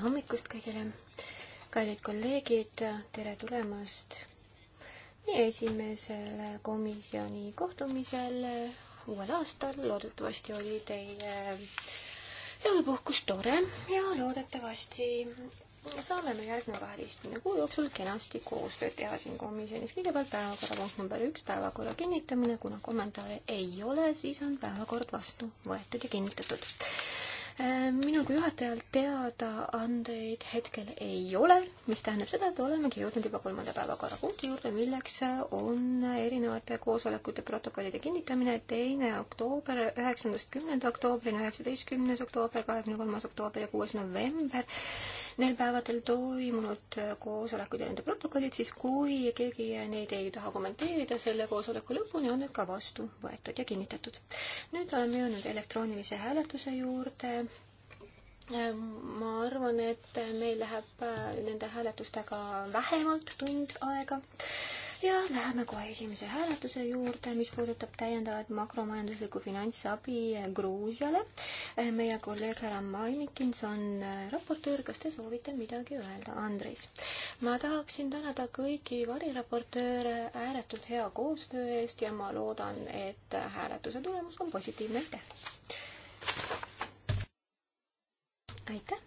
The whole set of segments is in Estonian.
tere hommikust kõigile, kallid kolleegid, tere tulemast meie esimesele komisjoni kohtumisel uuel aastal. loodetavasti oli teie jõulupuhkus tore ja loodetavasti saame me järgneva kaheteistkümne kuu jooksul kenasti koostööd teha siin komisjonis. kõigepealt päevakorrapunkt number üks, päevakorra kinnitamine. kuna kommentaare ei ole, siis on päevakord vastu võetud ja kinnitatud Äh, minu kui juhatajal teadaandeid hetkel ei ole, mis tähendab seda, et olemegi jõudnud juba kolmanda päevakorrapunkti juurde, milleks on erinevate koosolekute protokollide kinnitamine, teine oktoober, üheksandast kümnenda oktoobrini, üheksateistkümnes oktoober, kahekümne kolmas oktoober ja kuues november. Neil päevadel toimunud koosolekud ja nende protokollid, siis kui keegi neid ei taha kommenteerida selle koosoleku lõpuni, on need ka vastu võetud ja kinnitatud. nüüd oleme jõudnud elektroonilise hääletuse juurde ma arvan, et meil läheb äh, nende hääletustega vähemalt tund aega ja läheme kohe esimese hääletuse juurde, mis puudutab täiendavat makromajanduslikku finantsabi Gruusiale. Äh, meie kolleeg härra Maimikins on äh, raportöör, kas te soovite midagi öelda, Andres? ma tahaksin tänada kõiki variraportööre ääretult hea koostöö eest ja ma loodan, et hääletuse tulemus on positiivne, aitäh! aitäh!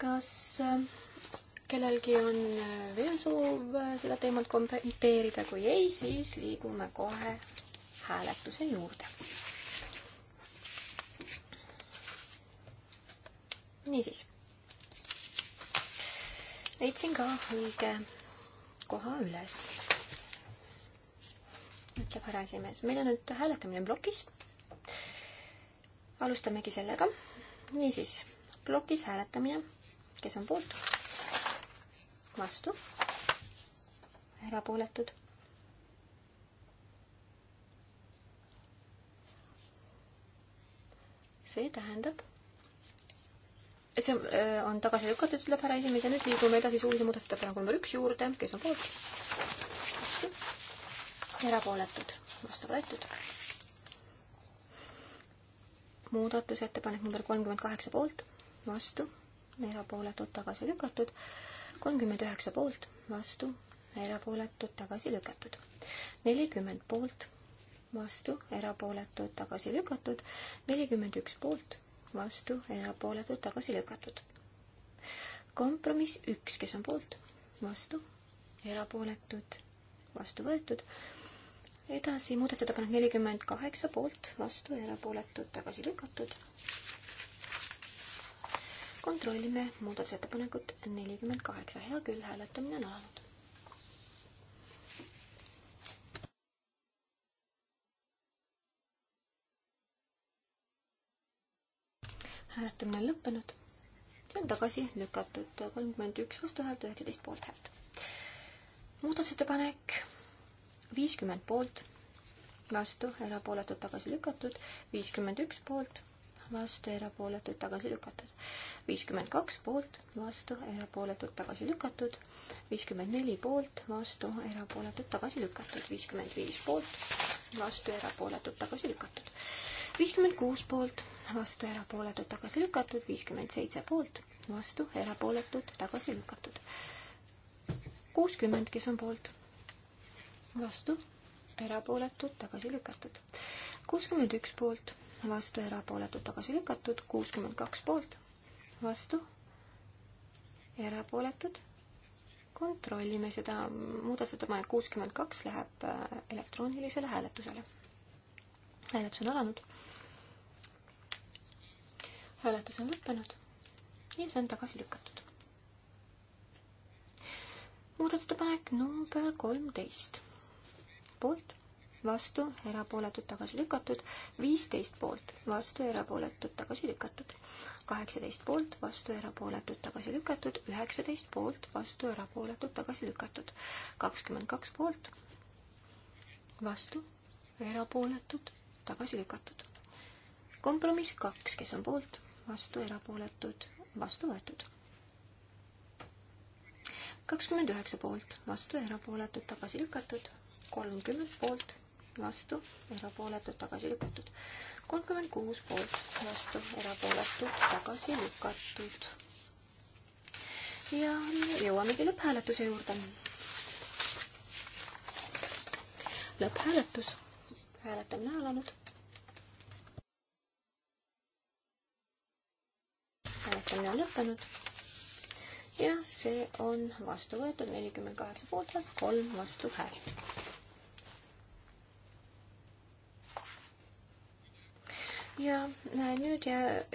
kas äh, kellelgi on äh, veel soov äh, seda teemat kommenteerida, kui ei, siis liigume kohe hääletuse juurde. niisiis. leidsin ka õige koha üles. ütleb härra esimees, meil on nüüd hääletamine plokis. alustamegi sellega niisiis, plokis hääletamine, kes on poolt, vastu, erapooletud. see tähendab, see on, äh, on tagasi lükatud, ütleb härra esimees ja nüüd liigume edasi suulise muudatusettepaneku number üks juurde, kes on poolt, vastu, erapooletud, vastu võetud muudatusettepanek number kolmkümmend kaheksa poolt, vastu, erapooletud, tagasi lükatud. kolmkümmend üheksa poolt, vastu, erapooletud, tagasi lükatud. nelikümmend poolt, vastu, erapooletud, tagasi lükatud. nelikümmend üks poolt, vastu, erapooletud, tagasi lükatud. kompromiss üks, kes on poolt, vastu, erapooletud, vastu võetud edasi muudatusettepanek nelikümmend kaheksa poolt, vastu ja erapooletud, tagasi lükatud. kontrollime muudatusettepanekut nelikümmend kaheksa, hea küll, hääletamine on alanud. hääletamine on lõppenud see on tagasi lükatud kolmkümmend üks vastuhäält, üheksateist poolthäält. muudatusettepanek viiskümmend poolt, vastu, erapooletud, tagasi lükatud, viiskümmend üks poolt, vastu, erapooletud, tagasi lükatud, viiskümmend kaks poolt, vastu, erapooletud, tagasi lükatud, viiskümmend neli poolt, vastu, erapooletud, tagasi lükatud, viiskümmend viis poolt, vastu, erapooletud, tagasi lükatud, viiskümmend kuus poolt, vastu, erapooletud, tagasi lükatud, viiskümmend seitse poolt, vastu, erapooletud, tagasi lükatud, kuuskümmend, kes on poolt vastu, erapooletud, tagasi lükatud. kuuskümmend üks poolt, vastu, erapooletud, tagasi lükatud, kuuskümmend kaks poolt, vastu, erapooletud. kontrollime seda, muudatusettepanek kuuskümmend kaks läheb äh, elektroonilisele hääletusele. hääletus on alanud. hääletus on lõppenud ja see on tagasi lükatud. muudatusettepanek number kolmteist poolt, vastu, erapooletud, tagasi lükatud, viisteist poolt, vastu, erapooletud, tagasi lükatud, kaheksateist poolt, vastu, erapooletud, tagasi lükatud, üheksateist poolt, vastu, erapooletud, tagasi lükatud, kakskümmend kaks poolt, vastu, erapooletud, tagasi lükatud. kompromiss kaks, kes on poolt, vastu, erapooletud, vastu võetud kakskümmend üheksa poolt, vastu erapooletud, tagasi lükatud, kolmkümmend poolt, vastu, erapooletud, tagasi lükatud. kolmkümmend kuus poolt, vastu, erapooletud, tagasi lükatud. ja jõuamegi lõpphääletuse juurde. lõpphääletus, hääletamine alanud hääletamine on lõppenud. ja see on vastu võetud nelikümmend kaheksa poolt häält, kolm vastuhäält. ja äh, nüüd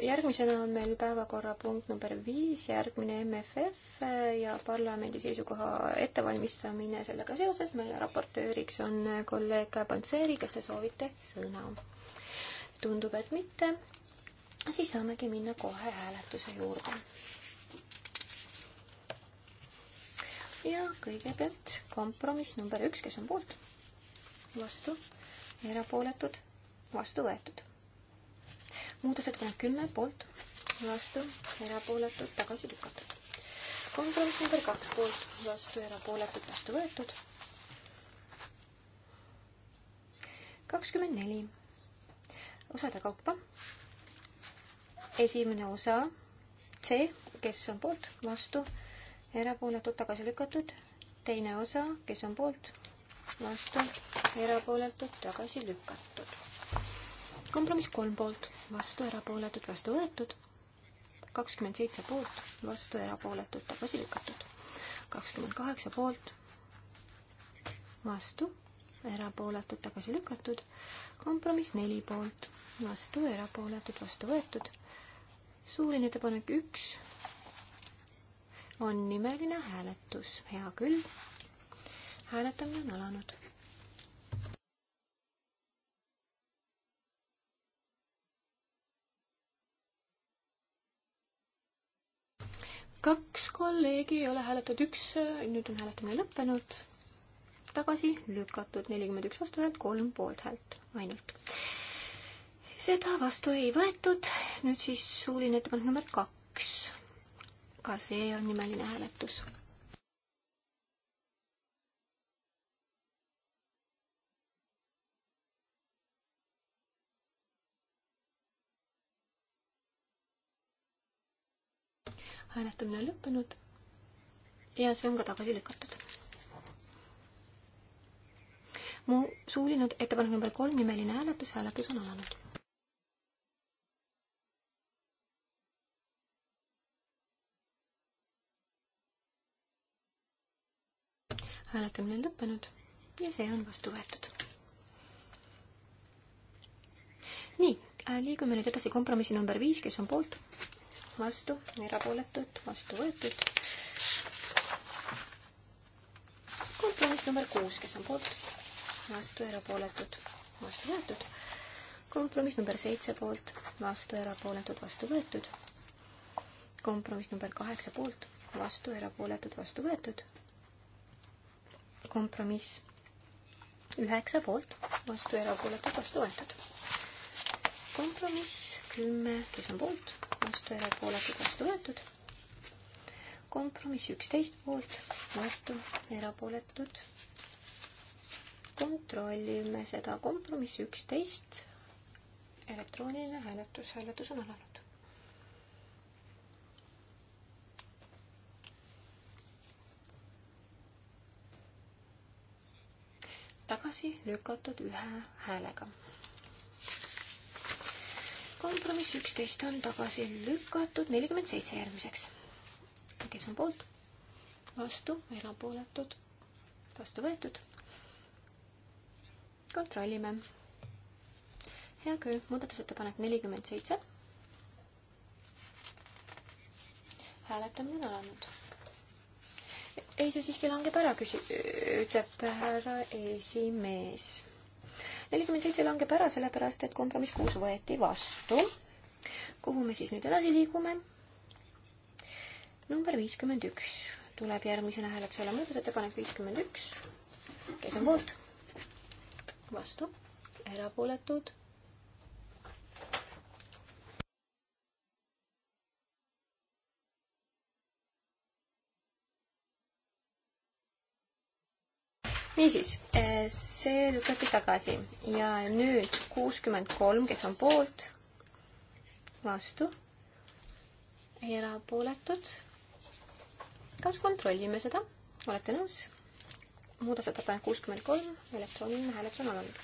järgmisena on meil päevakorrapunkt number viis, järgmine MFF äh, ja parlamendi seisukoha ettevalmistamine sellega seoses. meie raportööriks on äh, kolleeg Panseri, kas te soovite sõna? tundub, et mitte. siis saamegi minna kohe hääletuse juurde. ja kõigepealt kompromiss number üks, kes on poolt, vastu, erapooletud, vastu võetud muudatusettepanek kümme poolt, vastu, erapooletud, tagasi lükatud. kompromiss number kaks poolt, vastu, erapooletud, vastu võetud. kakskümmend neli osade kaupa. esimene osa C, kes on poolt, vastu, erapooletud, tagasi lükatud. teine osa, kes on poolt, vastu, erapooletud, tagasi lükatud kompromiss kolm poolt, vastu, erapooletud, vastu võetud. kakskümmend seitse poolt, vastu, erapooletud, tagasi lükatud. kakskümmend kaheksa poolt, vastu, erapooletud, tagasi lükatud. kompromiss neli poolt, vastu, erapooletud, vastu võetud. suuline ettepanek üks on nimeline hääletus, hea küll. hääletamine on alanud kaks kolleegi ei ole hääletatud, üks, äh, nüüd on hääletamine lõppenud, tagasi lükatud, nelikümmend üks vastuhäält, kolm poolthäält ainult. seda vastu ei võetud, nüüd siis suuline ettepanek number kaks. ka see on nimeline hääletus hääletamine lõppenud ja see on ka tagasi lükatud. mu suuline ettepanek number kolm, nimeline hääletus, hääletus on alanud. hääletamine on lõppenud ja see on vastu võetud. nii, äh, liigume nüüd edasi kompromissi number viis, kes on poolt, vastu, erapooletud, vastu võetud. kompromiss number kuus, kes on poolt, vastu, erapooletud, vastu võetud. kompromiss number seitse poolt, vastu, erapooletud, vastu võetud. kompromiss number kaheksa poolt, vastu, erapooletud, vastu võetud. kompromiss üheksa poolt, vastu, erapooletud, vastu võetud kompromiss kümme, kes on poolt, vastu erapooletud, vastu võetud. kompromiss üksteist poolt, vastu erapooletud. kontrollime seda kompromissi üksteist. elektrooniline hääletus, hääletus on alanud. tagasi lükatud ühe häälega kompromiss üksteist on tagasi lükatud, nelikümmend seitse järgmiseks. kes on poolt? vastu, erapooletud, vastu võetud. kontrollime. hea küll, muudatusettepanek nelikümmend seitse. hääletamine on alanud ei, see siiski langeb ära, küsi-, ütleb härra esimees nelikümmend seitse langeb ära, sellepärast et kompromiss kuus võeti vastu. kuhu me siis nüüd edasi liigume? number viiskümmend üks tuleb järgmisena hääletusele muudatusettepanek viiskümmend üks. kes on poolt? vastu? erapooletud? niisiis, eh, see lükati tagasi ja nüüd kuuskümmend kolm, kes on poolt, vastu, erapooletud. kas kontrollime seda? olete nõus? muudatusettepanek kuuskümmend kolm, elektrooniline hääletus on alanud.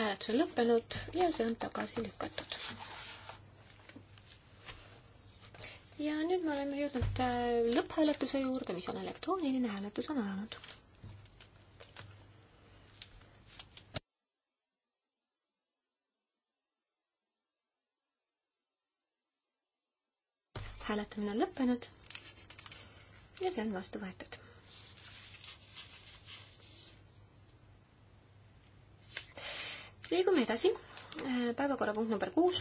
hääletus on lõppenud ja see on tagasi lükatud ja nüüd me oleme jõudnud äh, lõpphääletuse juurde, mis on elektrooniline hääletus on alanud. hääletamine on lõppenud ja see on vastu võetud. liigume edasi, äh, päevakorrapunkt number kuus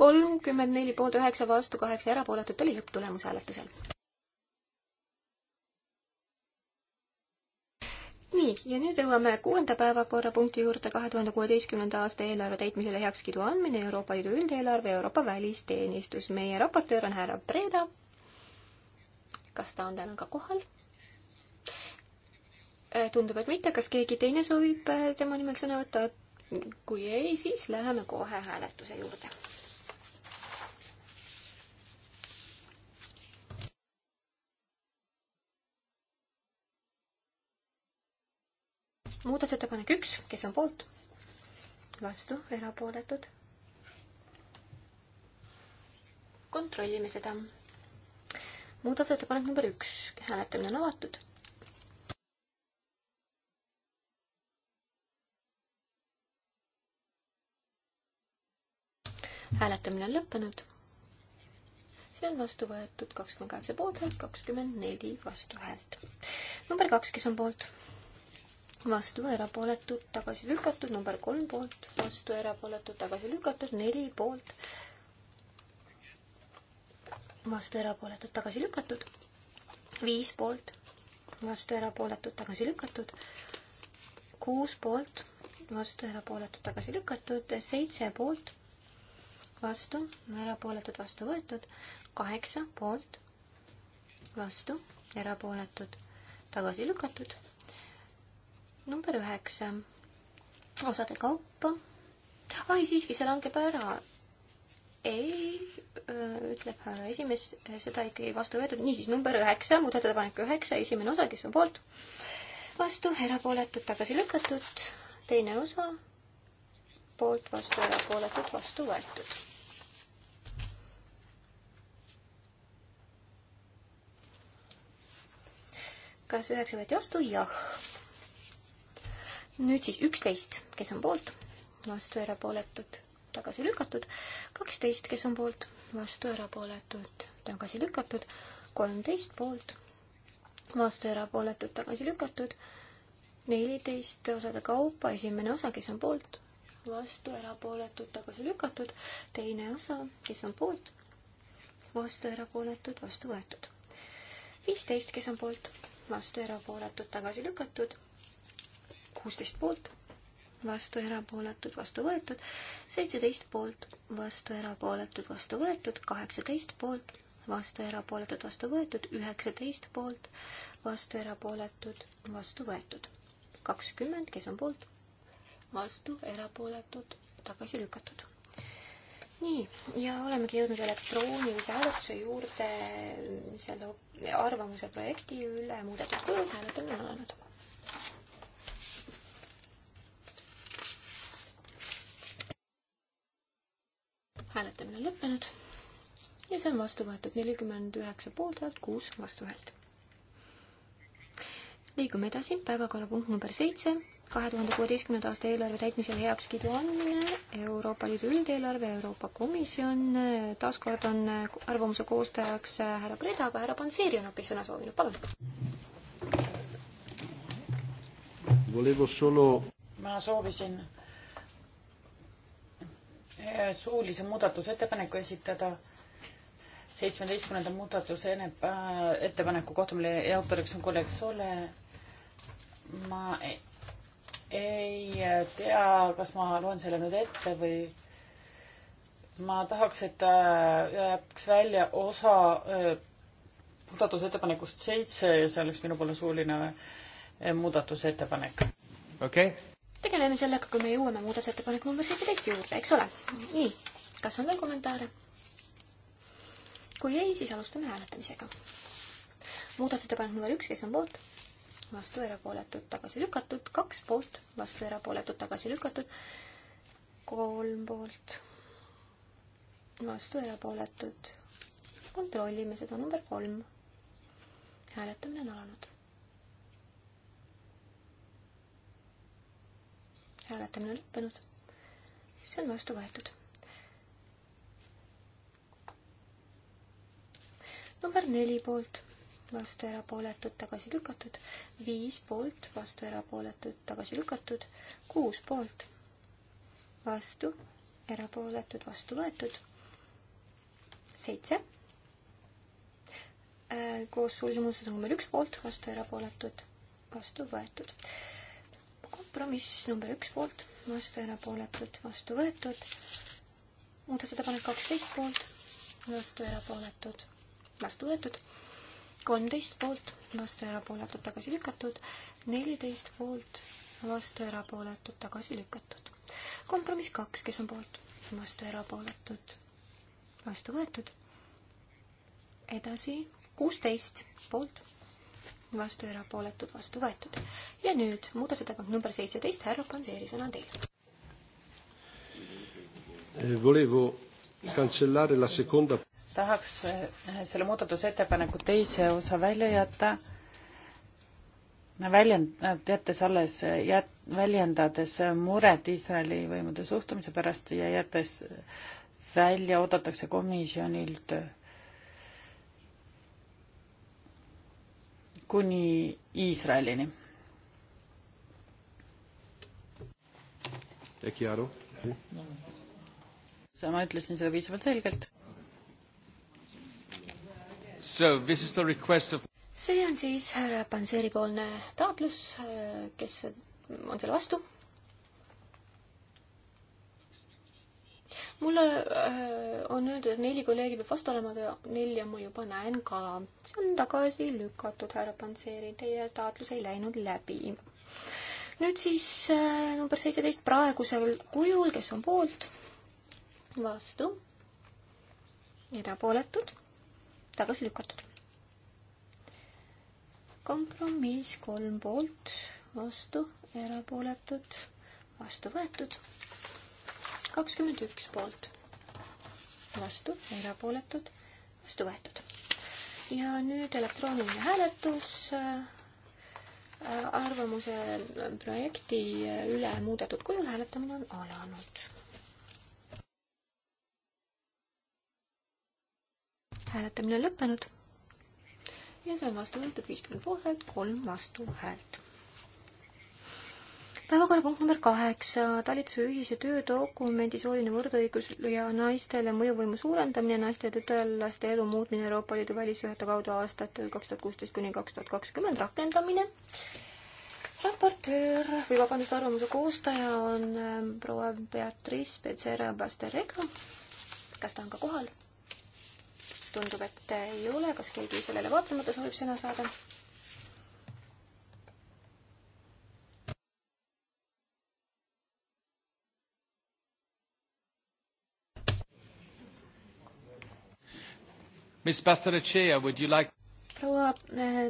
kolmkümmend neli poolt, üheksa vastu, kaheksa erapooletut oli lõpptulemus hääletusel. nii, ja nüüd jõuame kuuenda päevakorrapunkti juurde, kahe tuhande kuueteistkümnenda aasta eelarve täitmisele heakskiidu andmine Euroopa Liidu üldeelarve ja Euroopa välisteenistus. meie raportöör on härra Breda. kas ta on täna ka kohal? Äh, tundub, et mitte. kas keegi teine soovib äh, tema nimel sõna võtta? kui ei, siis läheme kohe hääletuse juurde. muudatusettepanek üks, kes on poolt? vastu, erapooletud. kontrollime seda. muudatusettepanek number üks, hääletamine on avatud. hääletamine on lõppenud. see on vastu võetud kakskümmend kaheksa poolthäält, kakskümmend neli vastuhäält. number kaks, kes on poolt? vastu, erapooletud, tagasi lükatud, number kolm poolt, vastu, erapooletud, tagasi lükatud, neli poolt, vastu, erapooletud, tagasi lükatud, viis poolt, vastu, erapooletud, tagasi lükatud, kuus poolt, vastu, erapooletud, tagasi lükatud, seitse poolt, vastu, erapooletud, vastu võetud, kaheksa poolt, vastu, erapooletud, tagasi lükatud number üheksa, osade kaupa. ai, siiski, see langeb ära. ei, ütleb härra esimees, seda ikkagi vastu võetud. niisiis, number üheksa, muudatusettepanek üheksa, esimene osa, kes on poolt? vastu, erapooletud, tagasi lükatud. teine osa, poolt, vastu, erapooletud, vastu võetud kas üheksa võeti vastu? jah nüüd siis üksteist, kes on poolt, vastu erapooletud, tagasi lükatud, kaksteist, kes on poolt, vastu erapooletud, tagasi lükatud, kolmteist poolt, vastu erapooletud, tagasi lükatud, neliteist osade kaupa, esimene osa, kes on poolt, vastu erapooletud, tagasi lükatud, teine osa, kes on poolt, vastu erapooletud, vastu võetud. viisteist, kes on poolt, vastu erapooletud, tagasi lükatud kuusteist poolt, vastu erapooletud, vastu võetud, seitseteist poolt, vastu erapooletud, vastu võetud, kaheksateist poolt, vastu erapooletud, vastu võetud, üheksateist poolt, vastu erapooletud, vastu võetud. kakskümmend, kes on poolt, vastu erapooletud, tagasi lükatud. nii, ja olemegi jõudnud elektroonilise hääletuse juurde selle arvamuse projekti üle muudetud kujul, hääletamine on alanud hääletamine on lõppenud ja see on vastu võetud nelikümmend üheksa poolthäält, kuus vastuhäält. liigume edasi, päevakorrapunkt number seitse, kahe tuhande kuueteistkümnenda aasta eelarve täitmisele heakskiidu andmine, Euroopa Liidu üldeelarve, Euroopa Komisjon, taaskord on arvamuse koostajaks härra Preda, aga härra Panseri on hoopis sõna soovinud, palun. ma soovisin Eh, suulise muudatusettepaneku esitada seitsmeteistkümnenda muudatuse äh, ettepaneku kohta, mille autoriks on kolleeg Sole. ma e-, ei tea, kas ma loen selle nüüd ette või ma tahaks, et äh, jääks välja osa äh, muudatusettepanekust seitse ja see oleks minu poole suuline muudatusettepanek. okei okay tegeleme sellega, kui me jõuame muudatusettepaneku number seitseteist juurde, eks ole? nii, kas on veel kommentaare? kui ei, siis alustame hääletamisega. muudatusettepanek number üks, kes on poolt? vastu, erapooletud, tagasi lükatud, kaks poolt, vastu, erapooletud, tagasi lükatud, kolm poolt, vastu, erapooletud. kontrollime seda number kolm. hääletamine on alanud hääletamine on lõppenud. see on vastu võetud. number neli poolt, vastu erapooletud, tagasi lükatud, viis poolt, vastu erapooletud, tagasi lükatud, kuus poolt, vastu, erapooletud, vastu võetud, seitse äh, koos suulise muudatusega number üks poolt, vastu erapooletud, vastu võetud kompromiss number üks poolt, vastu erapooletud, vastu võetud. muudatusettepanek kaksteist poolt, vastu erapooletud, vastu võetud. kolmteist poolt, vastu erapooletud, tagasi lükatud. neliteist poolt, vastu erapooletud, tagasi lükatud. kompromiss kaks, kes on poolt, vastu erapooletud, vastu võetud. edasi kuusteist poolt vastu erapooletud, vastu võetud. ja nüüd muudatusettepanek number seitseteist, härra Panseri, sõna on teil. Eh, volevo cancellare la seconda tahaks eh, selle muudatusettepaneku teise osa välja jätta, väljend-, jättes alles eh, jät-, väljendades muret Iisraeli võimude suhtumise pärast ja jättes välja oodatakse komisjonilt kuni Iisraelini. tegi aru? ma ütlesin selle piisavalt selgelt. Of... see on siis härra Panseri poolne taotlus, kes on selle vastu, mulle äh, on öeldud, et neli kolleegi peab vastu olema, aga nelja ma juba näen ka. see on tagasi lükatud, härra Panseri, teie taotlus ei läinud läbi. nüüd siis äh, number seitseteist praegusel kujul, kes on poolt, vastu, erapooletud, tagasi lükatud. kompromiss kolm poolt, vastu, erapooletud, vastu võetud kakskümmend üks poolt, vastu, erapooletud, vastu võetud. ja nüüd elektrooniline hääletus äh, arvamuse projekti üle muudetud kujul hääletamine on alanud. hääletamine on lõppenud ja see on vastu võetud viiskümmend poolt, kolm vastuhäält päevakorrapunkt number kaheksa, talituse ühise töödokumendi sooline võrdõigus ja naistele mõjuvõimu suurendamine, naiste ja tütarlaste elu muutmine Euroopa Liidu välisjuhete kaudu aastatel kaks tuhat kuusteist kuni kaks tuhat kakskümmend rakendamine. raportöör või vabandust, arvamuse koostaja on ähm, proua Beatrice Becerra Basterega. kas ta on ka kohal? tundub, et ei ole, kas keegi sellele vaatamata soovib sõna saada? Miss Pastoretšeja, would you like? proua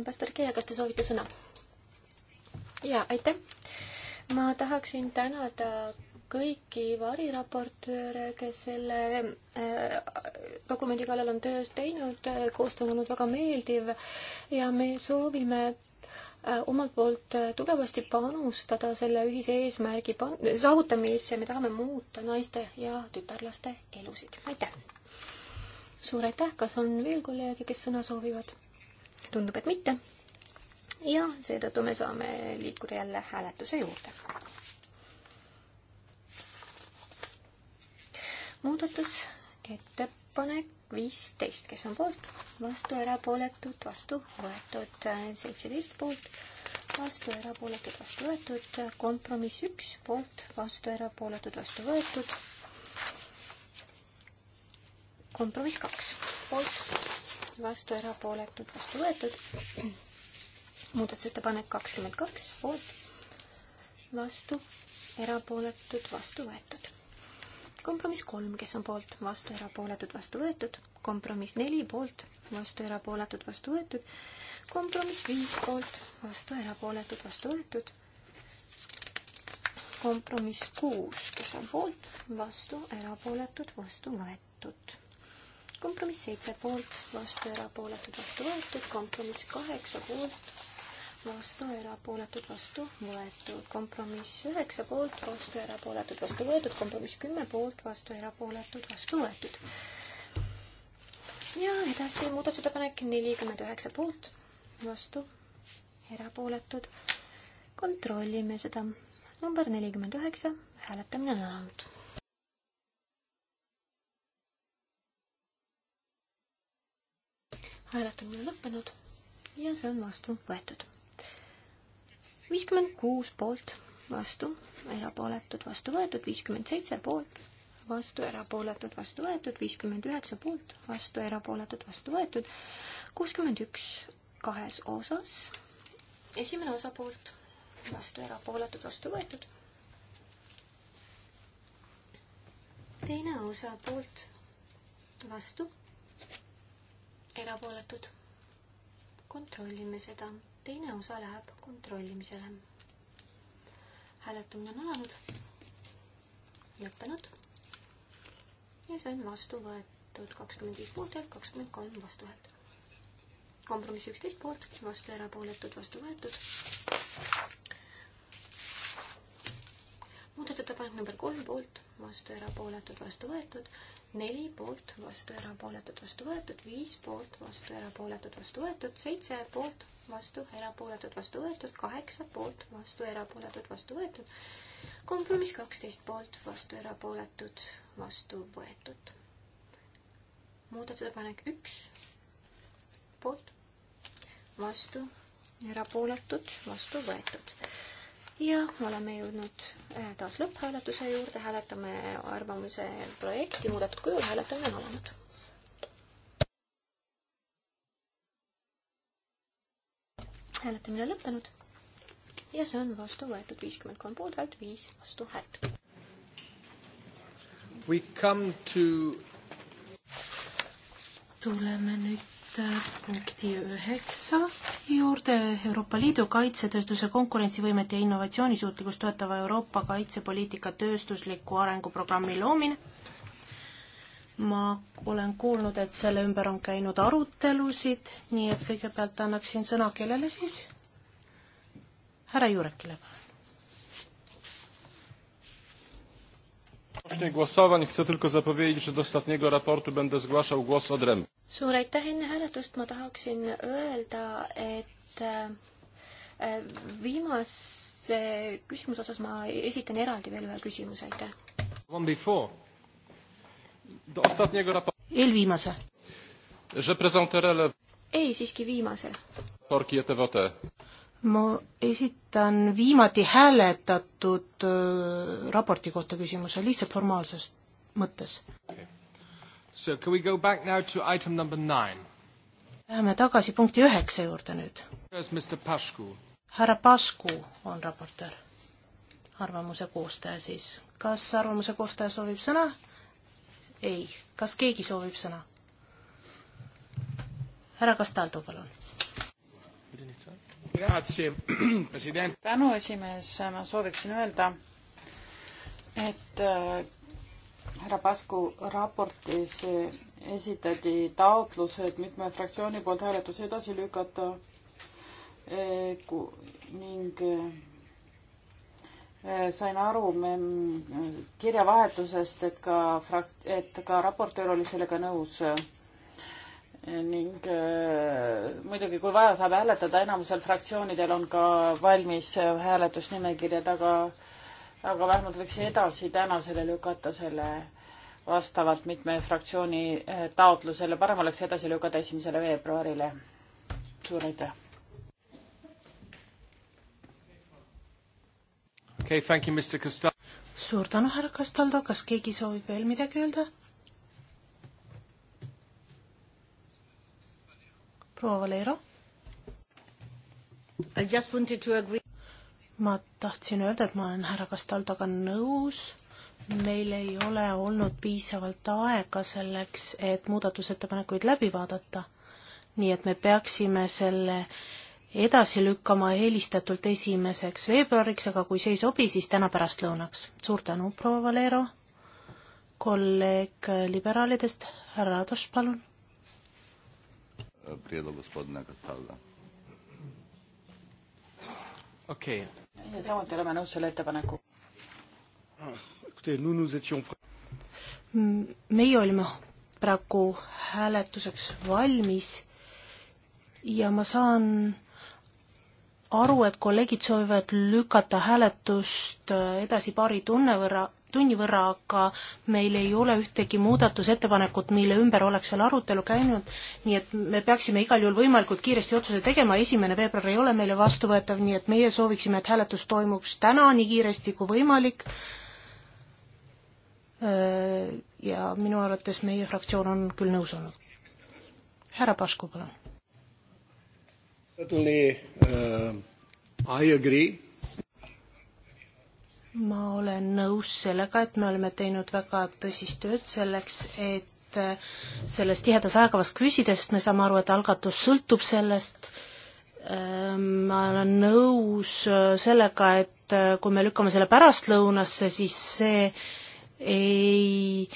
Pastoretšeja, eh, kas te soovite sõna? jaa, aitäh. ma tahaksin tänada kõiki variraportööre, kes selle eh, dokumendi kallal on töös teinud, koostöö on olnud väga meeldiv ja me soovime eh, omalt poolt tugevasti panustada selle ühise eesmärgi pan-, saavutamisse, me tahame muuta naiste ja tütarlaste elusid, aitäh! suur aitäh, kas on veel kolleege, kes sõna soovivad? tundub, et mitte. ja seetõttu me saame liikuda jälle hääletuse juurde. muudatus, ettepanek viisteist, kes on poolt, vastu erapooletud, vastu võetud, seitseteist poolt, vastu erapooletud, vastu võetud, kompromiss üks poolt, vastu erapooletud, vastu võetud kompromiss kaks, poolt, vastu, erapooletud, vastu võetud. muudatusettepanek kakskümmend kaks, poolt, vastu, erapooletud, vastu võetud. kompromiss kolm, kes on poolt, vastu, erapooletud, vastu võetud. kompromiss neli, poolt, vastu, erapooletud, vastu võetud. kompromiss viis, poolt, vastu, erapooletud, vastu võetud kompromiss kuus, kes on poolt, vastu, erapooletud, vastu võetud kompromiss seitse poolt, vastu, erapooletud, vastu võetud, kompromiss kaheksa poolt, vastu, erapooletud, vastu võetud, kompromiss üheksa poolt, vastu, erapooletud, vastu võetud, kompromiss kümme poolt, vastu, erapooletud, vastu võetud. ja edasi muudatusettepanek nelikümmend üheksa poolt, vastu, erapooletud. kontrollime seda. number nelikümmend üheksa, hääletamine on alanud hääletamine lõppenud ja see on vastu võetud. viiskümmend kuus poolt, vastu, erapooletud, vastu võetud, viiskümmend seitse poolt, vastu, erapooletud, vastu võetud, viiskümmend üheksa poolt, vastu, erapooletud, vastu võetud, kuuskümmend üks kahes osas, esimene osa poolt, vastu, erapooletud, vastu võetud, teine osa poolt, vastu erapooletud. kontrollime seda, teine osa läheb kontrollimisele. hääletamine on alanud, lõppenud ja see on vastu võetud kakskümmend viis poolt ja kakskümmend kolm vastuhäält. kompromiss üksteist poolt, vastu erapooletud, vastu võetud. muudatusettepanek number kolm poolt, vastu erapooletud, vastu võetud neli poolt, vastu, erapooletud, vastu võetud, viis poolt, vastu, erapooletud, vastu võetud, seitse poolt, vastu, erapooletud, vastu võetud, kaheksa poolt, vastu, erapooletud, vastu võetud, kompromiss kaksteist poolt, vastu, erapooletud, vastu võetud. muudatusettepanek üks poolt, vastu, erapooletud, vastu võetud ja oleme jõudnud äh, taas lõpphääletuse juurde, hääletame arvamuse projekti muudetud kujul, hääletamine on alanud. hääletamine lõppenud ja see on vastu võetud viiskümmend kolm poolthäält, viis vastuhäält. We come to tuleme nüüd punkti üheksa juurde Euroopa Liidu kaitsetööstuse konkurentsivõimet ja innovatsioonisuutlikkust toetava Euroopa kaitsepoliitika tööstusliku arenguprogrammi loomine. ma olen kuulnud, et selle ümber on käinud arutelusid, nii et kõigepealt annaksin sõna kellele siis? härra Jurekile, palun. Głosowań chcę tylko zapowiedzieć, że do ostatniego raportu będę zgłaszał głos odrębny suur aitäh, enne hääletust ma tahaksin öelda, et äh, viimase küsimuse osas ma esitan eraldi veel ühe küsimuse, aitäh. eelviimase. ei, siiski viimase. ma esitan viimati hääletatud äh, raporti kohta küsimuse, lihtsalt formaalses mõttes okay.. So can we go back now to item number nine? Läheme tagasi punkti üheksa juurde nüüd. härra Pasku on raportöör, arvamuse koostaja siis. kas arvamuse koostaja soovib sõna? ei. kas keegi soovib sõna? härra Castaldo, palun. tänu, esimees, ma sooviksin öelda, et äh, härra Pasku raportis esitati taotlused mitme fraktsiooni poolt hääletus edasi lükata eh, ning eh, sain aru kirjavahetusest, et ka frakt-, et ka raportöör oli sellega nõus. Eh, ning muidugi, kui vaja, saab hääletada, enamusel fraktsioonidel on ka valmis hääletusnimekirjad, aga aga vähemalt võiks edasi tänasele lükata selle vastavalt mitme fraktsiooni eh, taotlusele, parem oleks edasi lükata esimesele veebruarile. suur aitäh! Okay, thank you, Mr. Castaldo. suur tänu, härra Castaldo, kas keegi soovib veel midagi öelda? proua Valero? I just wanted to agree ma tahtsin öelda, et ma olen härra Castaldoga nõus, meil ei ole olnud piisavalt aega selleks, et muudatusettepanekuid läbi vaadata. nii et me peaksime selle edasi lükkama eelistatult esimeseks veebruariks, aga kui see ei sobi, siis täna pärastlõunaks. suur tänu, proua Valero. kolleeg liberaalidest, härra Ados, palun. okei okay ja samuti oleme nõus selle ettepanekuga. meie olime praegu hääletuseks valmis ja ma saan aru, et kolleegid soovivad lükata hääletust edasi paari tunne võrra, tunni võrra, aga meil ei ole ühtegi muudatusettepanekut, mille ümber oleks veel arutelu käinud, nii et me peaksime igal juhul võimalikult kiiresti otsuse tegema, esimene veebruar ei ole meile vastuvõetav, nii et meie sooviksime, et hääletus toimuks täna nii kiiresti kui võimalik. Äh, ja minu arvates meie fraktsioon on küll nõus olnud. härra Pasku, palun. Certainly uh, I agree ma olen nõus sellega, et me oleme teinud väga tõsist tööd selleks, et äh, selles tihedas ajakavas küsida, sest me saame aru, et algatus sõltub sellest. Ähm, ma olen nõus äh, sellega, et äh, kui me lükkame selle pärastlõunasse, siis see ei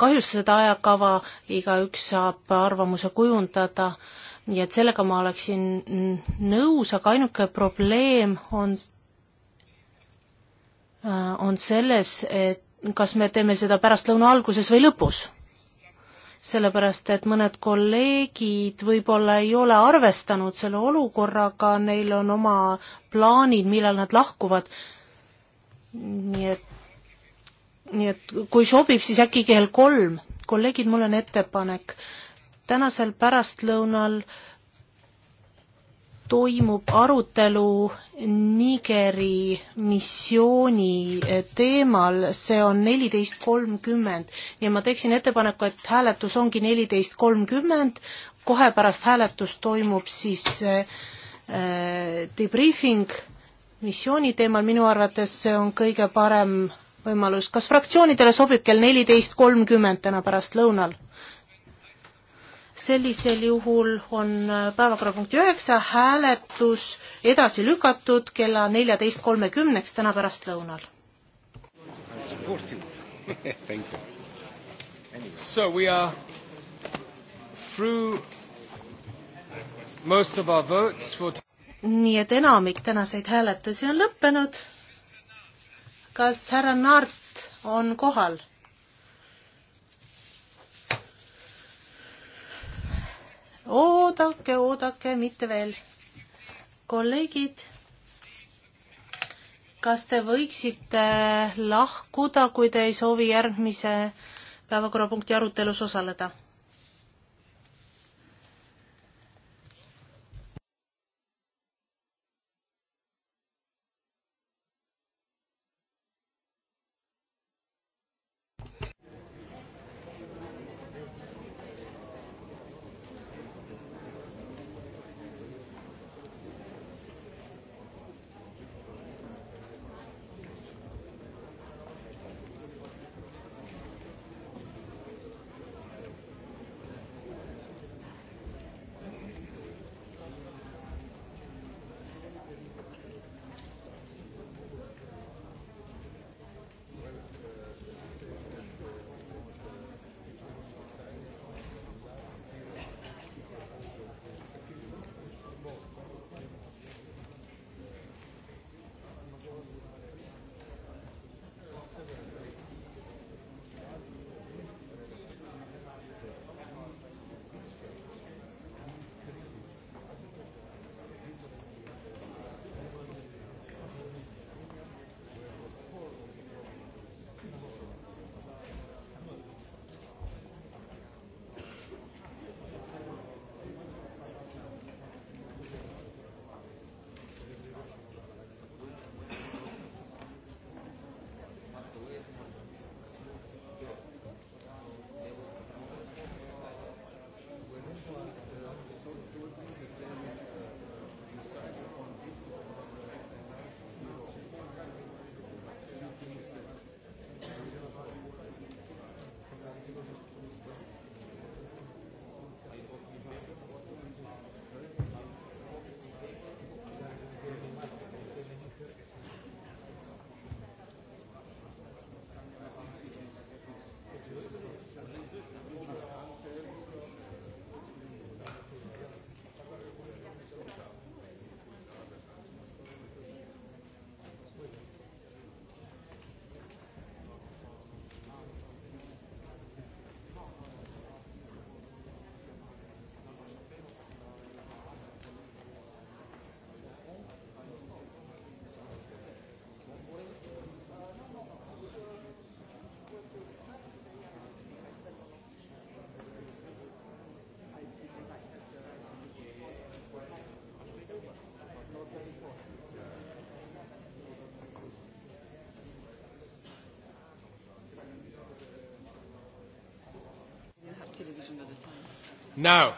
kahjusta seda ajakava, igaüks saab arvamuse kujundada, nii et sellega ma oleksin nõus, aga ainuke probleem on Äh, on selles, et kas me teeme seda pärastlõuna alguses või lõpus. sellepärast, et mõned kolleegid võib-olla ei ole arvestanud selle olukorraga, neil on oma plaanid, millal nad lahkuvad, nii et, nii et kui sobib, siis äkki kell kolm. kolleegid, mul on ettepanek, tänasel pärastlõunal äh, toimub arutelu Nigeri missiooni teemal, see on neliteist kolmkümmend ja ma teeksin ettepaneku, et hääletus ongi neliteist kolmkümmend, kohe pärast hääletust toimub siis äh, debriefing missiooni teemal, minu arvates see on kõige parem võimalus. kas fraktsioonidele sobib kell neliteist kolmkümmend täna pärastlõunal? sellisel juhul on äh, päevakorrapunkti üheksa hääletus edasi lükatud kella neljateist kolmekümneks täna pärastlõunal. So we are through most of our votes for nii et enamik tänaseid hääletusi on lõppenud. kas härra Naart on kohal? oodake, oodake, mitte veel. kolleegid, kas te võiksite lahkuda, kui te ei soovi järgmise päevakorrapunkti arutelus osaleda? Now,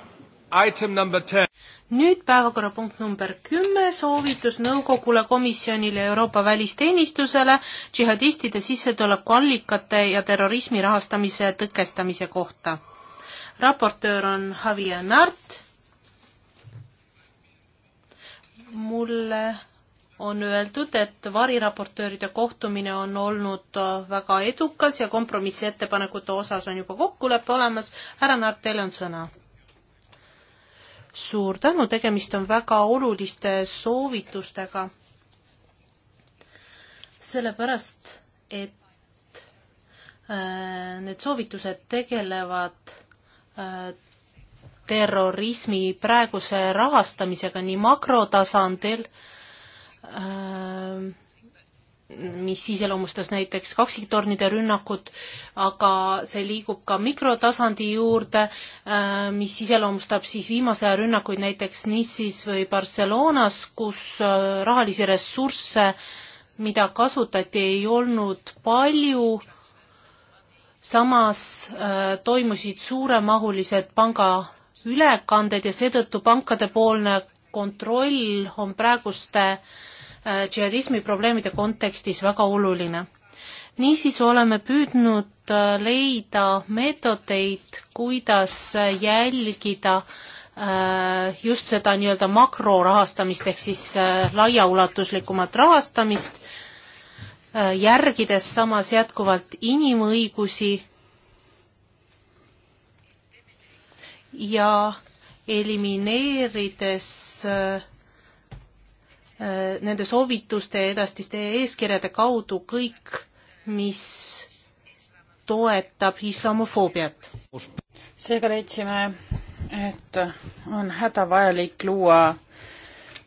item number ten. nüüd päevakorrapunkt number kümme, soovitus nõukogule, komisjonile, Euroopa välisteenistusele džihadistide sissetulekuallikate ja terrorismi rahastamise tõkestamise kohta. raportöör on Javier Nart. mulle on öeldud, et variraportööride kohtumine on olnud väga edukas ja kompromissettepanekute osas on juba kokkulepe olemas. härra Nart, teil on sõna suur tänu, tegemist on väga oluliste soovitustega. sellepärast, et äh, need soovitused tegelevad äh, terrorismi praeguse rahastamisega nii makrotasandil äh, mis iseloomustas näiteks kaksiktornide rünnakut, aga see liigub ka mikrotasandi juurde, äh, mis iseloomustab siis viimase aja rünnakuid näiteks Nice'is või Barcelonas, kus äh, rahalisi ressursse, mida kasutati, ei olnud palju, samas äh, toimusid suuremahulised pangaülekanded ja seetõttu pankade poolne kontroll on praeguste äh, Äh, džihadismi probleemide kontekstis väga oluline. niisiis oleme püüdnud äh, leida meetodeid, kuidas jälgida äh, just seda nii-öelda makrorahastamist ehk siis laiaulatuslikumat rahastamist, järgides samas jätkuvalt inimõigusi ja elimineerides äh, Äh, nende soovituste ja edastiste eeskirjade kaudu kõik, mis toetab islamofoobiat. seega leidsime, et on hädavajalik luua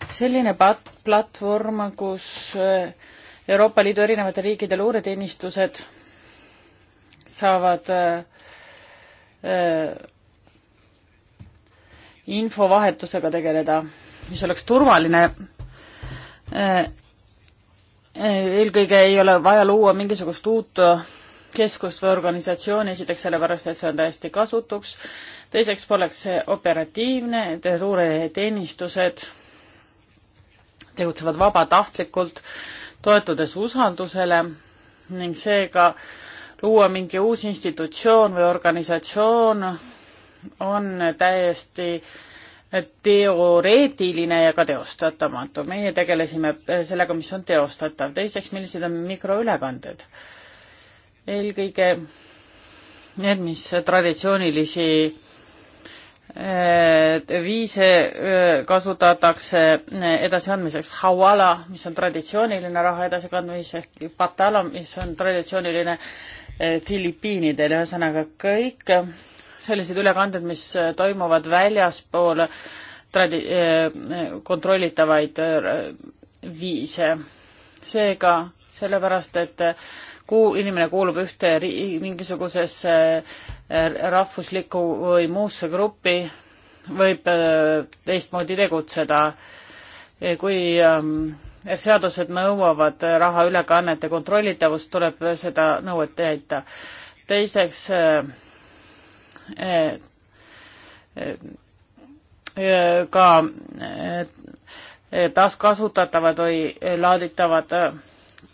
selline pat-, platvorm, kus äh, Euroopa Liidu erinevate riikide luureteenistused saavad äh, infovahetusega tegeleda, mis oleks turvaline Äh, äh, eelkõige ei ole vaja luua mingisugust uut äh, keskust või organisatsiooni, esiteks sellepärast, et see on täiesti kasutuks, teiseks poleks see operatiivne, luureteenistused tegutsevad vabatahtlikult, toetudes usaldusele ning seega luua mingi uus institutsioon või organisatsioon on täiesti äh, teoreetiline ja ka teostatamatu. meie tegelesime sellega, mis on teostatav. teiseks, millised on mikroülekanded? eelkõige need, mis traditsioonilisi eh, viise eh, kasutatakse edasiandmiseks. Hawala, mis on traditsiooniline raha edasikandmise ehk Patala, mis on traditsiooniline eh, Filipiinidel, ühesõnaga kõik sellised ülekanded, mis toimuvad väljaspool tradi-, eh, kontrollitavaid eh, viise. seega sellepärast, et kuul-, inimene kuulub ühte ri-, mingisugusesse eh, rahvuslikku või muusse gruppi, võib teistmoodi tegutseda. kui ehm, seadused nõuavad raha ülekannete kontrollitavust, tuleb seda nõuet täita. teiseks ka eh, taaskasutatavad või laaditavad eh,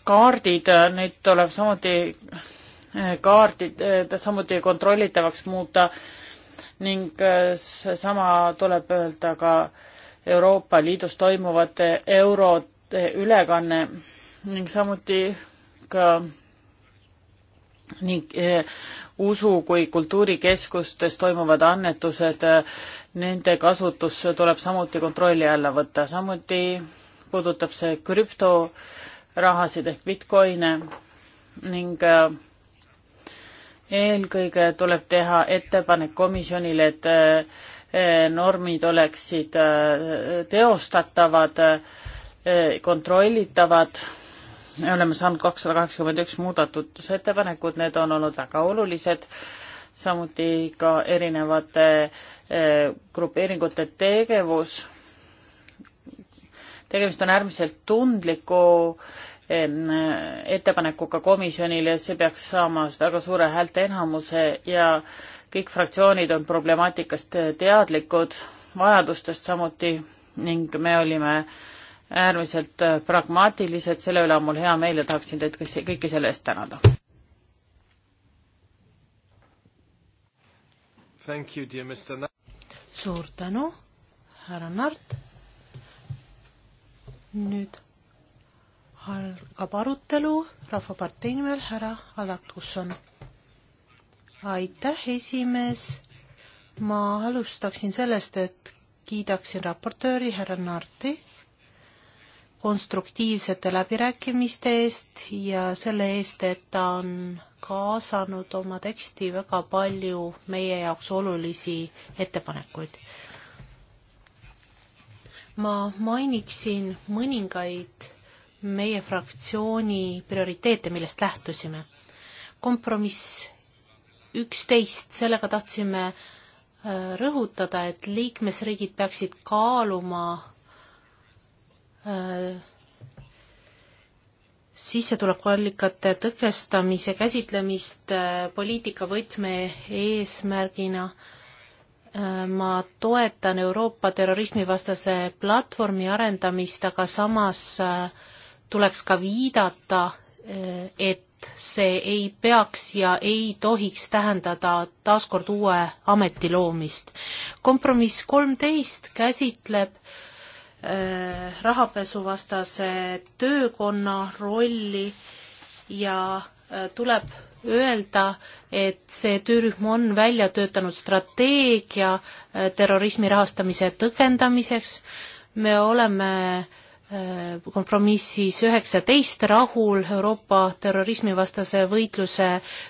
kaardid, neid tuleb samuti eh, kaardid, samuti kontrollitavaks muuta ning seesama tuleb öelda ka Euroopa Liidus toimuvate eurode ülekanne ning samuti ka ning eh, usu kui kultuurikeskustes toimuvad annetused, eh, nende kasutus tuleb samuti kontrolli alla võtta, samuti puudutab see krüptorahasid ehk Bitcoine ning eh, eelkõige tuleb teha ettepanek komisjonile, et normid oleksid teostatavad, kontrollitavad oleme saanud kakssada kaheksakümmend üks muudatusettepanekut, need on olnud väga olulised, samuti ka erinevate eh, grupeeringute tegevus. tegemist on äärmiselt tundliku ettepanekuga komisjonile, see peaks saama väga suure häälteenamuse ja kõik fraktsioonid on problemaatikast teadlikud, vajadustest samuti ning me olime äh, äärmiselt äh, pragmaatilised, selle üle on mul hea meel ja tahaksin teid kõiki selle eest tänada. suur tänu, härra Nart. nüüd algab arutelu Rahvapartei nimel härra Alatusson. aitäh, esimees. ma alustaksin sellest, et kiidaksin raportööri härra Narti konstruktiivsete läbirääkimiste eest ja selle eest, et ta on kaasanud oma teksti väga palju meie jaoks olulisi ettepanekuid. ma mainiksin mõningaid meie fraktsiooni prioriteete, millest lähtusime. kompromiss üksteist, sellega tahtsime äh, rõhutada, et liikmesriigid peaksid kaaluma Äh, sissetulekuallikate tõkestamise käsitlemist äh, poliitika võtme eesmärgina. Äh, ma toetan Euroopa terrorismivastase platvormi arendamist, aga samas tuleks ka viidata, et see ei peaks ja ei tohiks tähendada taaskord uue ameti loomist. kompromiss kolmteist käsitleb äh, Äh, rahapesuvastase töökonna rolli ja äh, tuleb öelda, et see töörühm on välja töötanud strateegia äh, terrorismi rahastamise tõkendamiseks. me oleme kompromissis üheksateist rahul Euroopa terrorismivastase võitluse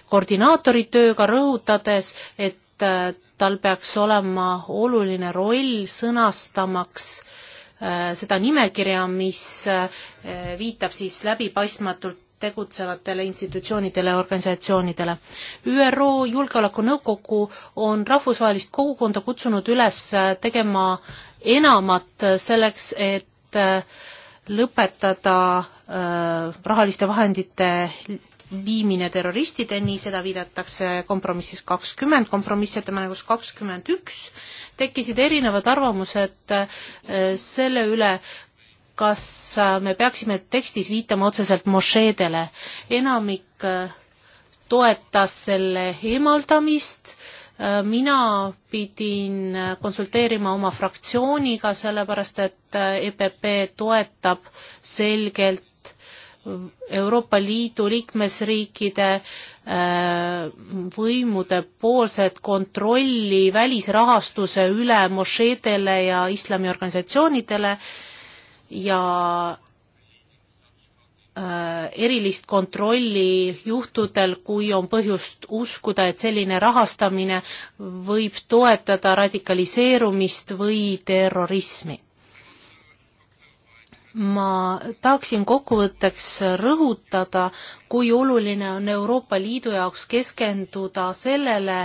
koordinaatori tööga, rõhutades, et tal peaks olema oluline roll sõnastamaks äh, Äh, seda nimekirja, mis äh, viitab siis läbipaistmatult tegutsevatele institutsioonidele ja organisatsioonidele. ÜRO Julgeolekunõukogu on rahvusvahelist kogukonda kutsunud üles äh, tegema enamat selleks, et lõpetada rahaliste vahendite viimine terroristideni, seda viidatakse kompromissis kakskümmend, kompromissettepanekus kakskümmend üks, tekkisid erinevad arvamused äh, selle üle, kas äh, me peaksime tekstis viitama otseselt mošeedele. enamik äh, toetas selle eemaldamist, mina pidin konsulteerima oma fraktsiooniga, sellepärast et EPP toetab selgelt Euroopa Liidu liikmesriikide äh, võimude poolset kontrolli välisrahastuse üle mošeedele ja islamiorganisatsioonidele ja äh, erilist kontrolli juhtudel, kui on põhjust uskuda, et selline rahastamine võib toetada radikaliseerumist või terrorismi ma tahaksin kokkuvõtteks rõhutada, kui oluline on Euroopa Liidu jaoks keskenduda sellele,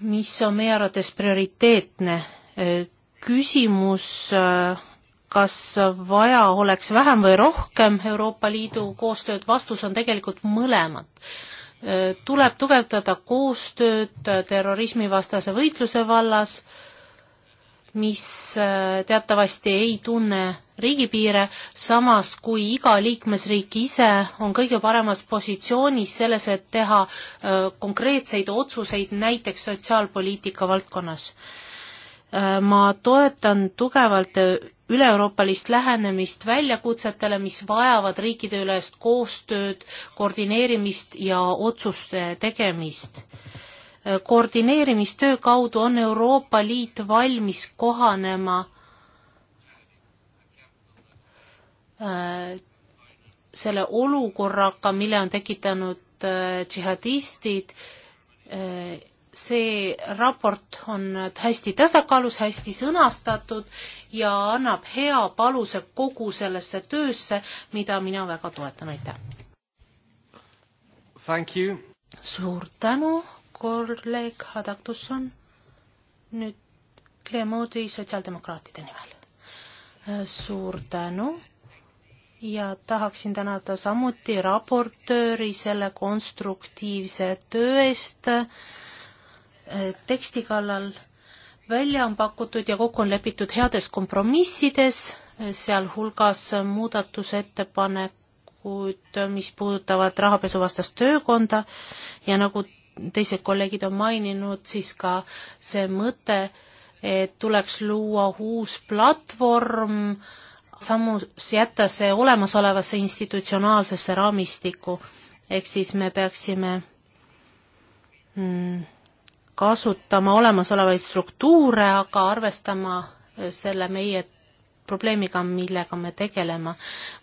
mis on meie arvates prioriteetne küsimus, kas vaja oleks vähem või rohkem Euroopa Liidu koostööd, vastus on tegelikult mõlemad. tuleb tugevdada koostööd terrorismivastase võitluse vallas, mis äh, teatavasti ei tunne riigipiire, samas kui iga liikmesriik ise on kõige paremas positsioonis selles, et teha äh, konkreetseid otsuseid näiteks sotsiaalpoliitika valdkonnas. Äh, ma toetan tugevalt üle-euroopalist lähenemist väljakutsetele, mis vajavad riikide ülest koostööd, koordineerimist ja otsuste tegemist koordineerimistöö kaudu on Euroopa Liit valmis kohanema äh, selle olukorraga, mille on tekitanud äh, džihadistid, äh, see raport on hästi tasakaalus, hästi sõnastatud ja annab hea paluse kogu sellesse töösse, mida mina väga toetan, aitäh! suur tänu, kolleeg Hadaktusson nüüd Clemodi sotsiaaldemokraatide nimel. suur tänu ja tahaksin tänada samuti raportööri selle konstruktiivse töö eest teksti kallal. välja on pakutud ja kokku on lepitud heades kompromissides, sealhulgas muudatusettepanekud, mis puudutavad rahapesuvastast töökonda ja nagu teised kolleegid on maininud, siis ka see mõte, et tuleks luua uus platvorm, samus jätta see olemasolevasse institutsionaalsesse raamistikku, ehk siis me peaksime mm, kasutama olemasolevaid struktuure, aga arvestama selle meie probleemiga, millega me tegeleme.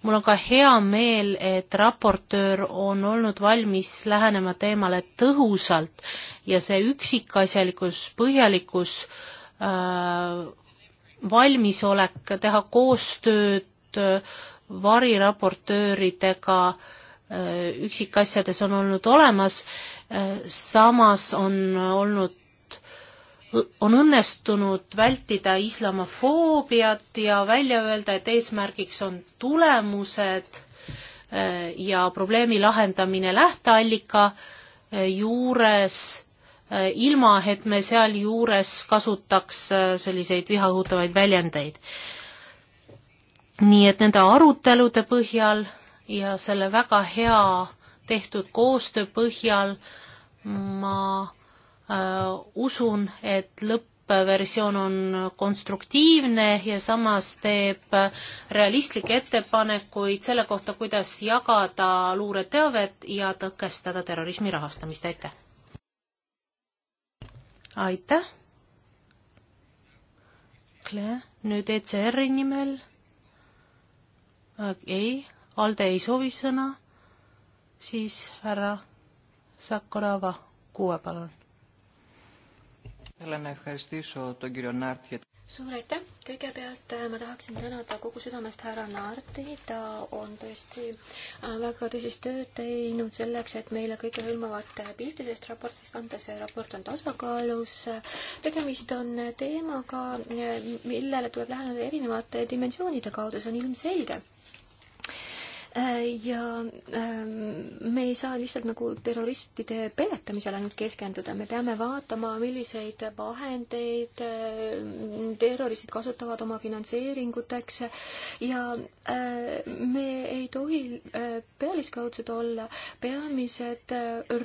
mul on ka hea meel, et raportöör on olnud valmis lähenema teemale tõhusalt ja see üksikasjalikkus, põhjalikkus äh,, valmisolek teha koostööd äh, variraportööridega äh, üksikasjades on olnud olemas äh,, samas on olnud on õnnestunud vältida islamofoobiat ja välja öelda, et eesmärgiks on tulemused eh, ja probleemi lahendamine lähteallika eh, juures, eh, ilma et me sealjuures kasutaks selliseid viha õhutavaid väljendeid. nii et nende arutelude põhjal ja selle väga hea tehtud koostöö põhjal ma äh, Äh, usun, et lõppversioon on konstruktiivne ja samas teeb realistlikke ettepanekuid selle kohta, kuidas jagada luureteavet ja tõkestada terrorismi rahastamist, aitäh! aitäh! nüüd ECR-i nimel äh,, ei, Alde ei soovi sõna, siis härra Sakurava, kuue palun suur aitäh, kõigepealt äh, ma tahaksin tänada kogu südamest härra Naarti, ta on tõesti äh, väga tõsist tööd teinud selleks, et meile kõikehõlmavat äh, pilti sellest raportist anda, see raport on tasakaalus, tegemist on teemaga, millele tuleb läheneda erinevate dimensioonide kaudu, see on ilmselge Äh, ja ähm, me ei saa lihtsalt nagu terroristide peletamisele ainult keskenduda, me peame vaatama, milliseid vahendeid äh, terroristid kasutavad oma finantseeringuteks ja äh, me ei tohi pealiskaudsed olla. peamised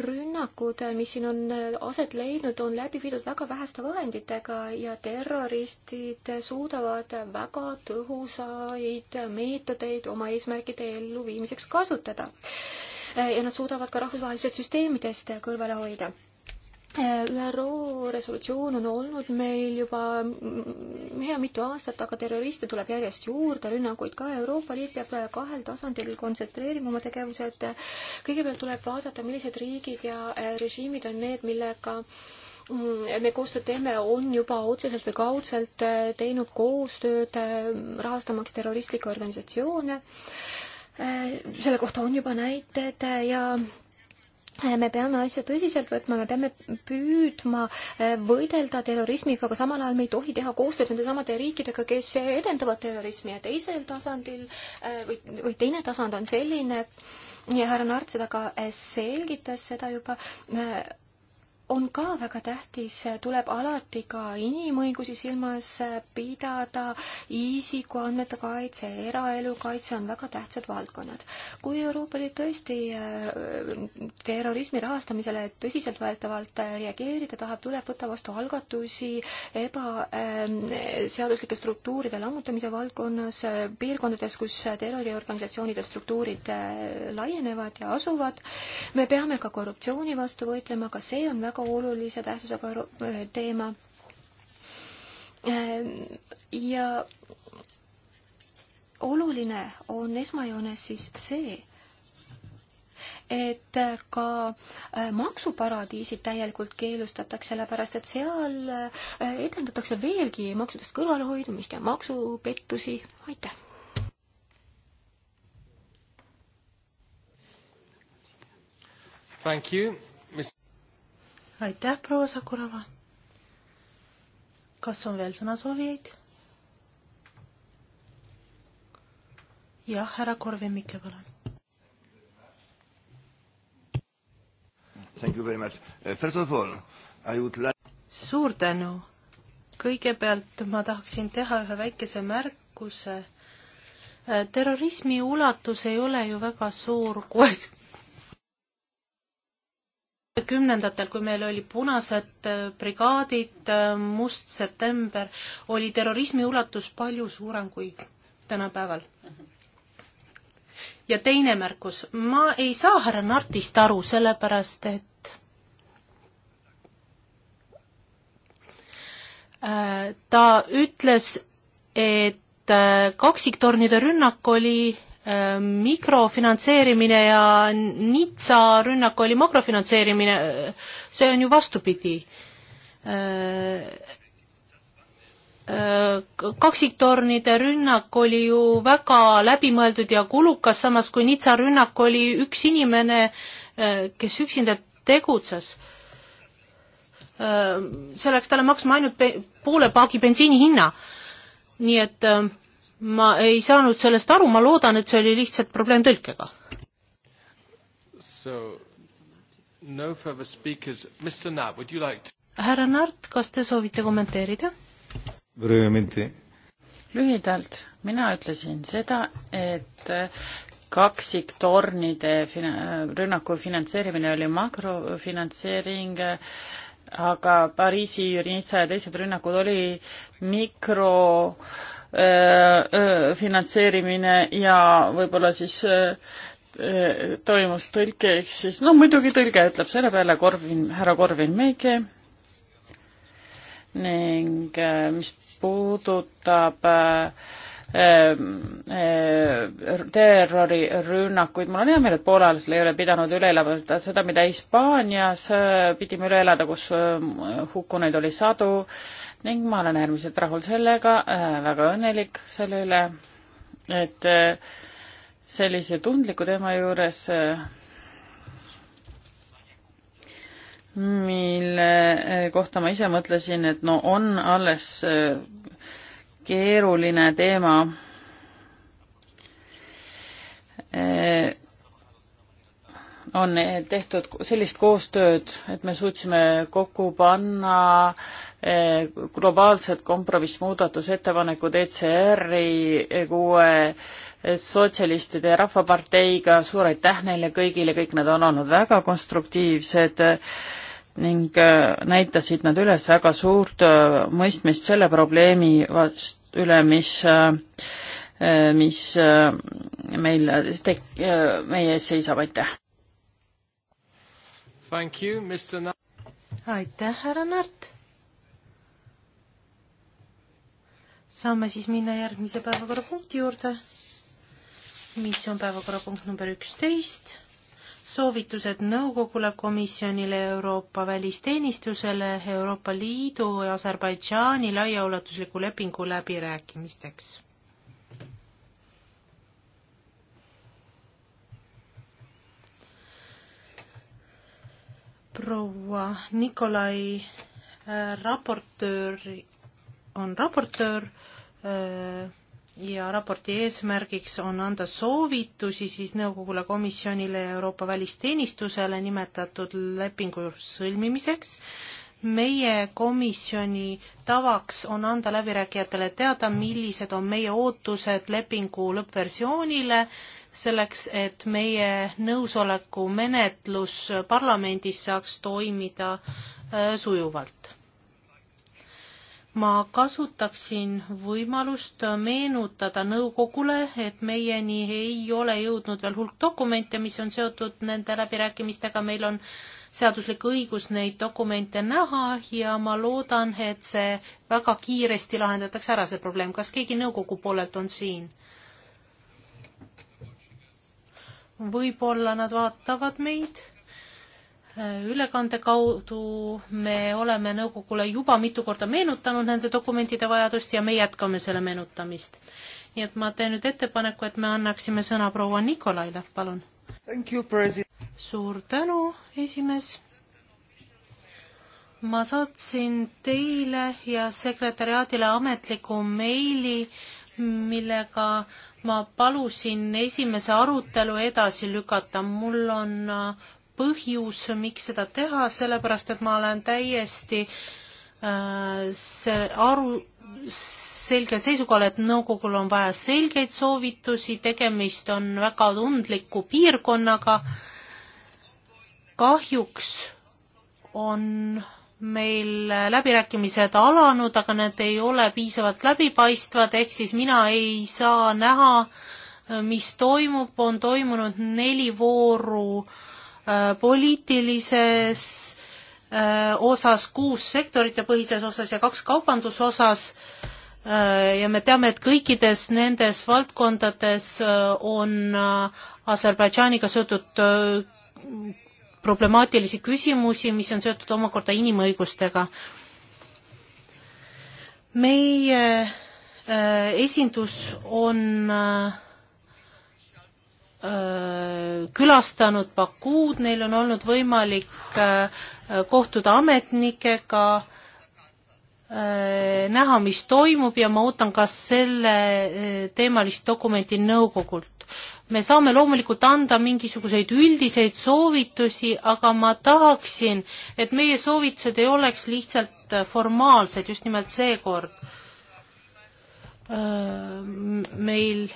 rünnakud, mis siin on aset leidnud, on läbi viidud väga väheste vahenditega ja terroristid suudavad väga tõhusaid meetodeid oma eesmärkide ellu elluviimiseks kasutada. Äh, ja nad suudavad ka rahvusvahelistest süsteemidest kõrvale hoida äh, ÜRO resolutsioon on olnud meil juba hea mitu aastat, aga terroriste tuleb järjest juurde, rünnakuid ka. Euroopa Liit peab äh, kahel tasandil kontsentreerima oma tegevused. kõigepealt tuleb vaadata, millised riigid ja režiimid on need, millega mm, me koostööd teeme, on juba otseselt või kaudselt teinud koostööd rahastamaks terroristlikke organisatsioone Äh, selle kohta on juba näited äh, ja äh, me peame asja tõsiselt võtma, me peame püüdma võidelda terrorismiga, aga samal ajal me ei tohi teha koostööd nende samade riikidega, kes edendavad terrorismi ja teisel tasandil või, või teine tasand on selline, ja härra Naart seda ka selgitas, seda juba on ka väga tähtis, tuleb alati ka inimõigusi silmas pidada, isikuandmete kaitse, eraelu kaitse on väga tähtsad valdkonnad. kui Euroopa Liit tõesti äh, terrorismi rahastamisele tõsiseltvõetavalt reageerida tahab, tuleb võtta vastu algatusi ebaseaduslike ähm, struktuuride lammutamise valdkonnas piirkondades, kus terroriorganisatsioonide struktuurid äh, laienevad ja asuvad. me peame ka korruptsiooni vastu võitlema, ka see on väga väga olulise tähtsusega äh, teema. Ehm, ja oluline on esmajoones siis see, et ka äh, maksuparadiisid täielikult keelustatakse, sellepärast et seal äh, edendatakse veelgi maksudest kõrvalehoidumist ja maksupettusi. aitäh! Thank you. Mis aitäh, proua Sakurava. kas on veel sõnasoovijaid? jah, härra Korvi Mikke, palun. Thank you very much. Uh, first of all, I would like suur tänu. kõigepealt ma tahaksin teha ühe väikese märkuse. Uh, terrorismi ulatus ei ole ju väga suur, kui kümnendatel, kui meil oli punased äh, brigaadid, äh, must september, oli terrorismi ulatus palju suurem kui tänapäeval. ja teine märkus, ma ei saa härra Nartist aru, sellepärast et äh, ta ütles, et kaksiktornide rünnak oli Äh, mikrofinantseerimine ja Nitsa rünnak oli makrofinantseerimine, see on ju vastupidi. Äh, äh, kaksiktornide rünnak oli ju väga läbimõeldud ja kulukas, samas kui Nitsa rünnak oli üks inimene, kes üksinda tegutses see läks talle maksma ainult poole paagi bensiini hinna. nii et ma ei saanud sellest aru, ma loodan, et see oli lihtsalt probleem tõlkega. No like to... härra Nart, kas te soovite kommenteerida? lühidalt, mina ütlesin seda, et äh, kaksiktornide fina-, äh, rünnaku finantseerimine oli makrofinantseering, äh, aga Pariisi, Nizza ja teised rünnakud oli mikro äh, finantseerimine ja võib-olla siis toimus tõlge, ehk siis no muidugi tõlge ütleb selle peale Korvin, härra Korvin Meike ning mis puudutab äh, terrorirünnakuid, mul on hea meel, et Poolas ei ole pidanud üle elama seda, mida Hispaanias pidime üle elada, kus hukkuneid oli sadu ning ma olen äärmiselt rahul sellega äh,, väga õnnelik selle üle, et äh, sellise tundliku teema juures äh,, mille äh, kohta ma ise mõtlesin, et no on alles äh, keeruline teema äh, on tehtud sellist koostööd, et me suutsime kokku panna äh, Eh, globaalsed kompromissmuudatusettepanekud ECR-i, eh, kuue eh, sotsialistide ja Rahvaparteiga, suur aitäh neile kõigile, kõik nad on olnud väga konstruktiivsed ning näitasid nad üles väga suurt mõistmist selle probleemi vast-, üle, mis mis meil tek-, meie ees seisab, aitäh! aitäh, härra Nart! saame siis minna järgmise päevakorrapunkti juurde, mis on päevakorrapunkt number üksteist, soovitused nõukogule, komisjonile, Euroopa välisteenistusele, Euroopa Liidu ja Aserbaidžaani laiaulatusliku lepingu läbirääkimisteks proua Nikolai äh, raportöör on raportöör Äh, ja raporti eesmärgiks on anda soovitusi siis nõukogule, komisjonile ja Euroopa välisteenistusele nimetatud lepingu sõlmimiseks. meie komisjoni tavaks on anda läbirääkijatele teada, millised on meie ootused lepingu lõppversioonile, selleks et meie nõusoleku menetlus parlamendis saaks toimida äh, sujuvalt ma kasutaksin võimalust meenutada nõukogule, et meieni ei ole jõudnud veel hulk dokumente, mis on seotud nende läbirääkimistega, meil on seaduslik õigus neid dokumente näha ja ma loodan, et see väga kiiresti lahendatakse ära, see probleem. kas keegi nõukogu poolelt on siin? võib-olla nad vaatavad meid Äh, ülekande kaudu me oleme nõukogule juba mitu korda meenutanud nende dokumentide vajadust ja me jätkame selle meenutamist. nii et ma teen nüüd ettepaneku, et me annaksime sõna proua Nikolaile, palun. suur tänu, esimees. ma saatsin teile ja sekretäriaadile ametliku meili, millega ma palusin esimese arutelu edasi lükata. mul on äh, põhjus, miks seda teha, sellepärast et ma olen täiesti äh, see aru, selgel seisukohal, et nõukogul on vaja selgeid soovitusi, tegemist on väga tundliku piirkonnaga. kahjuks on meil läbirääkimised alanud, aga need ei ole piisavalt läbipaistvad, ehk siis mina ei saa näha, mis toimub, on toimunud neli vooru äh, Äh, poliitilises äh, osas, kuus sektorite põhises osas ja kaks kaubandusosas äh, ja me teame, et kõikides nendes valdkondades on Aserbaidžaaniga seotud problemaatilisi küsimusi, mis on seotud omakorda inimõigustega. meie esindus on äh, Äh, külastanud Bakuud, neil on olnud võimalik äh, kohtuda ametnikega, äh, näha, mis toimub ja ma ootan ka selle teemalist dokumenti nõukogult. me saame loomulikult anda mingisuguseid üldiseid soovitusi, aga ma tahaksin, et meie soovitused ei oleks lihtsalt formaalsed just nimelt seekord. meil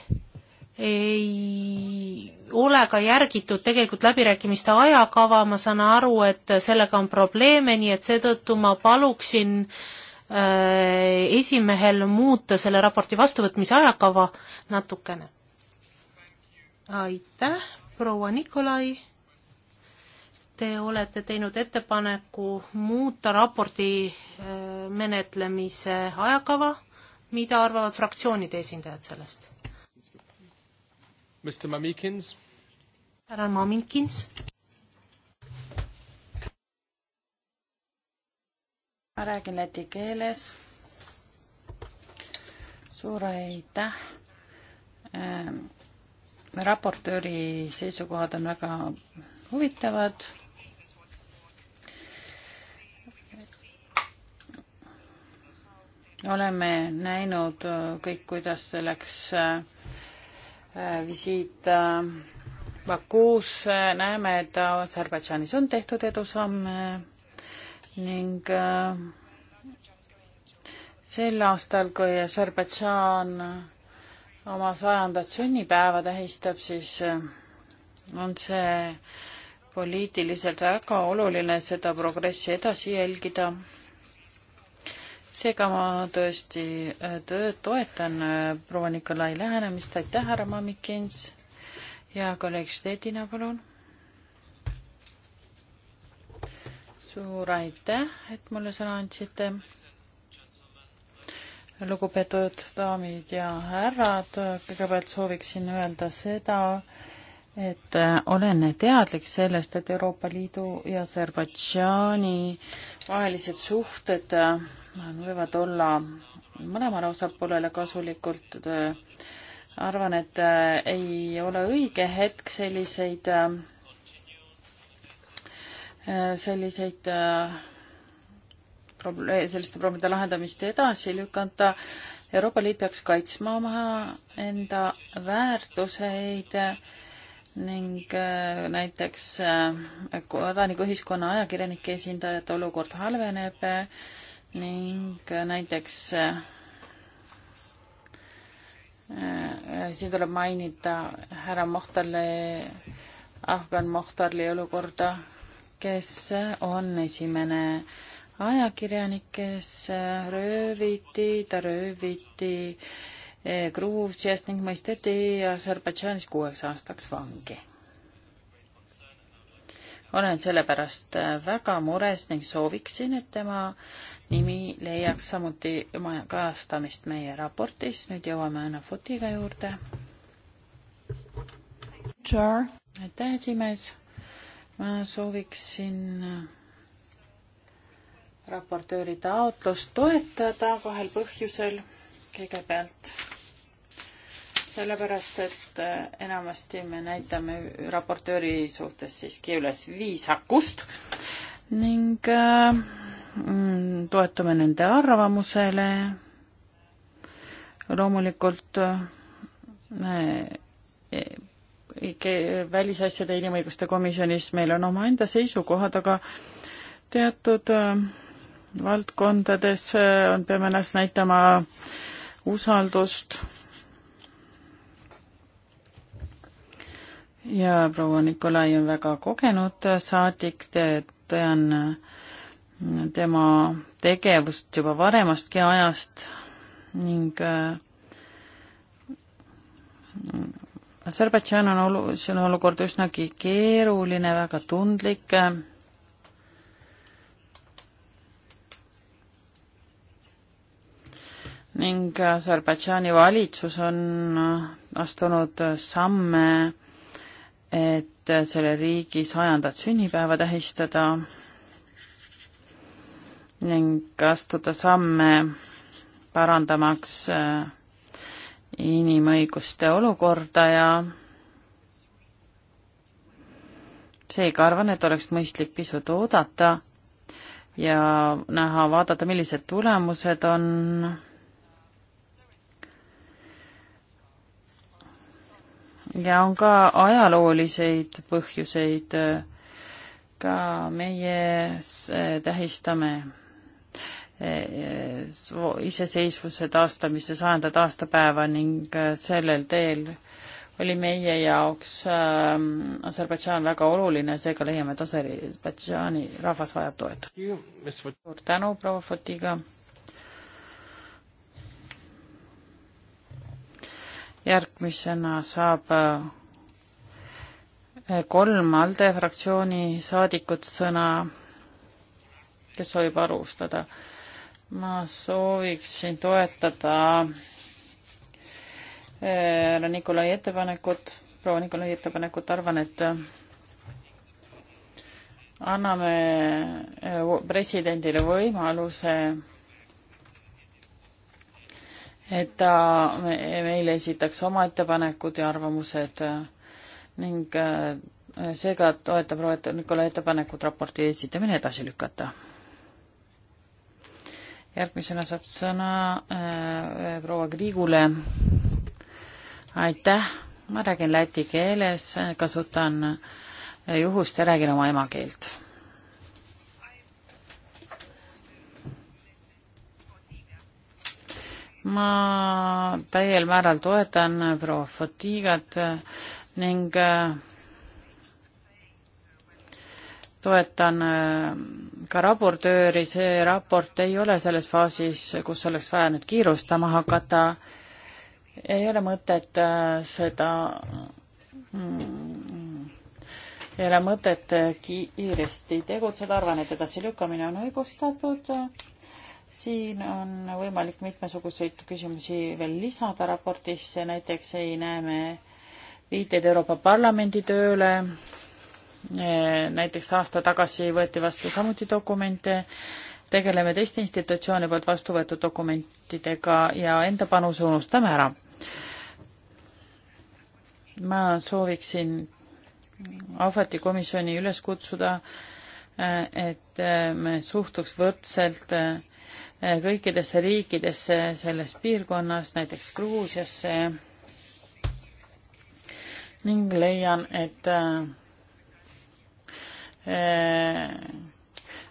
ei ole ka järgitud tegelikult läbirääkimiste ajakava, ma saan aru, et sellega on probleeme, nii et seetõttu ma paluksin äh, esimehel muuta selle raporti vastuvõtmise ajakava natukene. aitäh, proua Nikolai. Te olete teinud ettepaneku muuta raporti äh, menetlemise ajakava, mida arvavad fraktsioonide esindajad sellest? Mr Mamikins. härra Mamikins. ma räägin läti keeles. suur aitäh ähm,. raportööri seisukohad on väga huvitavad oleme näinud kõik, kuidas läks Äh, visiit äh, Bakuus, äh, näeme, et Aserbaidžaanis on tehtud edusamme ning sel aastal, kui Aserbaidžaan oma sajandat sünnipäeva tähistab, siis on see poliitiliselt väga oluline seda progressi edasi jälgida seega ma tõesti äh, tööd toetan äh, proua Nikolai lähenemist, aitäh, härra Mamikins ja kolleeg Stedina, palun. suur aitäh, et mulle sõna andsite. lugupeetud daamid ja härrad, kõigepealt sooviksin öelda seda, et äh, olen teadlik sellest, et Euroopa Liidu ja Aserbaidžaani vahelised suhted võivad olla mõlemale osapoolele kasulikult. arvan, et äh, ei ole õige hetk selliseid, äh, selliseid äh, probleem, selliste probleemide lahendamist edasi lükata. Euroopa Liit peaks kaitsma omaenda väärtuseid ning näiteks kodanikuühiskonna ajakirjanike esindajate olukord halveneb ning näiteks äh, äh, siin tuleb mainida härra Mohtarle, Afgan Mohtarli olukorda, kes on esimene ajakirjanik, kes äh, rööviti, ta rööviti Gruusias ning mõisteti Aserbaidžaanis kuueks aastaks vangi. olen selle pärast väga mures ning sooviksin, et tema äh, nimi leiaks samuti oma kajastamist meie raportis. nüüd jõuame Anna Futiga juurde. aitäh, esimees. ma sooviksin raportööri taotlust toetada kahel põhjusel. kõigepealt sellepärast, et äh, enamasti me näitame raportööri suhtes siiski üles viisakust ning äh, Mm, toetume nende arvamusele. loomulikult eh, eh, välisasjade inimõiguste komisjonis meil on omaenda seisukohad, aga teatud eh, valdkondades on, peame ennast näitama usaldust. ja proua Nikolai on väga kogenud saadik, tean tema tegevust juba varemastki ajast ning äh, Aserbaidžaan on olu-, see on olukord üsnagi keeruline, väga tundlik. ning Aserbaidžaani valitsus on astunud samme, et selle riigi sajandat sünnipäeva tähistada ning astuda samme parandamaks äh, inimõiguste olukorda ja seega arvan, et oleks mõistlik pisut oodata ja näha, vaadata, millised tulemused on ja on ka ajalooliseid põhjuseid, äh, ka meie äh, tähistame iseseisvuse taastamise sajandat aastapäeva ning äh, sellel teel oli meie jaoks äh, Aserbaidžaan väga oluline, seega leiame, et Aserbaidžaani rahvas vajab toetust. suur tänu, proua Fotiga. järgmisena saab äh, kolm ALDE fraktsiooni saadikut sõna, kes soovib alustada äh, ma sooviksin toetada eh, härra Nikolai ettepanekut, proua Nikolai ettepanekut, arvan, et eh, anname eh, presidendile võimaluse, et ta meile esitaks oma ettepanekud ja arvamused ning seega toetab Nikolai ettepanekut raporti esitamine edasi lükata järgmisena saab sõna äh, proua Kriigule. aitäh, ma räägin läti keeles, kasutan juhust ja räägin oma emakeelt ma täiel määral toetan proua Fatigat ning äh, toetan äh, ka raportööri, see raport ei ole selles faasis, kus oleks vaja nüüd kiirustama hakata, ei ole mõtet äh, seda, mm, ei ole mõtet äh, kiiresti tegutseda, arvan, et edasilükkamine on õigustatud, siin on võimalik mitmesuguseid küsimusi veel lisada raportisse, näiteks ei näe me viiteid Euroopa Parlamendi tööle, Eh, näiteks aasta tagasi võeti vastu samuti dokumente, tegeleme teiste institutsiooni poolt vastu võetud dokumentidega ja enda panuse unustame ära. ma sooviksin Ahvati komisjoni üles kutsuda, eh, et eh, me suhtuks võrdselt kõikidesse riikidesse selles piirkonnas, näiteks Gruusiasse ning leian, et äh, Äh,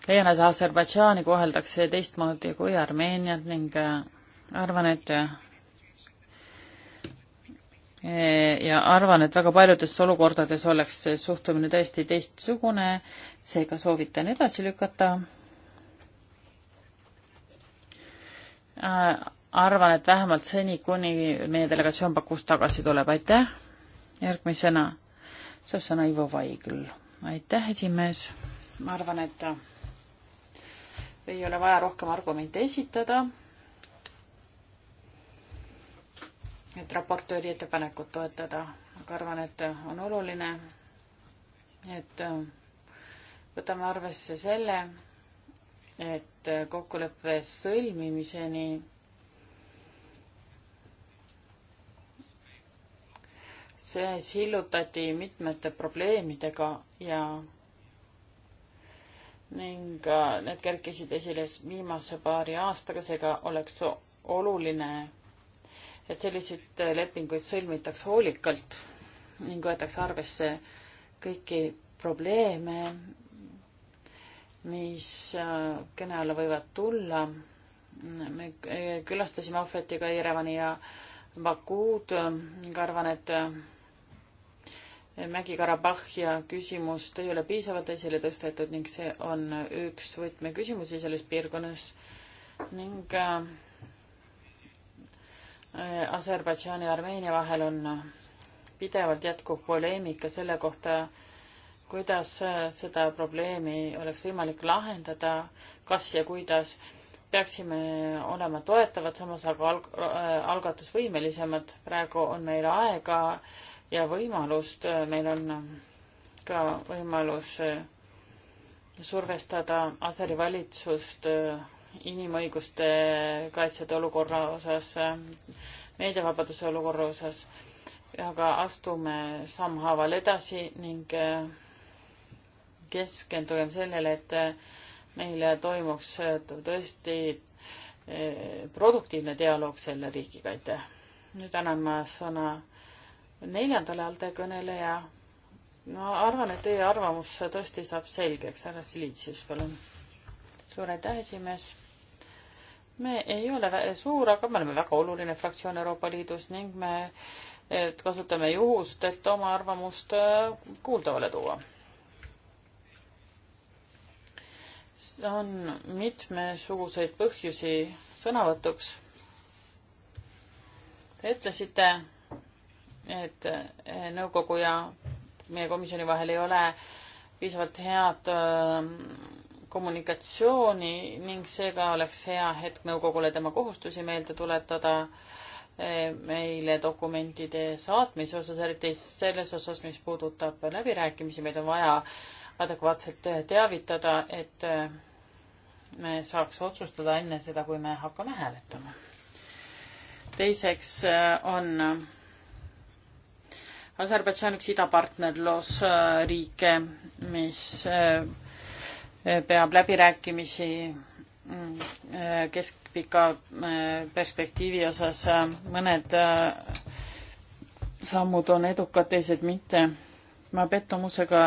leian, et Aserbaidžaani koheldakse teistmoodi kui Armeeniat ning äh, arvan, et äh, ja arvan, et väga paljudes olukordades oleks suhtumine täiesti teistsugune, seega soovitan edasi lükata. arvan, et vähemalt seni, kuni meie delegatsioon Bakust tagasi tuleb, aitäh. järgmisena saab sõna Ivo Vaigl aitäh, esimees. ma arvan, et ei ole vaja rohkem argumente esitada. et raportööri ettepanekut toetada, aga arvan, et on oluline, et võtame arvesse selle, et kokkuleppe sõlmimiseni see sillutati mitmete probleemidega ja ning äh, need kerkisid esile viimase paari aastaga, seega oleks oluline, et selliseid äh, lepinguid sõlmitaks hoolikalt ning võetakse arvesse kõiki probleeme, mis äh, kõne alla võivad tulla. me külastasime ohvetiga Jerevani ja Bakuud ning arvan, et Mägi-Karabahhia küsimust ei ole piisavalt esile tõstetud ning see on üks võtmeküsimusi selles piirkonnas ning äh, Aserbaidžaani ja Armeenia vahel on pidevalt jätkuv poleemika selle kohta, kuidas äh, seda probleemi oleks võimalik lahendada, kas ja kuidas peaksime olema toetavad, samas aga alg-, äh, algatusvõimelisemad. praegu on meil aega äh, ja võimalust, meil on ka võimalus eh, survestada Aseri valitsust eh, inimõiguste kaitsjate olukorra osas, eh, meediavabaduse olukorra osas, aga astume sammhaaval edasi ning keskendugem sellele, et meil toimuks tõesti produktiivne dialoog selle riigiga, aitäh. nüüd annan ma sõna neljandale altekõneleja. ma arvan, et teie arvamus tõesti saab selgeks, härra Silitsis, palun. suur aitäh, esimees. me ei ole suur, aga me oleme väga oluline fraktsioon Euroopa Liidus ning me et kasutame juhust, et oma arvamust äh, kuuldavale tuua. on mitmesuguseid põhjusi sõnavõtuks. Te ütlesite, et eh, nõukogu ja meie komisjoni vahel ei ole piisavalt head ähm, kommunikatsiooni ning seega oleks hea hetk nõukogule tema kohustusi meelde tuletada eh, meile dokumentide saatmise osas, eriti selles osas, mis puudutab läbirääkimisi, meid on vaja adekvaatselt eh, teavitada, et me saaks otsustada enne seda, kui me hakkame hääletama. teiseks on Aserbaidžaan üks idapartnerlusriike, mis äh, peab läbirääkimisi äh, keskpika äh, perspektiivi osas, mõned sammud on edukad, teised mitte. ma pettumusega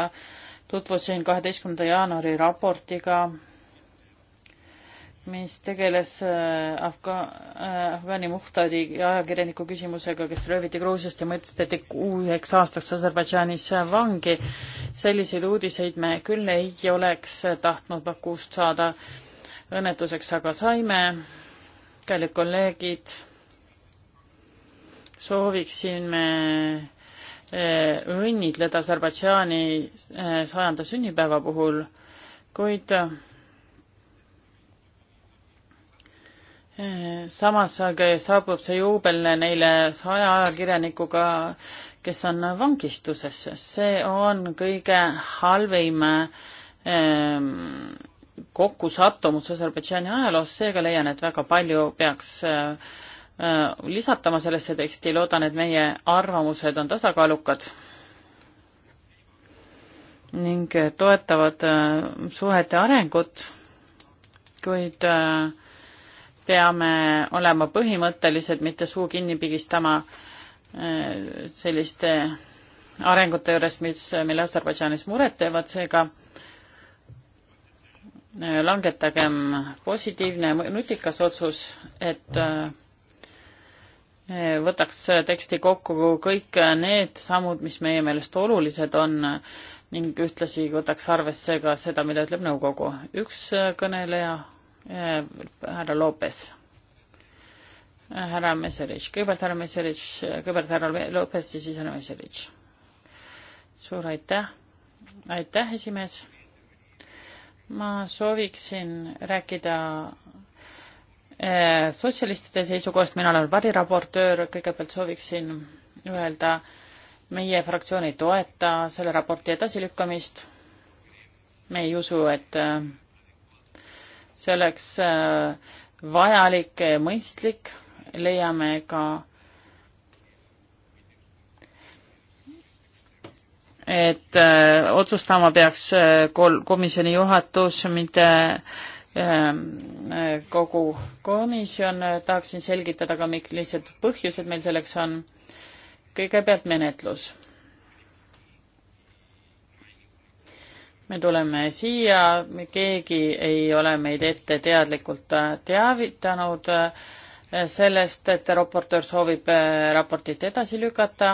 tutvusin kaheteistkümnenda jaanuari raportiga mis tegeles äh, Afga-, äh, Afgaani Muhtadi ajakirjaniku küsimusega, kes rööviti Gruusiast ja mõtestati kuueks aastaks Aserbaidžaanis vangi. selliseid uudiseid me küll ei oleks tahtnud Bakust saada. õnnetuseks aga saime. kallid kolleegid, sooviksime äh, õnnitleda Aserbaidžaani sajanda sünnipäeva puhul, kuid samas aga saabub see juubel neile saja ajakirjanikuga, kes on vangistuses, see on kõige halvim ehm, kokkusattumus Aserbaidžaani ajaloos, seega leian, et väga palju peaks eh, lisatama sellesse teksti, loodan, et meie arvamused on tasakaalukad ning toetavad eh, suhete arengut, kuid äh, peame olema põhimõttelised, mitte suu kinni pigistama eh, selliste arengute juures, mis meile Aserbaidžaanis muret teevad, seega eh, langetagem positiivne nutikas otsus, et eh, võtaks teksti kokku kõik need sammud, mis meie meelest olulised on ning ühtlasi võtaks arvesse ka seda, mida ütleb nõukogu. üks kõneleja Äh, härra Lopes. Äh, härra Meserich, kõigepealt härra Meserich, kõigepealt härra Lopes ja siis härra Meserich. suur aitäh, aitäh, esimees. ma sooviksin rääkida äh, sotsialistide seisukohast, mina olen variraportöör, kõigepealt sooviksin öelda, meie fraktsioon ei toeta selle raporti edasilükkamist. me ei usu, et äh, see oleks äh, vajalik ja mõistlik, leiame ka et öö, äh, otsustama peaks äh, kol-, komisjoni juhatus, mitte öö, ähm, kogu komisjon, tahaksin selgitada ka, millised põhjused meil selleks on. kõigepealt menetlus. me tuleme siia, keegi ei ole meid ette teadlikult teavitanud eh, sellest, et raportöör soovib eh, raportit edasi lükata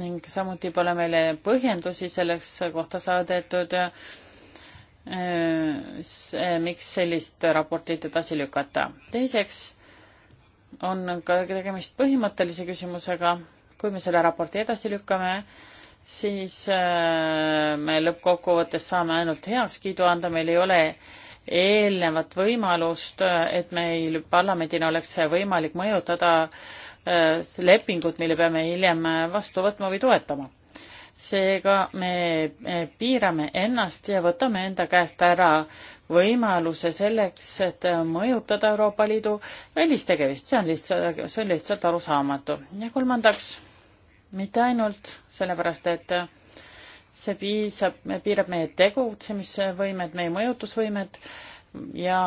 ning samuti pole meile põhjendusi selleks kohta saadetud, eh, miks sellist raportit edasi lükata. teiseks on ka tegemist põhimõttelise küsimusega, kui me selle raporti edasi lükkame, siis äh, me lõppkokkuvõttes saame ainult heakskiidu anda, meil ei ole eelnevat võimalust, äh, et meil parlamendina oleks võimalik mõjutada äh, lepingut, mille peame hiljem vastu võtma või toetama. seega me piirame ennast ja võtame enda käest ära võimaluse selleks, et mõjutada Euroopa Liidu välistegevust, see on lihtsalt, see on lihtsalt arusaamatu. ja kolmandaks mitte ainult sellepärast, et see piisab, piirab meie tegutsemisvõimet, meie mõjutusvõimet ja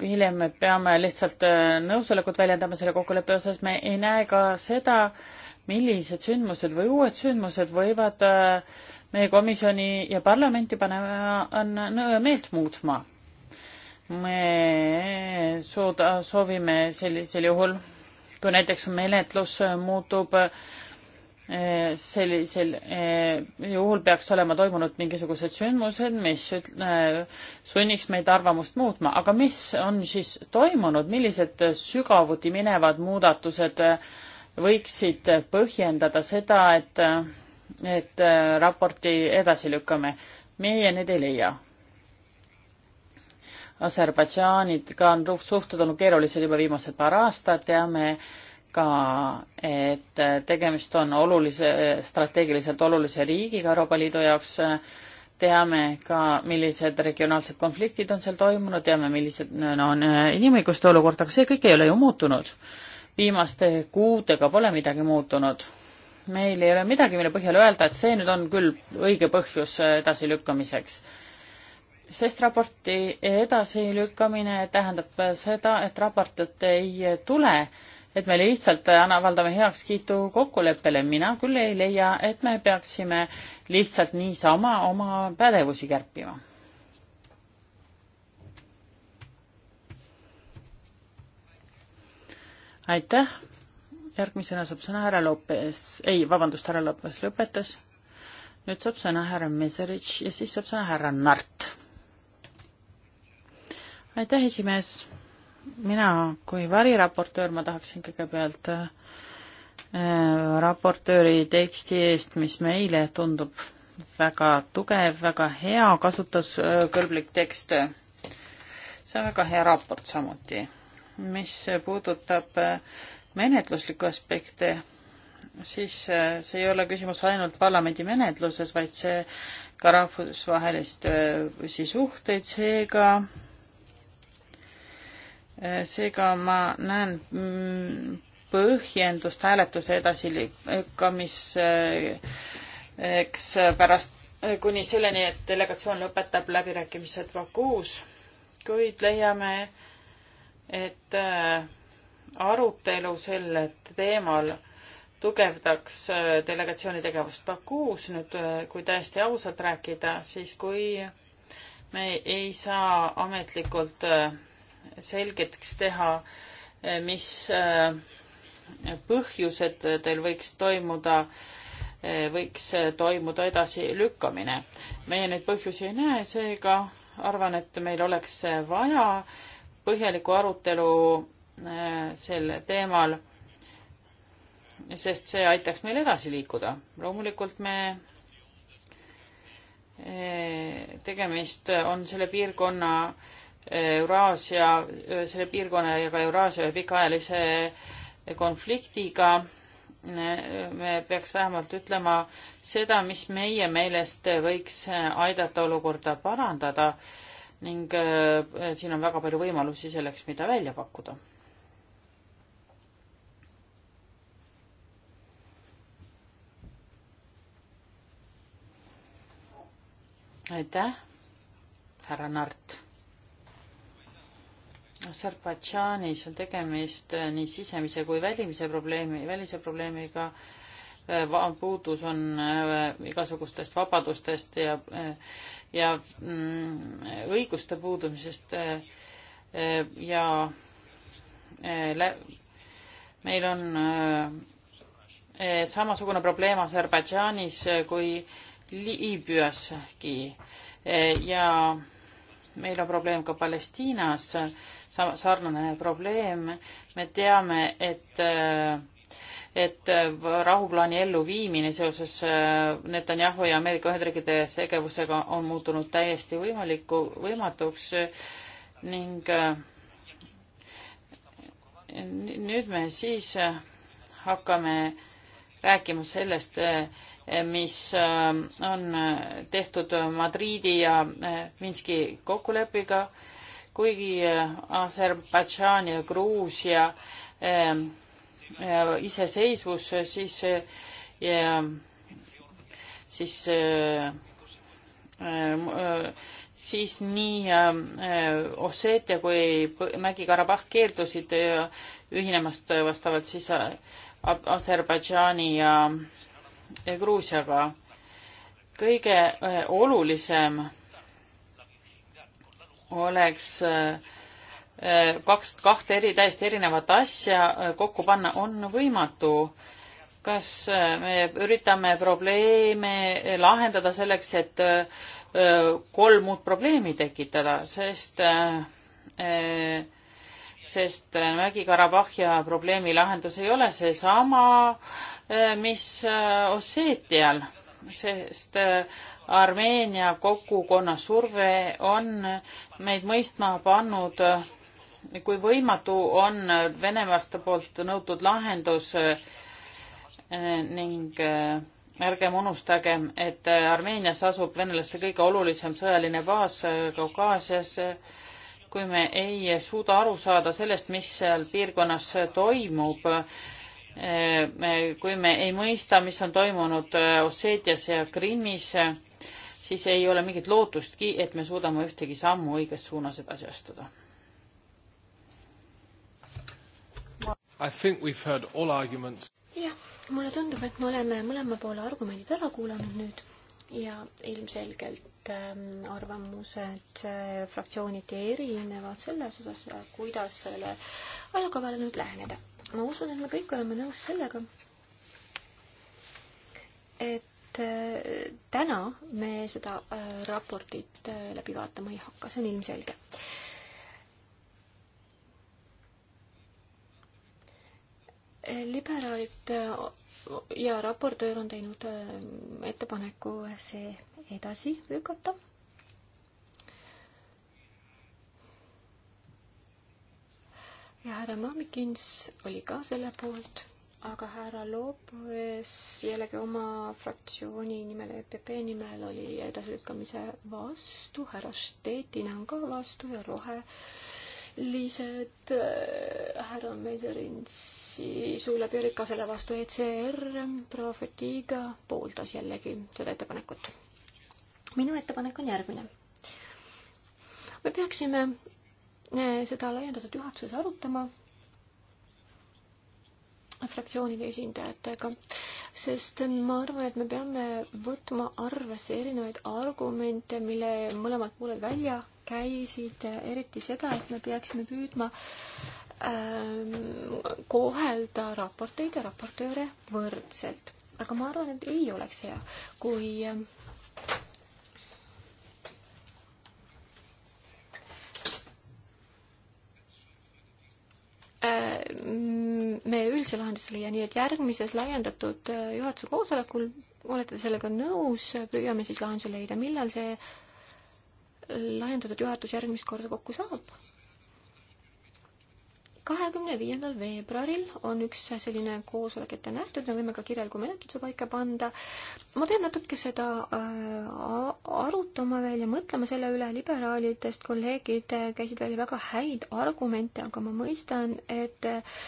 hiljem me peame lihtsalt äh, nõusolekut väljendama selle kokkuleppe osas, me ei näe ka seda, millised sündmused või uued sündmused võivad äh, meie komisjoni ja parlamenti panema, on meelt muutma me suuda, soovime sellisel juhul, kui näiteks menetlus muutub eh, sellisel eh, juhul peaks olema toimunud mingisugused sündmused, mis eh, sunniks meid arvamust muutma, aga mis on siis toimunud, millised sügavuti minevad muudatused võiksid põhjendada seda, et, et raporti edasi lükkame? meie neid ei leia Aserbaidžaaniga on suhted olnud keerulised juba viimased paar aastat, teame ka, et tegemist on olulise, strateegiliselt olulise riigiga Euroopa Liidu jaoks, teame ka, millised regionaalsed konfliktid on seal toimunud, teame, millised no, on äh, inimõiguste olukord, aga see kõik ei ole ju muutunud. viimaste kuudega pole midagi muutunud. meil ei ole midagi, mille põhjal öelda, et see nüüd on küll õige põhjus äh, edasilükkamiseks sest raporti edasilükkamine tähendab seda, et raportit ei tule, et me lihtsalt avaldame heakskiitu kokkuleppele. mina küll ei leia, et me peaksime lihtsalt niisama oma pädevusi kärpima. aitäh. järgmisena saab sõna härra Lopes, ei, vabandust, härra Lopes lõpetas. nüüd saab sõna härra Meserich ja siis saab sõna härra Nart aitäh, esimees. mina kui variraportöör, ma tahaksin kõigepealt äh, raportööri teksti eest, mis meile tundub väga tugev, väga hea kasutuskõlblik äh, tekst. see on väga hea raport samuti. mis puudutab äh, menetluslikku aspekte, siis äh, see ei ole küsimus ainult parlamendi menetluses, vaid see ka rahvusvahelist suhteid, seega Äh, seega ma näen mm, põhjendust hääletuse edasilükkamiseks äh, äh, pärast kuni selleni, et delegatsioon lõpetab läbirääkimised Bakuus, kuid leiame, et arutelu sel teemal tugevdaks delegatsiooni tegevust Bakuus nüüd, kui täiesti ausalt rääkida, siis kui me ei saa ametlikult selgeks teha, eh, mis eh, põhjused teil võiks toimuda, eh, võiks toimuda edasilükkamine. meie neid põhjusi ei näe, seega arvan, et meil oleks vaja põhjalikku arutelu sel teemal, sest see aitaks meil edasi liikuda. loomulikult me tegemist on selle piirkonna Euraasia, selle piirkonna ja ka Euraasia pikaajalise konfliktiga me peaks vähemalt ütlema seda, mis meie meelest võiks aidata olukorda parandada ning äh, siin on väga palju võimalusi selleks, mida välja pakkuda. aitäh, härra Nart Aserbaidžaanis on tegemist eh, nii sisemise kui välimise probleemi, välise probleemiga. Eh, puudus on eh, igasugustest vabadustest ja, ja mm, õiguste puudumisest ja meil on samasugune probleem Aserbaidžaanis kui Liibüaski ja meil on probleem ka Palestiinas sarnane probleem. me teame, et äh, et äh, rahuplaani elluviimine seoses äh, Netanyahu ja Ameerika Ühendriikide tegevusega on muutunud täiesti võimaliku, võimatuks ning nüüd me siis hakkame rääkima sellest, mis on tehtud Madriidi ja Minski kokkuleppiga kuigi äh, Aserbaidžaan ja Gruusia ähm, äh, äh, äh, äh, iseseisvus, siis ja siis siis nii Osseetia kui Mägi-Karabahh keeldusid ühinemast vastavalt siis Aserbaidžaani ja Gruusiaga. kõige olulisem oleks äh, kaks, kahte eri, täiesti erinevat asja äh, kokku panna on võimatu. kas äh, me üritame probleeme lahendada selleks, et kolm uut probleemi tekitada, sest sest Mägi-Karabahhia probleemi lahendus ei ole seesama, mis Osseetial, sest Armeenia kogukonna surve on meid mõistma pannud, kui võimatu on Venemaast poolt nõutud lahendus ning ärgem unustagem, et Armeenias asub venelaste kõige olulisem sõjaline baas Kaukaasias. kui me ei suuda aru saada sellest, mis seal piirkonnas toimub, kui me ei mõista, mis on toimunud Osseetias ja Krimmis, siis ei ole mingit lootustki, et me suudame ühtegi sammu õiges suunas edasi astuda. jah, mulle tundub, et me oleme mõlema poole argumendid ära kuulanud nüüd ja ilmselgelt ähm, arvamused äh, fraktsiooniti erinevad selles osas, kuidas sellele ajakavale nüüd läheneda. ma usun, et me kõik oleme nõus sellega, et et äh, täna me seda äh, raportit äh, läbi vaatama ei hakka, see on ilmselge. liberaalid ja raportöör on teinud ettepaneku see edasi lükata ja härra Mamikins oli ka selle poolt aga härra Lopes jällegi oma fraktsiooni nimel, EPP nimel oli edasilükkamise vastu, härra Stettina on ka vastu ja rohelised äh, härra Meserinsi suu läbi olid ka selle vastu, ECR proua Fatiga pooldas jällegi seda ettepanekut. minu ettepanek on järgmine. me peaksime äh, seda laiendatud juhatuses arutama fraktsioonide esindajatega, sest ma arvan, et me peame võtma arvesse erinevaid argumente, mille mõlemad pooled välja käisid, eriti seda, et me peaksime püüdma ähm, kohelda raporteid ja raportööre võrdselt. aga ma arvan, et ei oleks hea, kui ähm, Äh, meie üldise lahenduseni ja nii, et järgmises laiendatud äh, juhatuse koosolekul olete sellega nõus, püüame siis lahenduse leida, millal see äh, laiendatud juhatus järgmist korda kokku saab? kahekümne viiendal veebruaril on üks selline koosolek ette nähtud, me võime ka kirjaliku menetluse paika panda. ma pean natuke seda äh, arutama veel ja mõtlema selle üle, liberaalidest kolleegid käisid välja väga häid argumente, aga ma mõistan, et äh,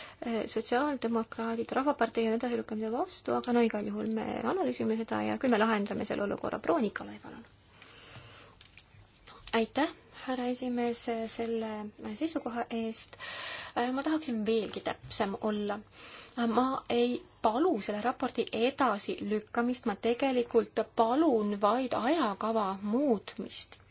sotsiaaldemokraadid, Rahvapartei on edasilükkamise vastu, aga no igal juhul me analüüsime seda ja küll me lahendame selle olukorra. proua Nikolai, palun. aitäh härra esimees selle seisukoha eest. Äh, ma tahaksin veelgi täpsem olla. Äh, ma ei palu selle raporti edasilükkamist, ma tegelikult palun vaid ajakava muutmist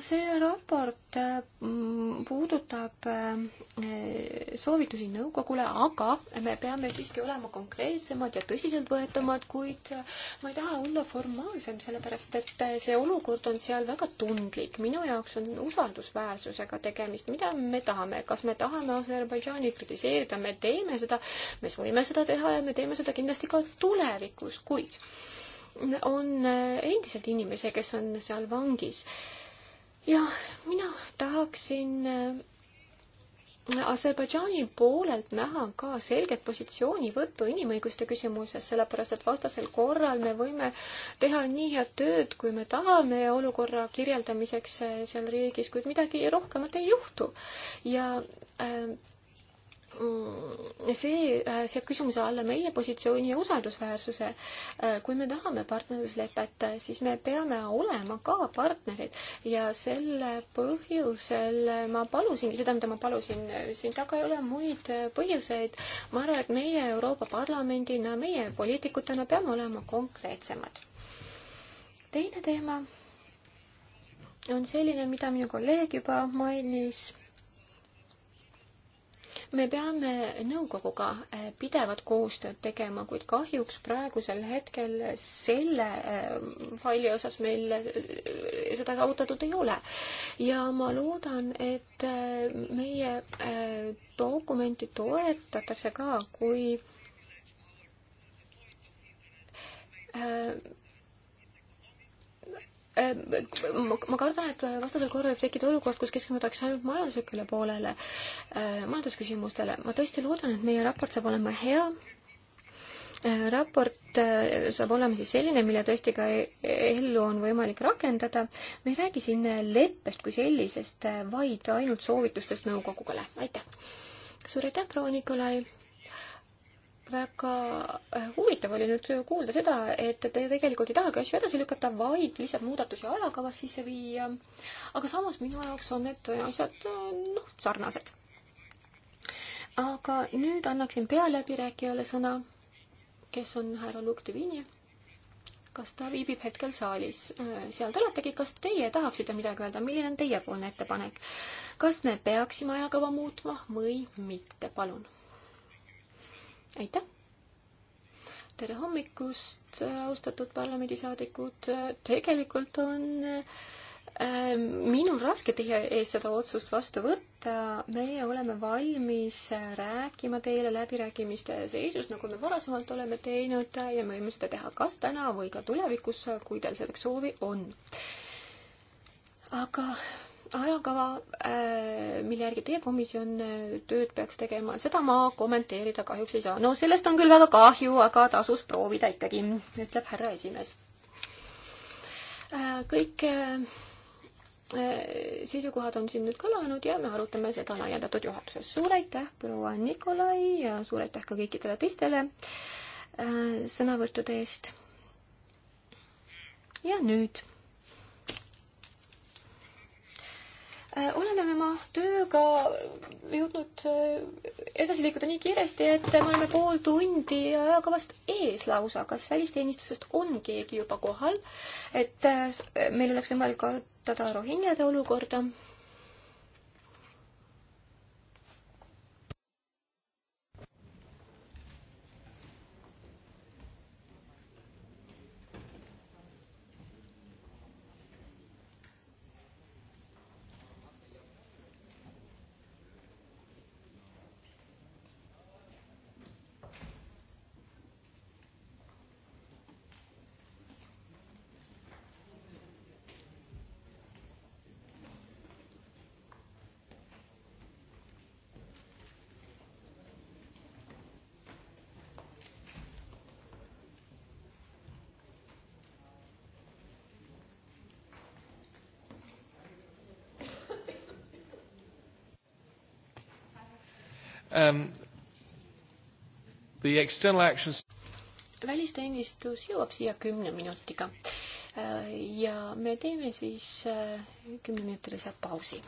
see raport äh, mm, puudutab äh, soovitusi nõukogule, aga me peame siiski olema konkreetsemad ja tõsiseltvõetamad, kuid äh, ma ei taha olla formaalsem, sellepärast et see olukord on seal väga tundlik. minu jaoks on usaldusväärsusega tegemist, mida me tahame, kas me tahame Aserbaidžaani kritiseerida, me teeme seda, me võime seda teha ja me teeme seda kindlasti ka tulevikus, kuid on endiselt inimesi, kes on seal vangis jah, mina tahaksin äh, Aserbaidžaani poolelt näha ka selget positsioonivõttu inimõiguste küsimuses, sellepärast et vastasel korral me võime teha nii head tööd, kui me tahame olukorra kirjeldamiseks äh, seal riigis, kuid midagi rohkemat ei juhtu. ja äh, Mm, see äh, seab küsimuse alla meie positsiooni ja usaldusväärsuse. Äh, kui me tahame partnerluslepet, äh, siis me peame olema ka partnerid ja selle põhjusel ma palusingi seda, mida ma palusin, siin taga ei ole muid põhjuseid. ma arvan, et meie Euroopa Parlamendina, meie poliitikutena peame olema konkreetsemad. teine teema on selline, mida minu kolleeg juba mainis me peame nõukoguga eh, pidevat koostööd tegema, kuid kahjuks praegusel hetkel selle eh, faili osas meil eh, seda saavutatud ei ole. ja ma loodan, et meie dokumenti toetatakse ka, kui Äh, ma kardan, et vastasel korral võib tekkida olukord, kus keskendutakse ainult majanduslikele poolele, äh, majandusküsimustele. ma tõesti loodan, et meie raport saab olema hea. Äh, raport saab olema siis selline, mille tõesti ka ellu on võimalik rakendada. me ei räägi siin leppest kui sellisest, vaid ainult soovitustest nõukogule. aitäh! suur aitäh, proua Nikolai! väga äh, huvitav oli nüüd kuulda seda, et te tegelikult ei tahagi asju edasi lükata, vaid lihtsalt muudatusi ajakavas sisse viia. aga samas minu jaoks on need asjad äh, noh, sarnased. aga nüüd annaksin pealäbirääkijale sõna, kes on härra Luke Devini. kas ta viibib hetkel saalis? Äh, seal te oletegi, kas teie tahaksite midagi öelda, milline on teiepoolne ettepanek? kas me peaksime ajakava muutma või mitte, palun aitäh! tere hommikust, austatud parlamendisaadikud, tegelikult on ähm, minul raske teie ees seda otsust vastu võtta, meie oleme valmis rääkima teile läbirääkimiste seisust, nagu me varasemalt oleme teinud ja me võime seda teha kas täna või ka tulevikus, kui teil selleks soovi on. aga ajakava, äh, mille järgi teie komisjon äh, tööd peaks tegema, seda ma kommenteerida kahjuks ei saa. no sellest on küll väga kahju, aga tasus proovida ikkagi, ütleb härra esimees. Äh, kõik seisukohad on siin nüüd kõlanud ja me arutame seda laiendatud juhatuses. suur aitäh, proua Nikolai ja suur aitäh ka kõikidele teistele sõnavõttude eest. ja nüüd Äh, oleme me oma tööga jõudnud äh, edasi liikuda nii kiiresti, et me oleme pool tundi ajakavast ees lausa. kas välisteenistusest on keegi juba kohal, et äh, meil oleks võimalik arutada Rohingjade olukorda? um, the external actions välisteenistus jõuab siia kümne minutiga äh, ja me teeme siis äh, kümneminutilise pausi.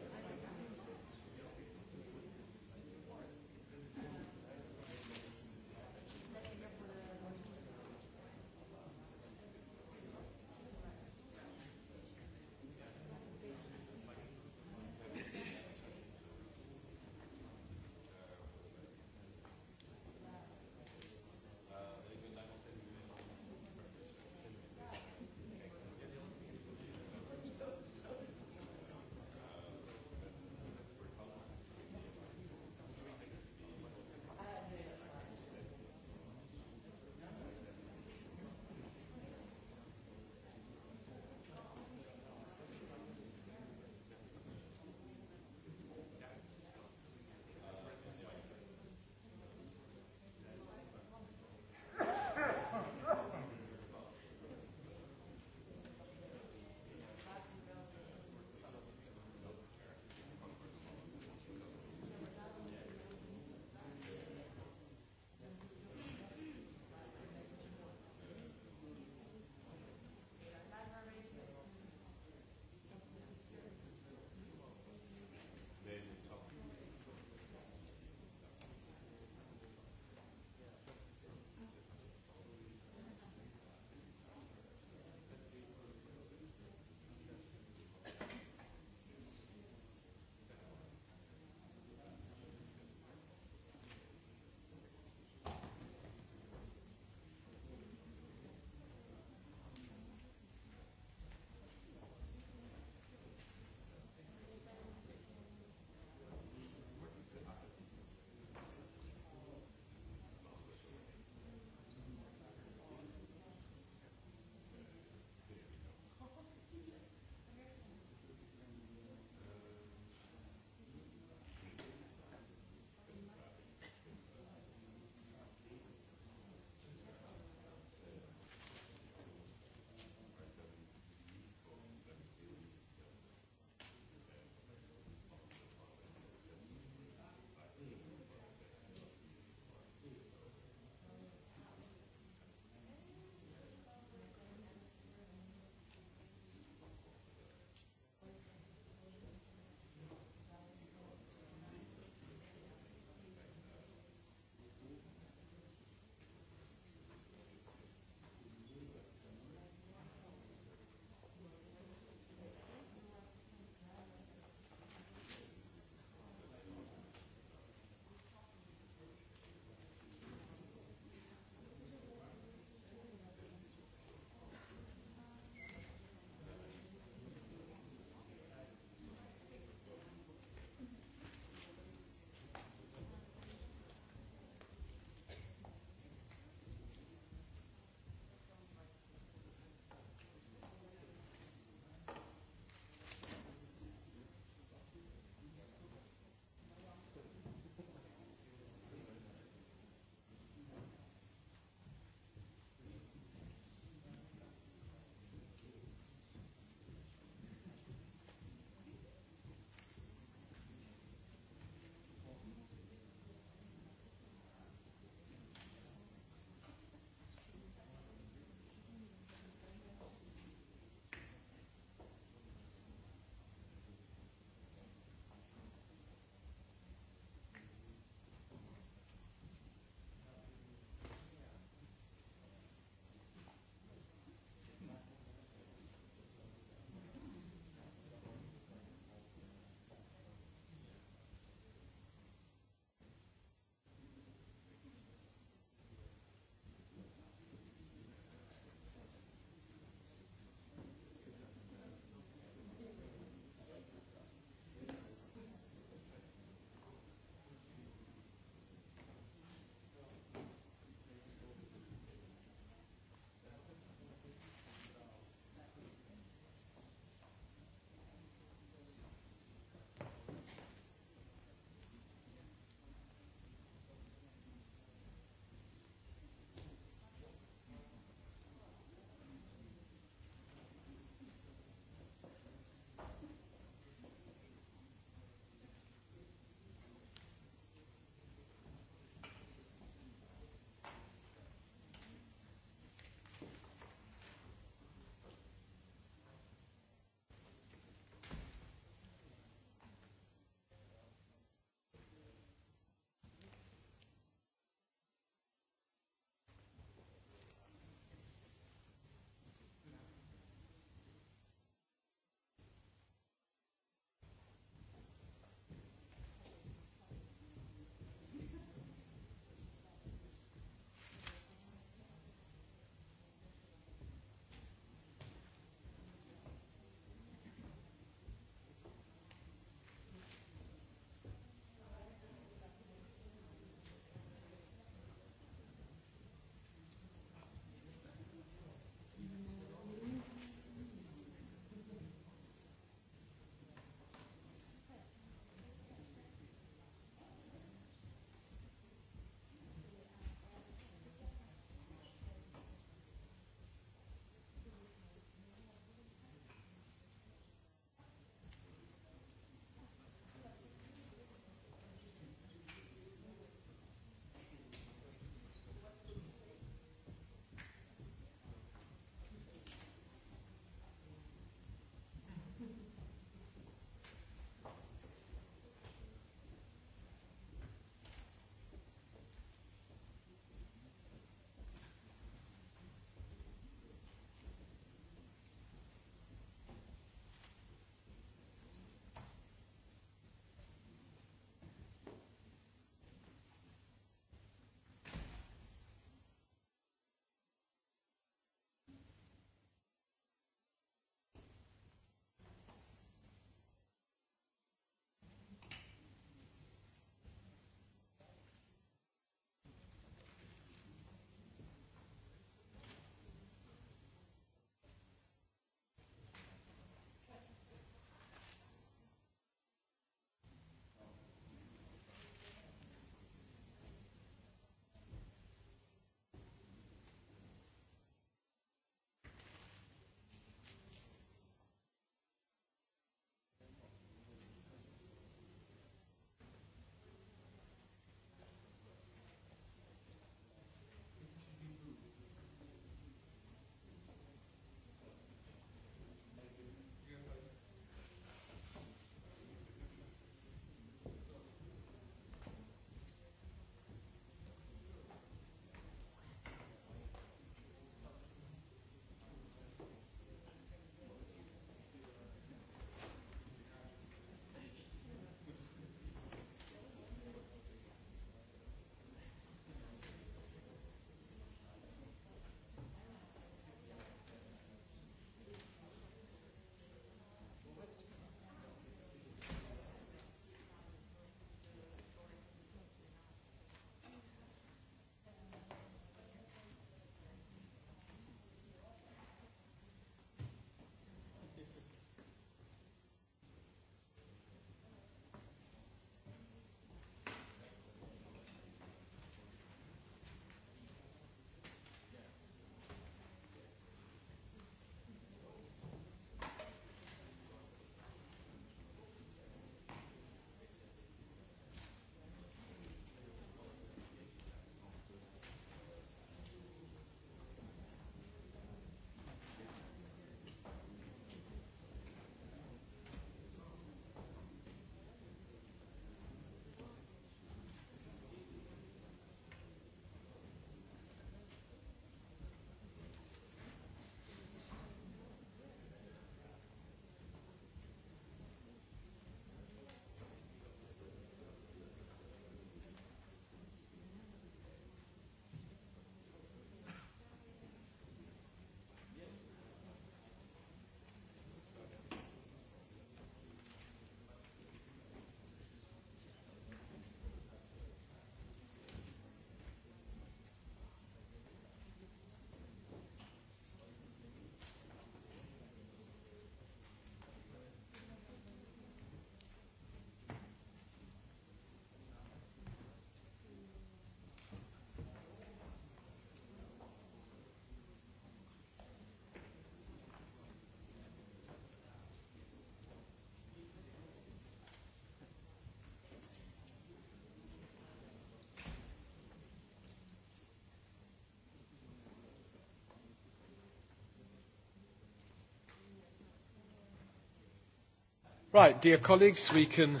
Right, dear colleagues, we can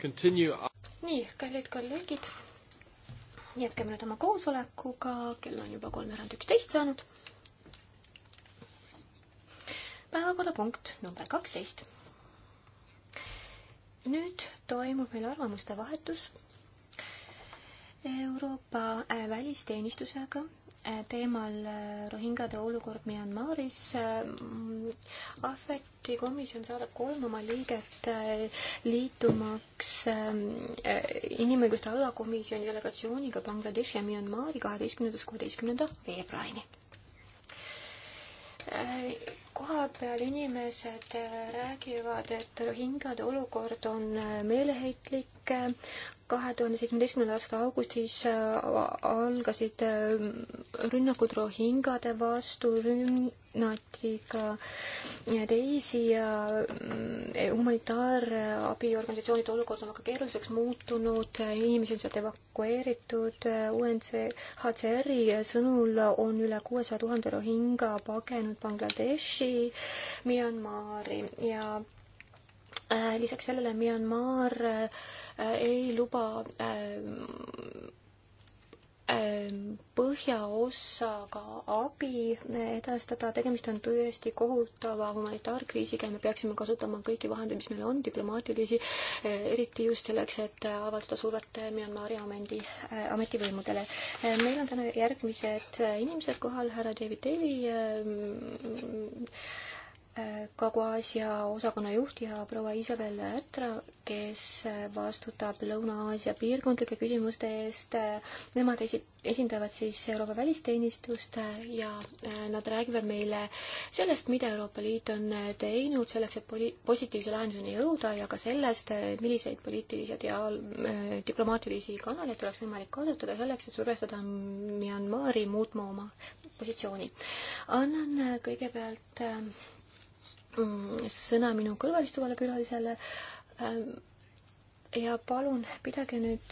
continue. nii, kallid kolleegid, jätkame nüüd oma koosolekuga, kell on juba kolmveerand üksteist saanud. päevakorrapunkt number kaksteist. nüüd toimub meil arvamuste vahetus Euroopa äh, välisteenistusega äh, teemal äh, Rohingade olukord Myanmaris. Ahveti komisjon saadab kolm oma liiget äh, liitumaks ähm, äh, inimõiguste alakomisjoni delegatsiooniga Bangladeshi ja Myanmari kaheteistkümnendast kuueteistkümnenda veebruarini. Äh, kohapeal inimesed räägivad, et rohingade olukord on meeleheitlik, kahe tuhande seitsmeteistkümnenda aasta augustis äh, algasid äh, rünnakud rohingade vastu, rünnati ka äh, teisi humanitaarabiorganisatsioonide olukord on väga keeruliseks muutunud, inimesi on sealt evakueeritud, UNCHCR-i sõnul on üle kuuesaja tuhande rohinga pagenud Bangladeshi, Myanmari ja lisaks sellele Myanmar Äh, ei luba äh, ähm, põhjaossaga abi äh, edastada, tegemist on tõesti kohutava humanitaarkriisiga ja me peaksime kasutama kõiki vahendeid, mis meil on, diplomaatilisi, eriti just selleks, et avaldada survet Myanmari ameti, ametivõimudele. meil on täna järgmised inimesed kohal, härra David Daly, Kagu-Aasia osakonna juht ja proua Isabel Ätra, kes vastutab Lõuna-Aasia piirkondlike küsimuste eest. Nemad esi-, esindavad siis Euroopa välisteenistust ja äh, nad räägivad meile sellest, mida Euroopa Liit on äh, teinud selleks, et poli-, positiivse lahenduseni jõuda ja ka sellest, äh, milliseid poliitilisi ja diplomaatilisi kanaleid oleks võimalik kasutada selleks, et survestada Myanmari muutma oma positsiooni. annan kõigepealt Mm, sõna minu kõrval istuvale külalisele ähm, ja palun pidage nüüd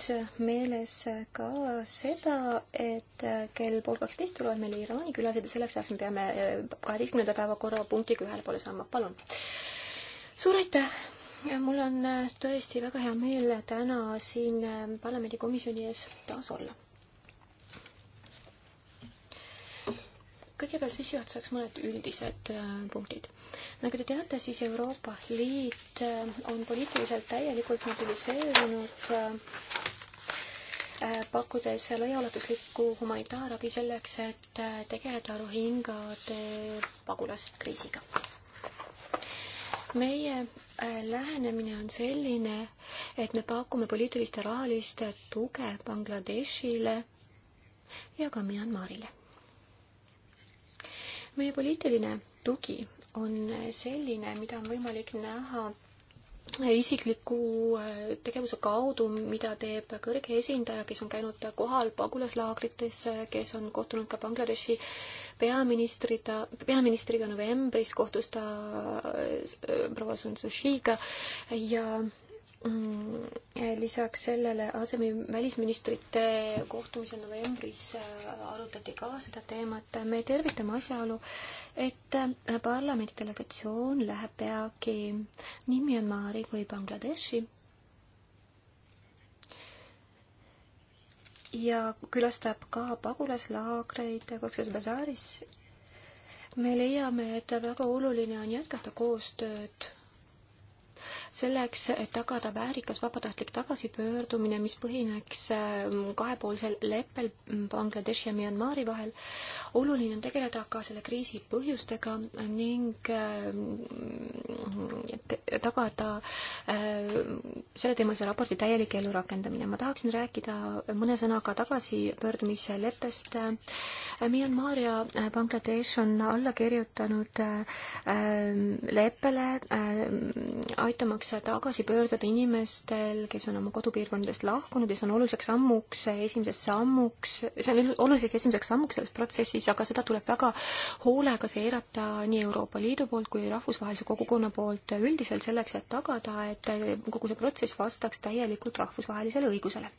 meeles ka seda, et kell pool kaksteist tulevad meil Iraani külalised ja selleks ajaks me peame äh, kaheteistkümnenda päevakorrapunktiga ühele poole saama, palun. suur aitäh! mul on äh, tõesti väga hea meel täna siin äh, parlamendikomisjoni ees taas olla kõigepealt sissejuhatuseks mõned üldised äh, punktid. nagu te teate, siis Euroopa Liit äh, on poliitiliselt täielikult mobiliseerunud äh, pakkudes laiaulatuslikku humanitaarabi selleks, et tegeleda rohingade pagulaskriisiga. meie lähenemine on selline, et me pakume poliitilist ja rahalist tuge Bangladeshile ja ka Myanmarile meie poliitiline tugi on selline, mida on võimalik näha isikliku äh, tegevuse kaudu, mida teeb kõrge esindaja, kes on käinud kohal pagulaslaagrites, kes on kohtunud ka Bangladeshi peaministrita, peaministriga novembris, kohtus ta äh, proua Sun Sushiga ja Mm, lisaks sellele asemi välisministrite kohtumisel novembris äh, arutati ka seda teemat. me tervitame asjaolu, et äh, parlamendi delegatsioon läheb peagi nii Myanmari kui Bangladeshi. ja külastab ka pagulaslaagreid Koksas basaaris. me leiame, et väga oluline on jätkata koostööd selleks, et tagada väärikas vabatahtlik tagasipöördumine, mis põhineks ähm, kahepoolsel leppel Bangladeshi ja Myanmari vahel. oluline on tegeleda ka selle kriisi põhjustega ning ähm, tagada ähm, selleteemalise raporti täielik ellurakendamine. ma tahaksin rääkida mõne sõnaga tagasipöördumise leppest. Myanmar ja Bangladesh on alla kirjutanud leppele aitamaks võimalus tagasi pöörduda inimestel, kes on oma kodupiirkondadest lahkunud ja see on oluliseks sammuks, esimeseks sammuks, see on oluliseks esimeseks sammuks selles protsessis, aga seda tuleb väga hoolega seirata nii Euroopa Liidu poolt kui rahvusvahelise kogukonna poolt üldiselt selleks, et tagada, et kogu see protsess vastaks täielikult rahvusvahelisele õigusele.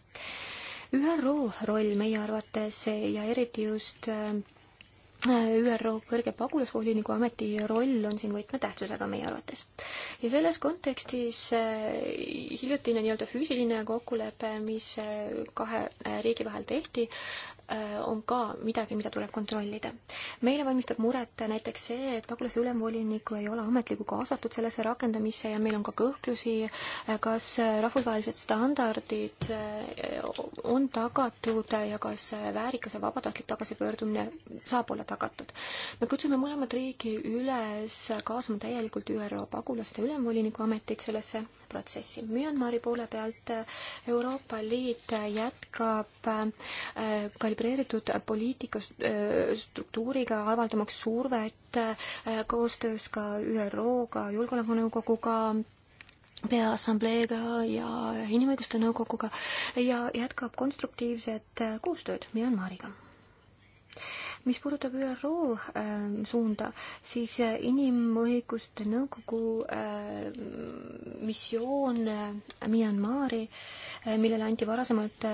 ÜRO roll meie arvates ja eriti just ÜRO kõrge pagulasvoliniku ameti roll on siin võtmetähtsusega meie arvates. ja selles kontekstis äh, hiljutine nii-öelda füüsiline kokkulepe, mis äh, kahe äh, riigi vahel tehti, Äh, on ka midagi, mida tuleb kontrollida. meile valmistab muret näiteks see, et pagulase ülemvolinikku ei ole ametlikku kaasatud sellesse rakendamisse ja meil on ka kõhklusi, äh, kas äh, rahvusvahelised standardid on tagatud ja kas väärikas ja vabatahtlik tagasipöördumine saab olla tagatud. me kutsume mõlemat riiki üles kaasama täielikult ÜRO pagulaste ülemvoliniku ametit sellesse protsessi. Myanmari poole pealt äh, Euroopa Liit äh, jätkab äh, kalibreeritud poliitikastruktuuriga, avaldamaks survet koostöös ka ÜRO-ga, Julgeolekunõukoguga, Peaassambleega ja Inimõiguste Nõukoguga ja jätkab konstruktiivset koostööd Myanmariga mis puudutab ÜRO ähm, suunda, siis äh, Inimõiguste Nõukogu äh, missioon äh, Myanmari, millele anti varasemalt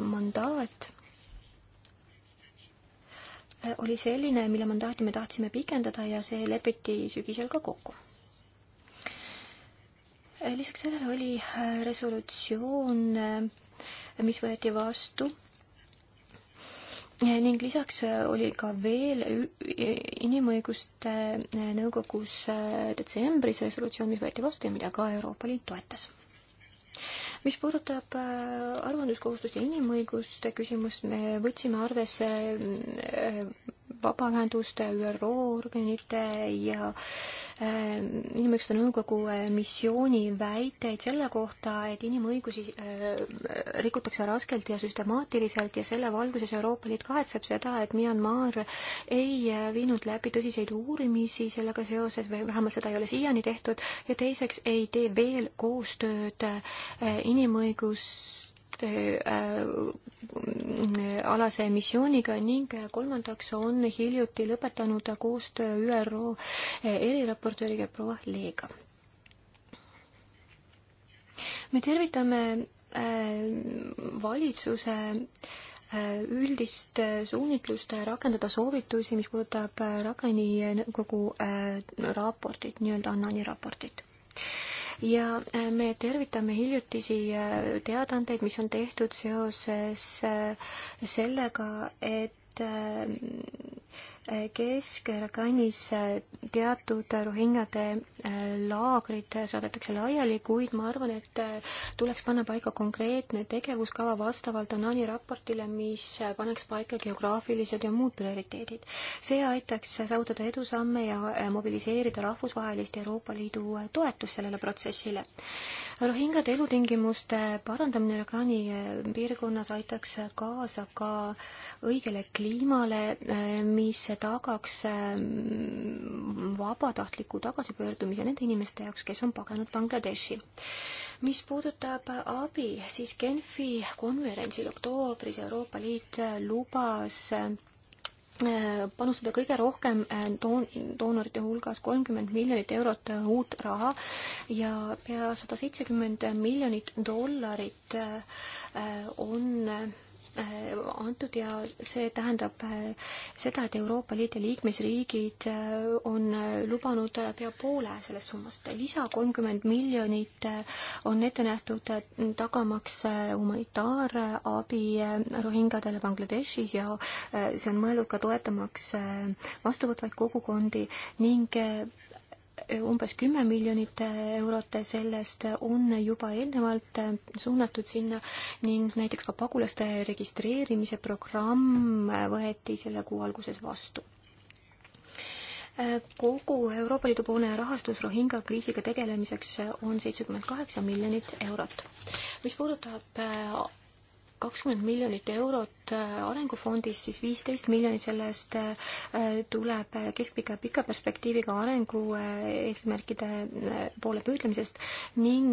mandaat, oli selline, mille mandaati me tahtsime pikendada ja see lepiti sügisel ka kokku lisaks sellele oli resolutsioon, mis võeti vastu ning lisaks äh, oli ka veel Inimõiguste äh, Nõukogus äh, detsembris resolutsioon, mis võeti vastu ja mida ka Euroopa Liit toetas. mis puudutab aruandluskohustust ja inimõiguste küsimust, me võtsime arvesse vabaühenduste, ÜRO organite ja äh, Äh, inimõiguste nõukogu äh, missiooni väiteid selle kohta, et inimõigusi äh, rikutakse raskelt ja süstemaatiliselt ja selle valguses Euroopa Liit kahetseb seda, et Myanmar ei viinud läbi tõsiseid uurimisi sellega seoses või vähemalt seda ei ole siiani tehtud ja teiseks ei tee veel koostööd inimõigus Äh, alase missiooniga ning kolmandaks on hiljuti lõpetanud koostöö ÜRO eriraportööriga proua Leega. me tervitame äh, valitsuse äh, üldist suunitlust rakendada soovitusi, mis puudutab Rakeni nõukogu raportit, nii-öelda Annani raportit ja äh, me tervitame hiljutisi äh, teadaandeid, mis on tehtud seoses äh, sellega, et Kesk-Rakanis eh, teatud rohingjade eh, laagrid eh, saadetakse laiali, kuid ma arvan, et tuleks panna paika konkreetne tegevuskava vastavalt Anani raportile, mis paneks paika geograafilised ja muud prioriteedid. see aitaks saavutada edusamme ja mobiliseerida rahvusvahelist Euroopa Liidu toetust sellele protsessile. rohingjade elutingimuste parandamine Rakani piirkonnas aitaks kaasa ka õigele kliimale, mis see tagaks ähm, vabatahtliku tagasipöördumise nende inimeste jaoks, kes on pagenud Bangladeshi. mis puudutab abi, siis Genfi konverentsil oktoobris Euroopa Liit lubas äh, panustada kõige rohkem doon-, äh, doonorite hulgas kolmkümmend miljonit eurot uut raha ja pea sada seitsekümmend miljonit dollarit äh, on Äh, antud ja see tähendab äh, seda, et Euroopa Liidu liikmesriigid äh, on lubanud pea poole sellest summast. lisa kolmkümmend miljonit on ette nähtud tagamaks humanitaarabi rohingadele Bangladeshis ja see on mõeldud ka toetamaks vastuvõtvaid kogukondi ning umbes kümme miljonit eurot sellest on juba eelnevalt suunatud sinna ning näiteks ka pagulaste registreerimise programm võeti selle kuu alguses vastu kogu Euroopa Liidu poolne rahastus Rohingja kriisiga tegelemiseks on seitsekümmend kaheksa miljonit eurot. mis puudutab kakskümmend miljonit eurot äh, arengufondist, siis viisteist miljonit sellest äh, tuleb äh, keskpika ja pika perspektiiviga arengu eesmärkide poole püüdlemisest ning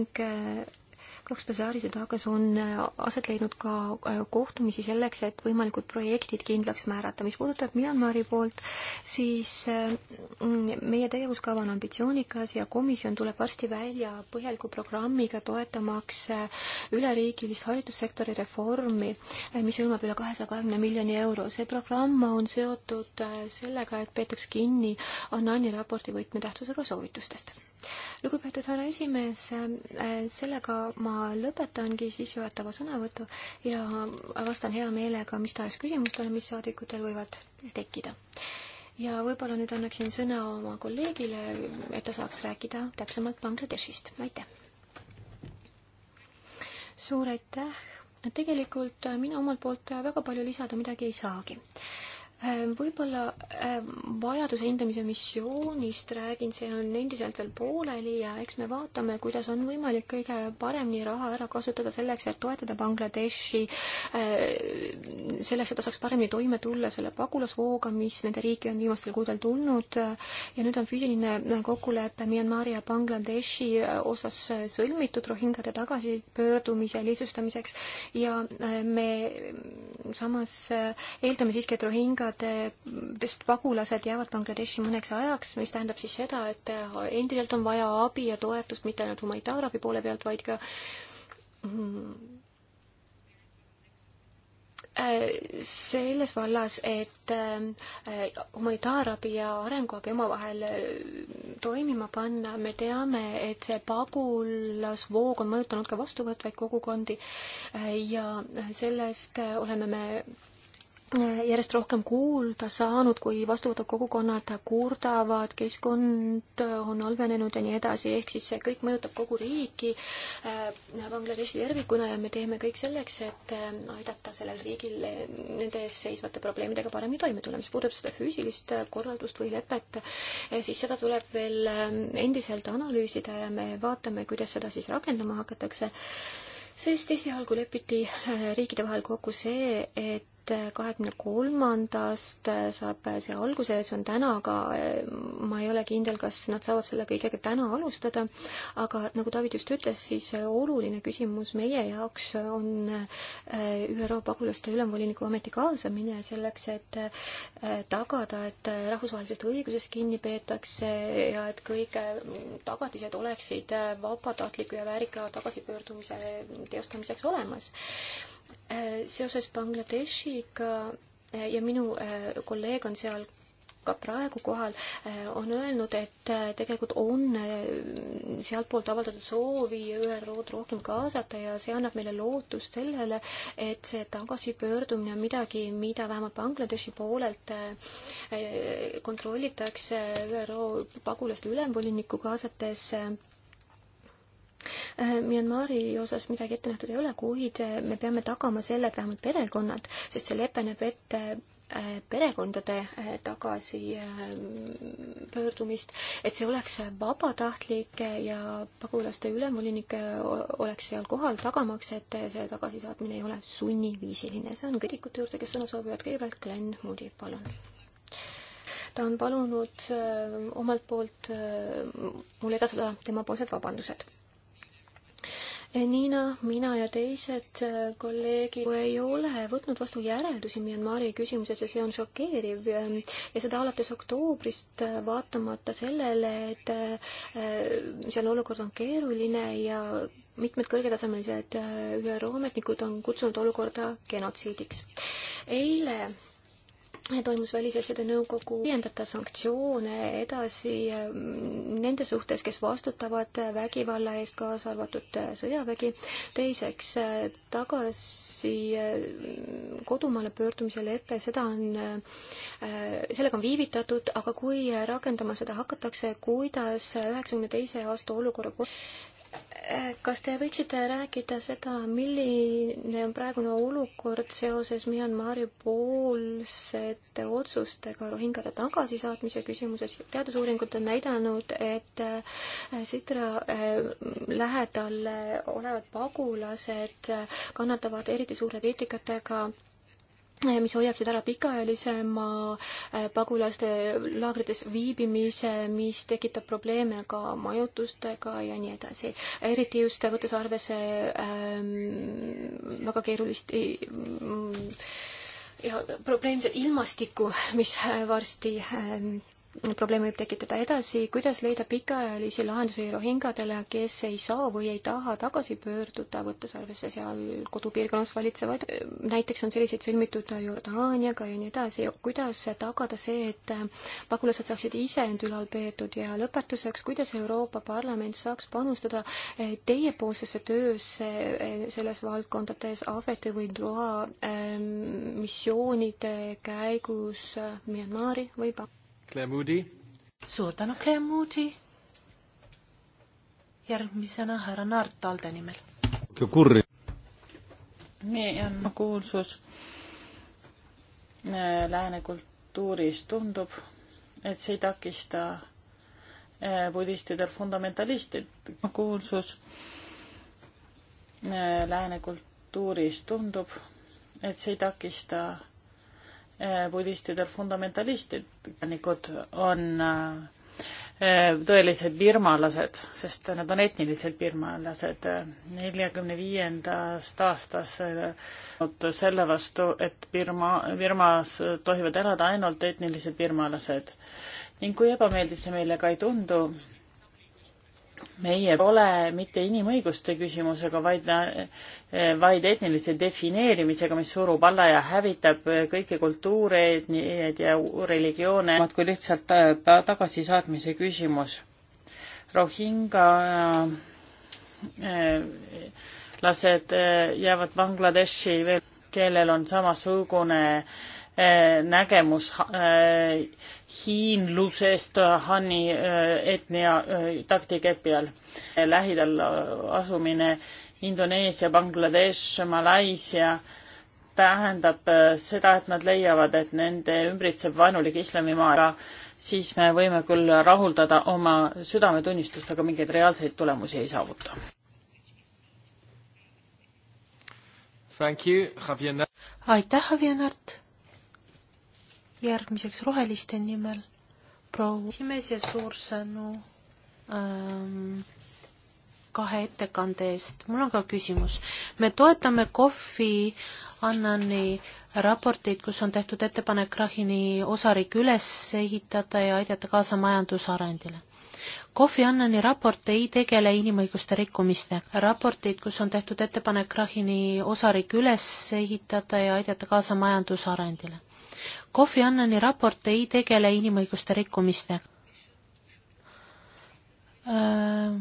kaks Bazaari Sadagas on äh, aset leidnud ka äh, kohtumisi selleks, et võimalikud projektid kindlaks määrata. mis puudutab Myanmari poolt, siis äh, meie tegevuskava on ambitsioonikas ja komisjon tuleb varsti välja põhjaliku programmiga toetamaks üleriigilist haridussektori reformi, mis hõlmab üle kahesaja kahekümne miljoni euro. see programm on seotud sellega, et peetakse kinni Annani raporti võtmetähtsusega soovitustest. lugupeetud härra esimees, sellega ma ma lõpetangi sissejuhatava sõnavõtu ja vastan hea meelega mis tahes küsimustele, mis saadikutel võivad tekkida. ja võib-olla nüüd annaksin sõna oma kolleegile, et ta saaks rääkida täpsemalt Bangladeshist, aitäh! suur aitäh! tegelikult mina omalt poolt väga palju lisada midagi ei saagi Ehm, võib-olla ehm, vajaduse hindamise missioonist räägin, see on endiselt veel pooleli ja eks me vaatame, kuidas on võimalik kõige paremini raha ära kasutada selleks, et toetada Bangladeshi, ehm, selleks, et ta saaks paremini toime tulla selle pagulasvooga, mis nende riiki on viimastel kuudel tulnud ja nüüd on füüsiline kokkulepe Myanmari ja Bangladeshi osas sõlmitud rohingade tagasipöördumise lihtsustamiseks ja me samas eeldame siiski, et rohingad tuhandetest pagulased jäävad Bangladeshi mõneks ajaks, mis tähendab siis seda, et endiselt on vaja abi ja toetust mitte ainult humanitaarabi poole pealt, vaid ka mm, selles vallas, et eh, humanitaarabi ja arenguabi omavahel eh, toimima panna, me teame, et see pagulasvoog on mõjutanud ka vastuvõtvaid kogukondi eh, ja sellest oleme me järjest rohkem kuulda saanud, kui vastuvõtu kogukonnad kurdavad, keskkond on halvenenud ja nii edasi, ehk siis see kõik mõjutab kogu riiki, äh, Bangladeshi tervikuna ja me teeme kõik selleks, et äh, aidata sellel riigil äh, nende ees seisvate probleemidega paremini toime tulla. mis puudutab seda füüsilist korraldust või lepet, siis seda tuleb veel endiselt analüüsida ja me vaatame, kuidas seda siis rakendama hakatakse sest esialgu lepiti riikide vahel kokku see, et kahekümne kolmandast äh, saab äh, see alguse, see on täna, aga äh, ma ei ole kindel, kas nad saavad selle kõigega täna alustada. aga nagu David just ütles, siis oluline küsimus meie jaoks on ÜRO pagulaste ülemvoliniku ameti kaasamine selleks, et tagada, et rahvusvahelisest õigusest kinni peetakse ja et kõik tagatised oleksid vabatahtliku ja väärika tagasipöördumise teostamiseks olemas seoses Bangladeshiga eh, ja minu eh, kolleeg on seal ka praegu kohal, eh, on öelnud, et tegelikult on sealtpoolt avaldatud soovi ÜRO-d rohkem kaasata ja see annab meile lootust sellele, et see tagasipöördumine on midagi, mida vähemalt Bangladeshi poolelt kontrollitakse ÜRO pagulaste ülemvoliniku kaasates Äh, Myanmari osas midagi ette nähtud ei ole, kuid äh, me peame tagama selle, et vähemalt perekonnad, sest see lepe näeb ette äh, perekondade tagasi ähm, pöördumist, et see oleks vabatahtlik ja pagulaste ülemvolinik oleks seal kohal tagamaks, et see tagasisaatmine ei ole sunniviisiline. see on kirikute juurde, kes sõna soovivad. kõigepealt Glen Moody, palun. ta on palunud omalt poolt mul edastada temapoolsed vabandused Niina, mina ja teised äh, kolleegid ei ole võtnud vastu järeldusi Myanmari küsimuses ja see on šokeeriv ähm, ja seda alates oktoobrist, äh, vaatamata sellele, et äh, seal olukord on keeruline ja mitmed kõrgetasemelised ÜRO ametnikud on kutsunud olukorda genotsiidiks. eile toimus Välisasjade Nõukogu laiendada sanktsioone edasi mm, nende suhtes, kes vastutavad vägivalla eest, kaasa arvatud äh, sõjavägi. teiseks, äh, tagasi äh, kodumaale pöördumise lepe, seda on, sellega on viivitatud, aga kui rakendama seda hakatakse, kuidas üheksakümne teise aasta olukorra kas te võiksite rääkida seda, milline on praegune olukord seoses Myanmari poolsete otsustega rohingade tagasisaatmise küsimuses? teadusuuringud on näidanud, et äh, Sitra äh, lähedal olevad pagulased kannatavad eriti suure kriitikatega Eh, mis hoiaksid ära pikaajalisema eh, pagulaste laagrites viibimise, mis tekitab probleeme ka majutustega ja nii edasi. eriti just võttes arvesse ähm, väga keerulist ähm, ja probleemset ilmastikku, mis varsti ähm, probleem võib tekitada edasi, kuidas leida pikaajalisi lahendusi rohingadele, kes ei saa või ei taha tagasi pöörduda, võttes arvesse seal kodupiirkonnas valitsevaid, näiteks on selliseid sõlmitud Jordaaniaga ja nii edasi, kuidas tagada see, et pagulased saaksid ise end ülal peetud ja lõpetuseks, kuidas Euroopa Parlament saaks panustada eh, teiepoolsesse töösse eh, selles valdkondades Ahveti või Droa eh, missioonide käigus Myanmari või Pakistani? Claire Moody. suur tänu, Claire Moody. järgmisena härra Naart Alde nimel. kurri. meie on kuulsus äh, lääne kultuuris, tundub, et see ei takista äh, budistidel fundamentalistid kuulsus äh, lääne kultuuris tundub, et see ei takista Eh, budistid on fundamentalistid, kodanikud on eh, tõelised birmalased, sest nad on etnilised birmalased. neljakümne viiendast aastast eh, selle vastu, et Birma, Birmas tohivad elada ainult etnilised birmalased. ning kui ebameeldiv see meile ka ei tundu, meie pole mitte inimõiguste küsimusega, vaid, eh, vaid etnilise defineerimisega, mis surub alla ja hävitab eh, kõiki kultuure, etniid ja religioone, kui lihtsalt äh, tagasisaatmise küsimus. Rohinga äh, lased äh, jäävad Bangladeshi veel, kellel on samasugune äh, Äh, nägemus äh, hiinlusest äh, Hanni etnia taktikepi all. lähidal asumine Indoneesia, Bangladesh, Malaisia tähendab seda, et nad leiavad, et nende ümbritseb vaenulik islamimaa, siis me võime küll rahuldada oma südametunnistust, aga mingeid reaalseid tulemusi ei saavuta. aitäh, Javier Nart! järgmiseks Roheliste nimel proua esimees ja suur sõnu ähm, kahe ettekande eest. mul on ka küsimus. me toetame KOV-i Annani raporteid, kus on tehtud ettepanek Rahini osariik üles ehitada ja aidata kaasa majandusarendile Kofi Annani raport ei tegele inimõiguste rikkumistega. raportid, kus on tehtud ettepanek Rahini osariik üles ehitada ja aidata kaasa majandusarendile. Kofi Annani raport ei tegele inimõiguste rikkumistega. Äh,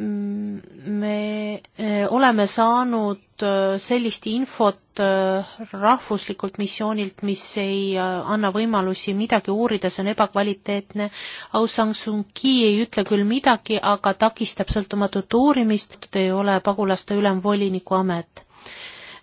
me äh, oleme saanud äh, sellist infot rahvuslikult missioonilt, mis ei anna võimalusi midagi uurida, see on ebakvaliteetne. Aung San Suu Kyi ei ütle küll midagi, aga takistab sõltumatut uurimist, ei ole pagulaste ülemvoliniku amet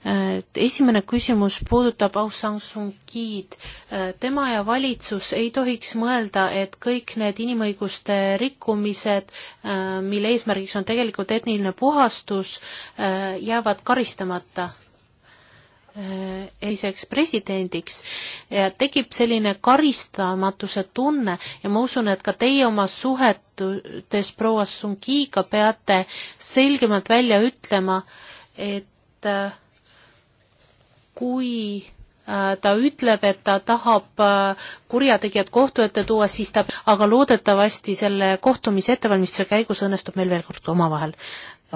esimene küsimus puudutab Aung San Suu Kyi'd. Äh, tema ja valitsus ei tohiks mõelda, et kõik need inimõiguste rikkumised, äh, mille eesmärgiks on tegelikult etniline puhastus, äh, jäävad karistamata teiseks presidendiks ja tekib selline karistamatuse tunne ja ma usun, et ka teie oma suhetes proua Sunkiga peate selgemalt välja ütlema, et äh, kui äh, ta ütleb, et ta tahab äh, kurjategijad kohtu ette tuua, siis ta, aga loodetavasti selle kohtumise ettevalmistuse käigus õnnestub meil veel kord ka omavahel.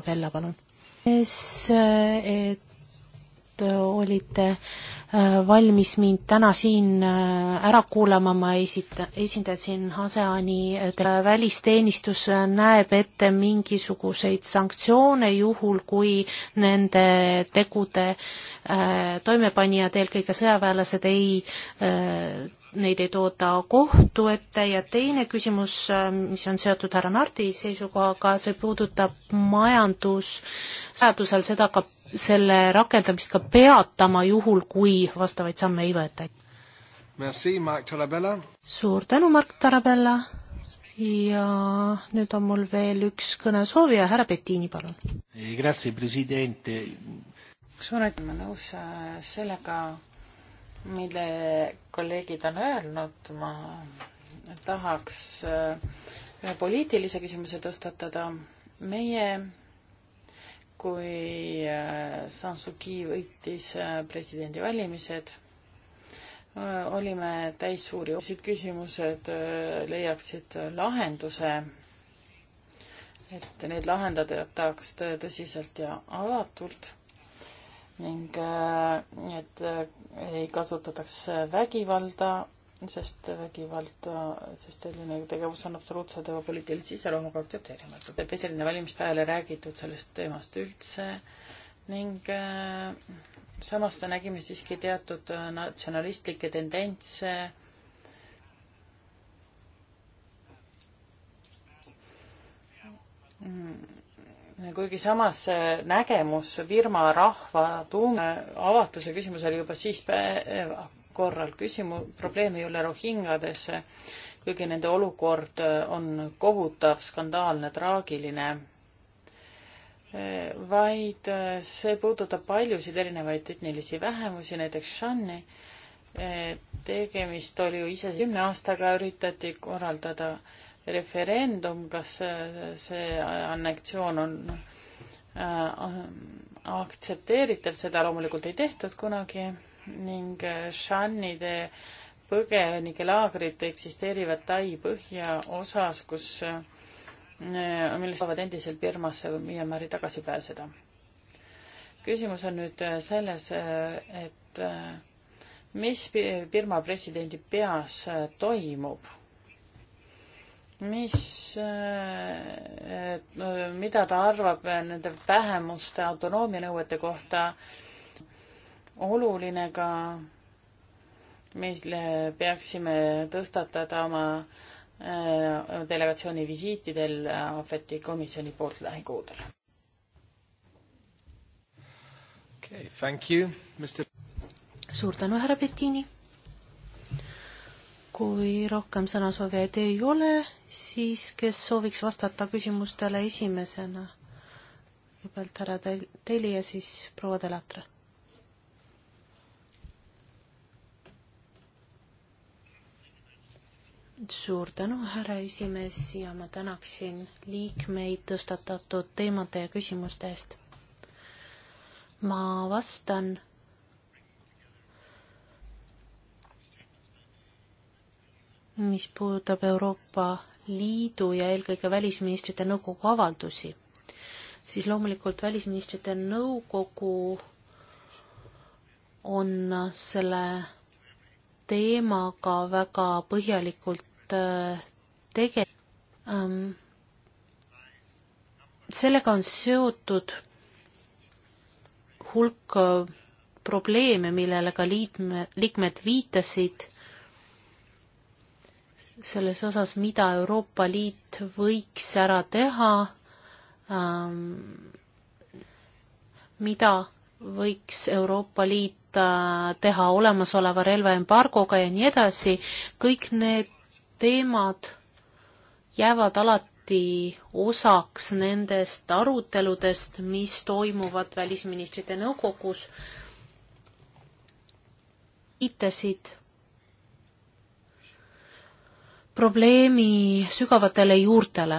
Abella, palun. Äh, et olite Äh, valmis mind täna siin äh, ära kuulama, ma esita-, esindan siin ASEAN-i äh, välisteenistus näeb ette mingisuguseid sanktsioone juhul, kui nende tegude toimepanijad, eelkõige sõjaväelased, ei neid ei tooda kohtu ette ja teine küsimus, äh, mis on seotud härra Nardi seisukohaga, see puudutab majandusseadusel seda ka, selle rakendamist ka peatama, juhul kui vastavaid samme ei võeta. Merci, Mark Tarabella! suur tänu, Mark Tarabella! ja nüüd on mul veel üks kõnesoovija, härra Bettini, palun! Eh, grazie, president! suur aitäh, ma olen nõus äh, sellega, mille kolleegid on öelnud, ma tahaks äh, ühe poliitilise küsimuse tõstatada. meie kui äh, Sansuki võitis äh, presidendivalimised, olime täis suuri osid, küsimused leiaksid lahenduse, et need lahendataks tõsiselt ja avatult ning äh, et äh, ei kasutataks vägivalda, sest vägivald, äh, sest selline tegevus on absoluutselt juba poliitilise iseloomuga aktsepteerimatu. selline valimiste ajal ei räägitud sellest teemast üldse ning samas nägime siiski teatud natsionalistlikke tendentse mm kuigi samas nägemus Birma rahva tuum-, avatuse küsimus oli juba siis korral, küsimu-, probleem ei ole rohingades, kuigi nende olukord on kohutav, skandaalne, traagiline, vaid see puudutab paljusid erinevaid etnilisi vähemusi, näiteks Shani, tegemist oli ju ise kümne aastaga, üritati korraldada äh, referendum, kas see annektsioon on äh, aktsepteeritav, seda loomulikult ei tehtud kunagi ning äh, Shannide põgenikelaagrid eksisteerivad Tai põhjaosas, kus, äh, millest saavad endiselt Birmasse või Myanmari tagasi pääseda. küsimus on nüüd selles, et mis Birma presidendi peas toimub mis, äh, mida ta arvab nende vähemuste autonoomia nõuete kohta, oluline ka, mille peaksime tõstatada oma äh, delegatsiooni visiitidel äh, Ahveti komisjoni poolt lähikuudel. Okay, thank you, Mr. suur tänu, härra Bettini kui rohkem sõnasoovijaid ei ole, siis kes sooviks vastata küsimustele esimesena? kõigepealt härra Tel-, Teli ja siis proua Delatre. suur tänu, härra esimees, ja ma tänaksin liikmeid tõstatatud teemade ja küsimuste eest. ma vastan mis puudutab Euroopa Liidu ja eelkõige välisministrite nõukogu avaldusi, siis loomulikult välisministrite nõukogu on selle teemaga väga põhjalikult äh, tege-. Ähm, sellega on seotud hulk äh, probleeme, millele ka liikme, liikmed viitasid selles osas, mida Euroopa Liit võiks ära teha ähm,, mida võiks Euroopa Liit äh, teha olemasoleva relvaembargoga ja nii edasi, kõik need teemad jäävad alati osaks nendest aruteludest, mis toimuvad välisministrite nõukogus, viitasid probleemi sügavatele juurtele.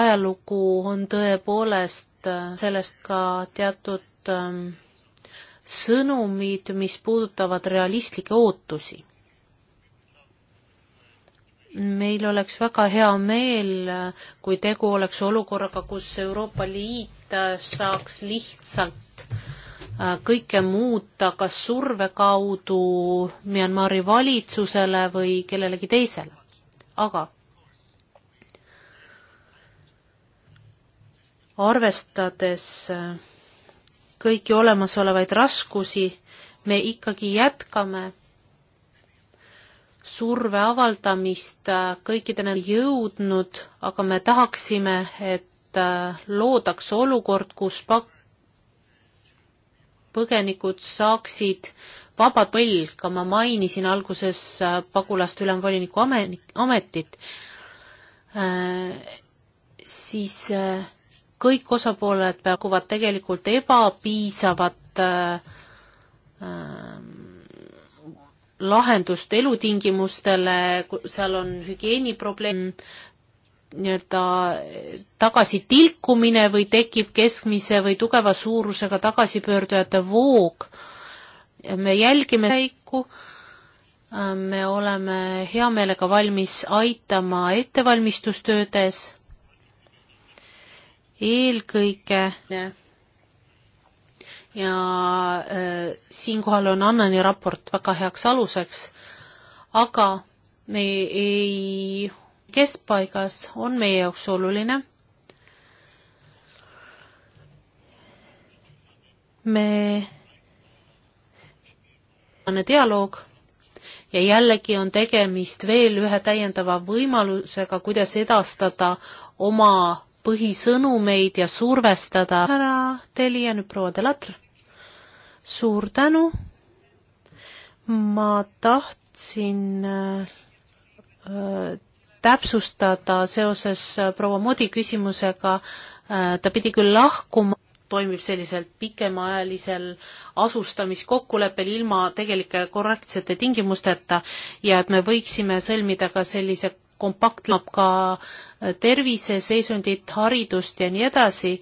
ajalugu on tõepoolest äh, sellest ka teatud ähm, sõnumid, mis puudutavad realistlikke ootusi. meil oleks väga hea meel, äh, kui tegu oleks olukorraga, kus Euroopa Liit äh, saaks lihtsalt Äh, kõike muuta kas surve kaudu Myanmari valitsusele või kellelegi teisele. aga arvestades äh, kõiki olemasolevaid raskusi, me ikkagi jätkame surve avaldamist äh, kõikidele jõudnud, aga me tahaksime, et loodaks olukord, kus pak-, põgenikud saaksid vaba põlg, ma mainisin alguses äh, pagulaste ülemvoliniku ametit, äh, siis äh, kõik osapooled pakuvad tegelikult ebapiisavat lahendust elutingimustele, seal on hügieeniprobleem, nii-öelda tagasitilkumine või tekib keskmise või tugeva suurusega tagasipöördujate voog. me jälgime käiku, me oleme hea meelega valmis aitama ettevalmistustöödes, eelkõige ja äh, siinkohal on Annani raport väga heaks aluseks, aga me ei, ei keskpaigas on meie jaoks oluline. me, dialoog ja jällegi on tegemist veel ühe täiendava võimalusega, kuidas edastada oma põhisõnumeid ja survestada. härra Teli ja nüüd proua Delatr, suur tänu. ma tahtsin äh, täpsustada seoses äh, proua Modi küsimusega, äh, ta pidi küll lahkuma, toimib sellisel pikemaajalisel asustamiskokkuleppel ilma tegelike korrektsete tingimusteta ja et me võiksime sõlmida ka sellise kompakt loob ka äh, terviseseisundit, haridust ja nii edasi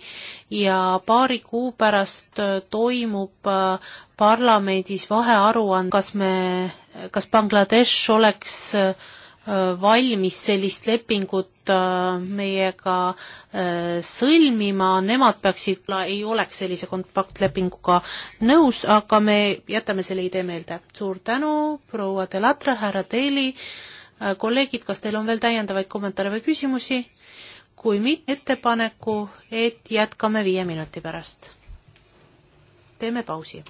ja paari kuu pärast toimub parlamendis vahearuand, kas me, kas Bangladesh oleks äh, valmis sellist lepingut meiega sõlmima, nemad peaksid, ei oleks sellise kompaktlepinguga nõus, aga me jätame selle idee meelde. suur tänu, proua Delatre, härra Teili, kolleegid, kas teil on veel täiendavaid kommentaare või küsimusi? kui mitte, ettepaneku, et jätkame viie minuti pärast. teeme pausi.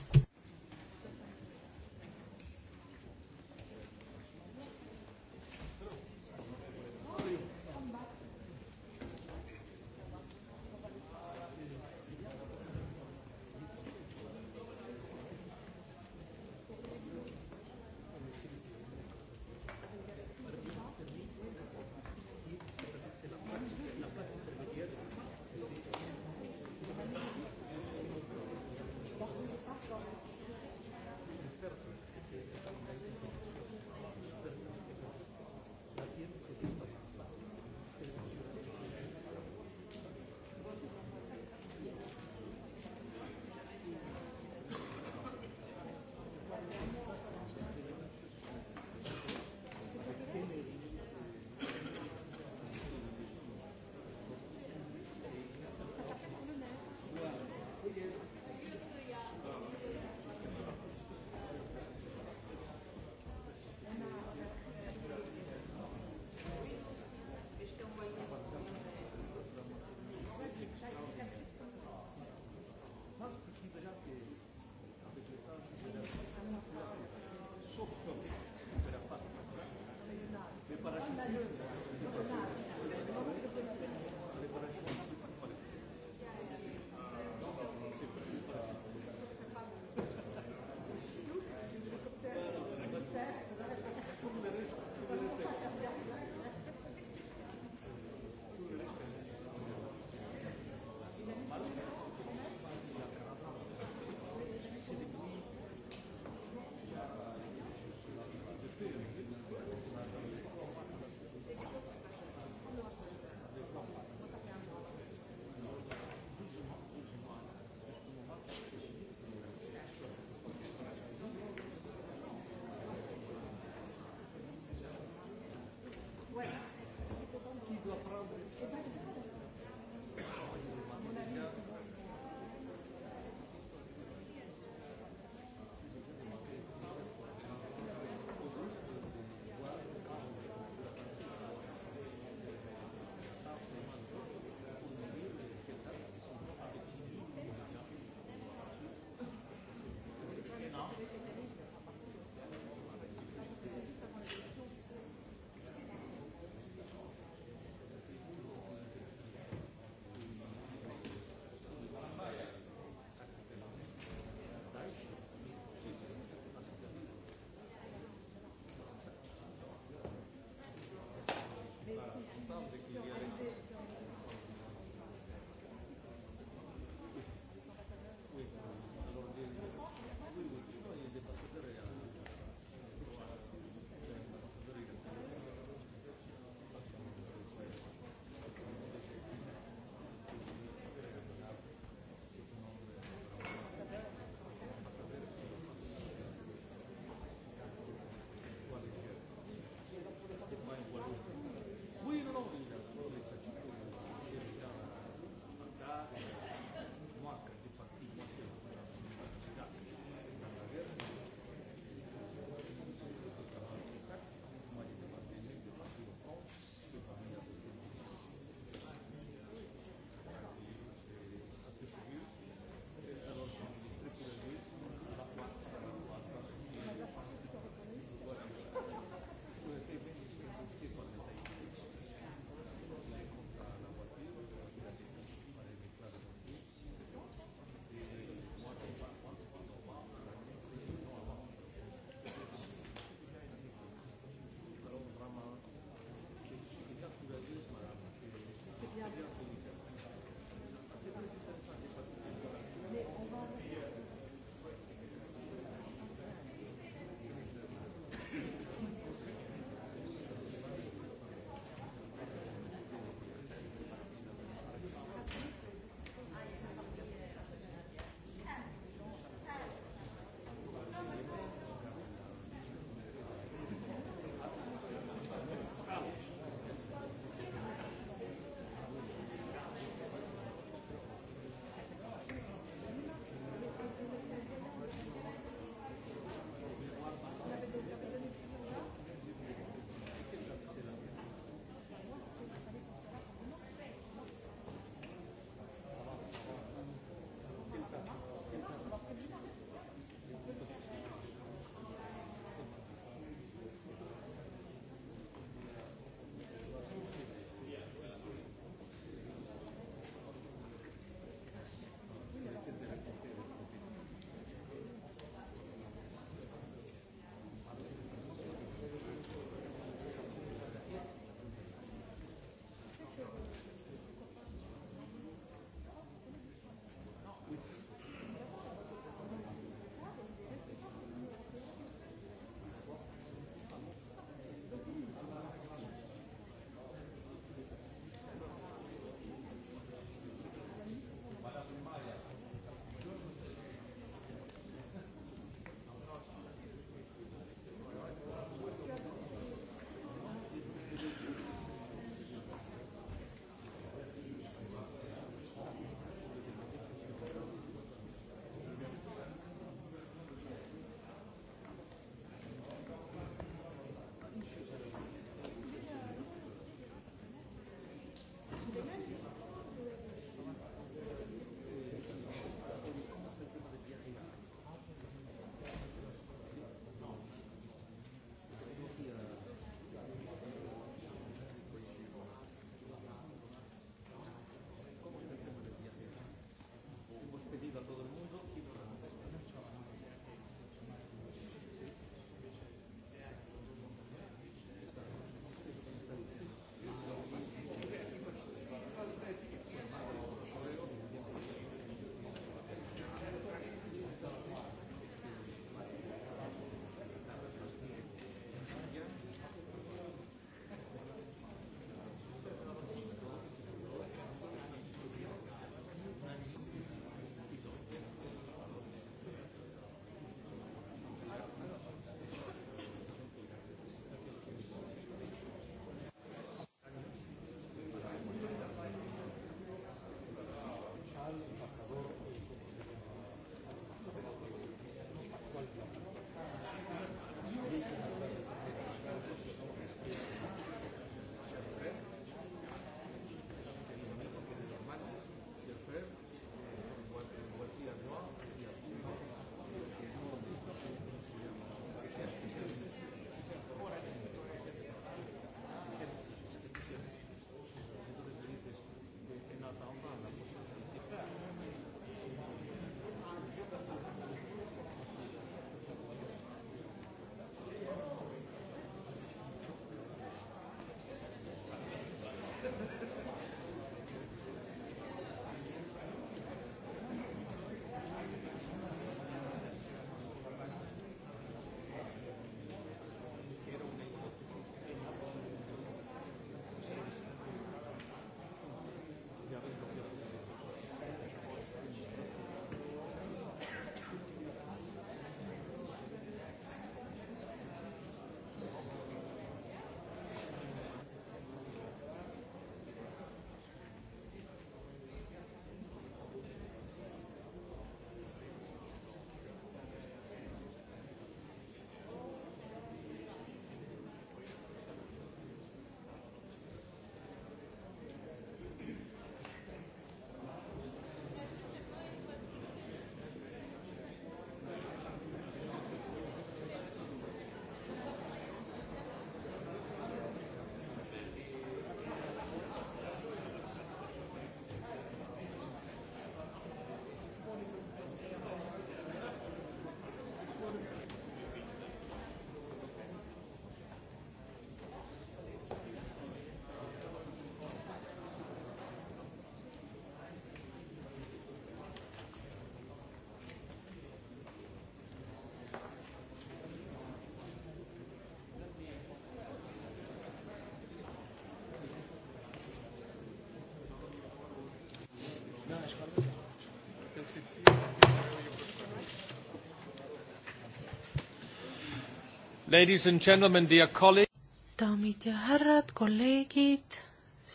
Ladies and gentlemen, dear colleagues. daamid ja härrad, kolleegid,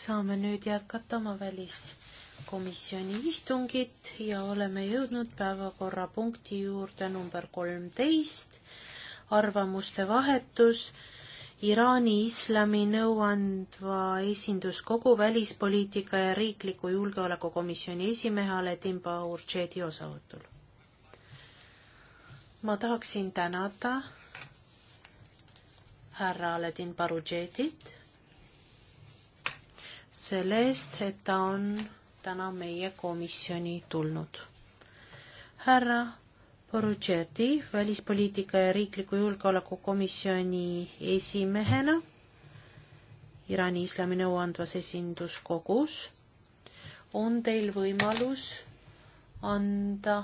saame nüüd jätkata oma väliskomisjoni istungit ja oleme jõudnud päevakorrapunkti juurde number kolmteist, arvamuste vahetus Iraani islami nõuandva esinduskogu välispoliitika ja riikliku julgeolekukomisjoni esimehe Aletin Bahur Tšedi osavõtul. ma tahaksin tänada härra Aledin Barugetit selle eest, et ta on täna meie komisjoni tulnud. härra Borugeti välispoliitika ja riikliku julgeolekukomisjoni esimehena Iraani islami nõuandvas esinduskogus on teil võimalus anda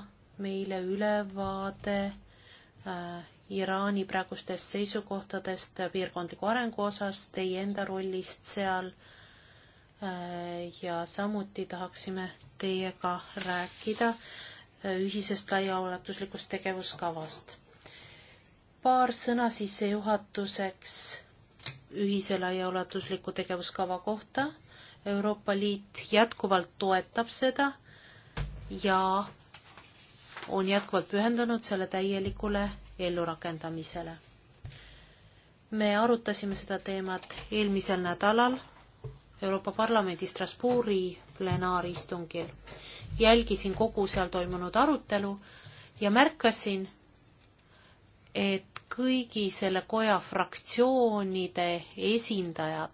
meile ülevaade äh, Iraani praegustest seisukohtadest piirkondliku arengu osas, teie enda rollist seal äh, ja samuti tahaksime teiega rääkida äh, ühisest laiaulatuslikust tegevuskavast. paar sõna sissejuhatuseks ühise laiaulatusliku tegevuskava kohta. Euroopa Liit jätkuvalt toetab seda ja on jätkuvalt pühendunud selle täielikule ellurakendamisele. me arutasime seda teemat eelmisel nädalal Euroopa Parlamendi Strasbourgi plenaaristungil. jälgisin kogu seal toimunud arutelu ja märkasin, et kõigi selle koja fraktsioonide esindajad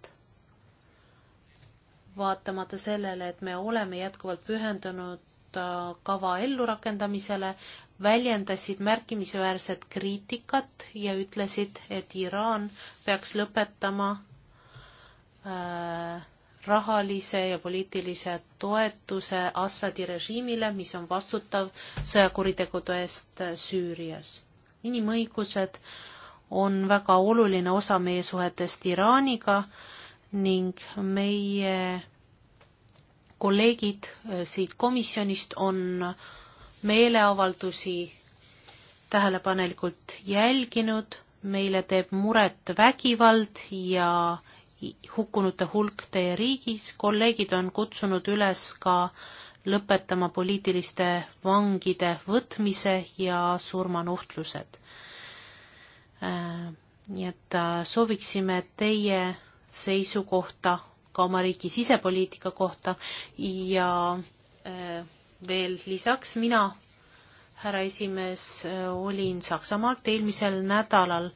vaatamata sellele, et me oleme jätkuvalt pühendunud äh, kava ellurakendamisele, väljendasid märkimisväärset kriitikat ja ütlesid, et Iraan peaks lõpetama äh, rahalise ja poliitilise toetuse Assadi režiimile, mis on vastutav sõjakuritegude eest äh, Süürias. inimõigused on väga oluline osa meie suhetest Iraaniga ning meie kolleegid äh, siit komisjonist on äh, meeleavaldusi tähelepanelikult jälginud, meile teeb muret vägivald ja hukkunute hulk teie riigis, kolleegid on kutsunud üles ka lõpetama poliitiliste vangide võtmise ja surmanuhtlused. Äh, nii et äh, sooviksime teie seisukohta ka oma riigi sisepoliitika kohta ja äh, veel lisaks, mina, härra esimees, olin Saksamaalt eelmisel nädalal,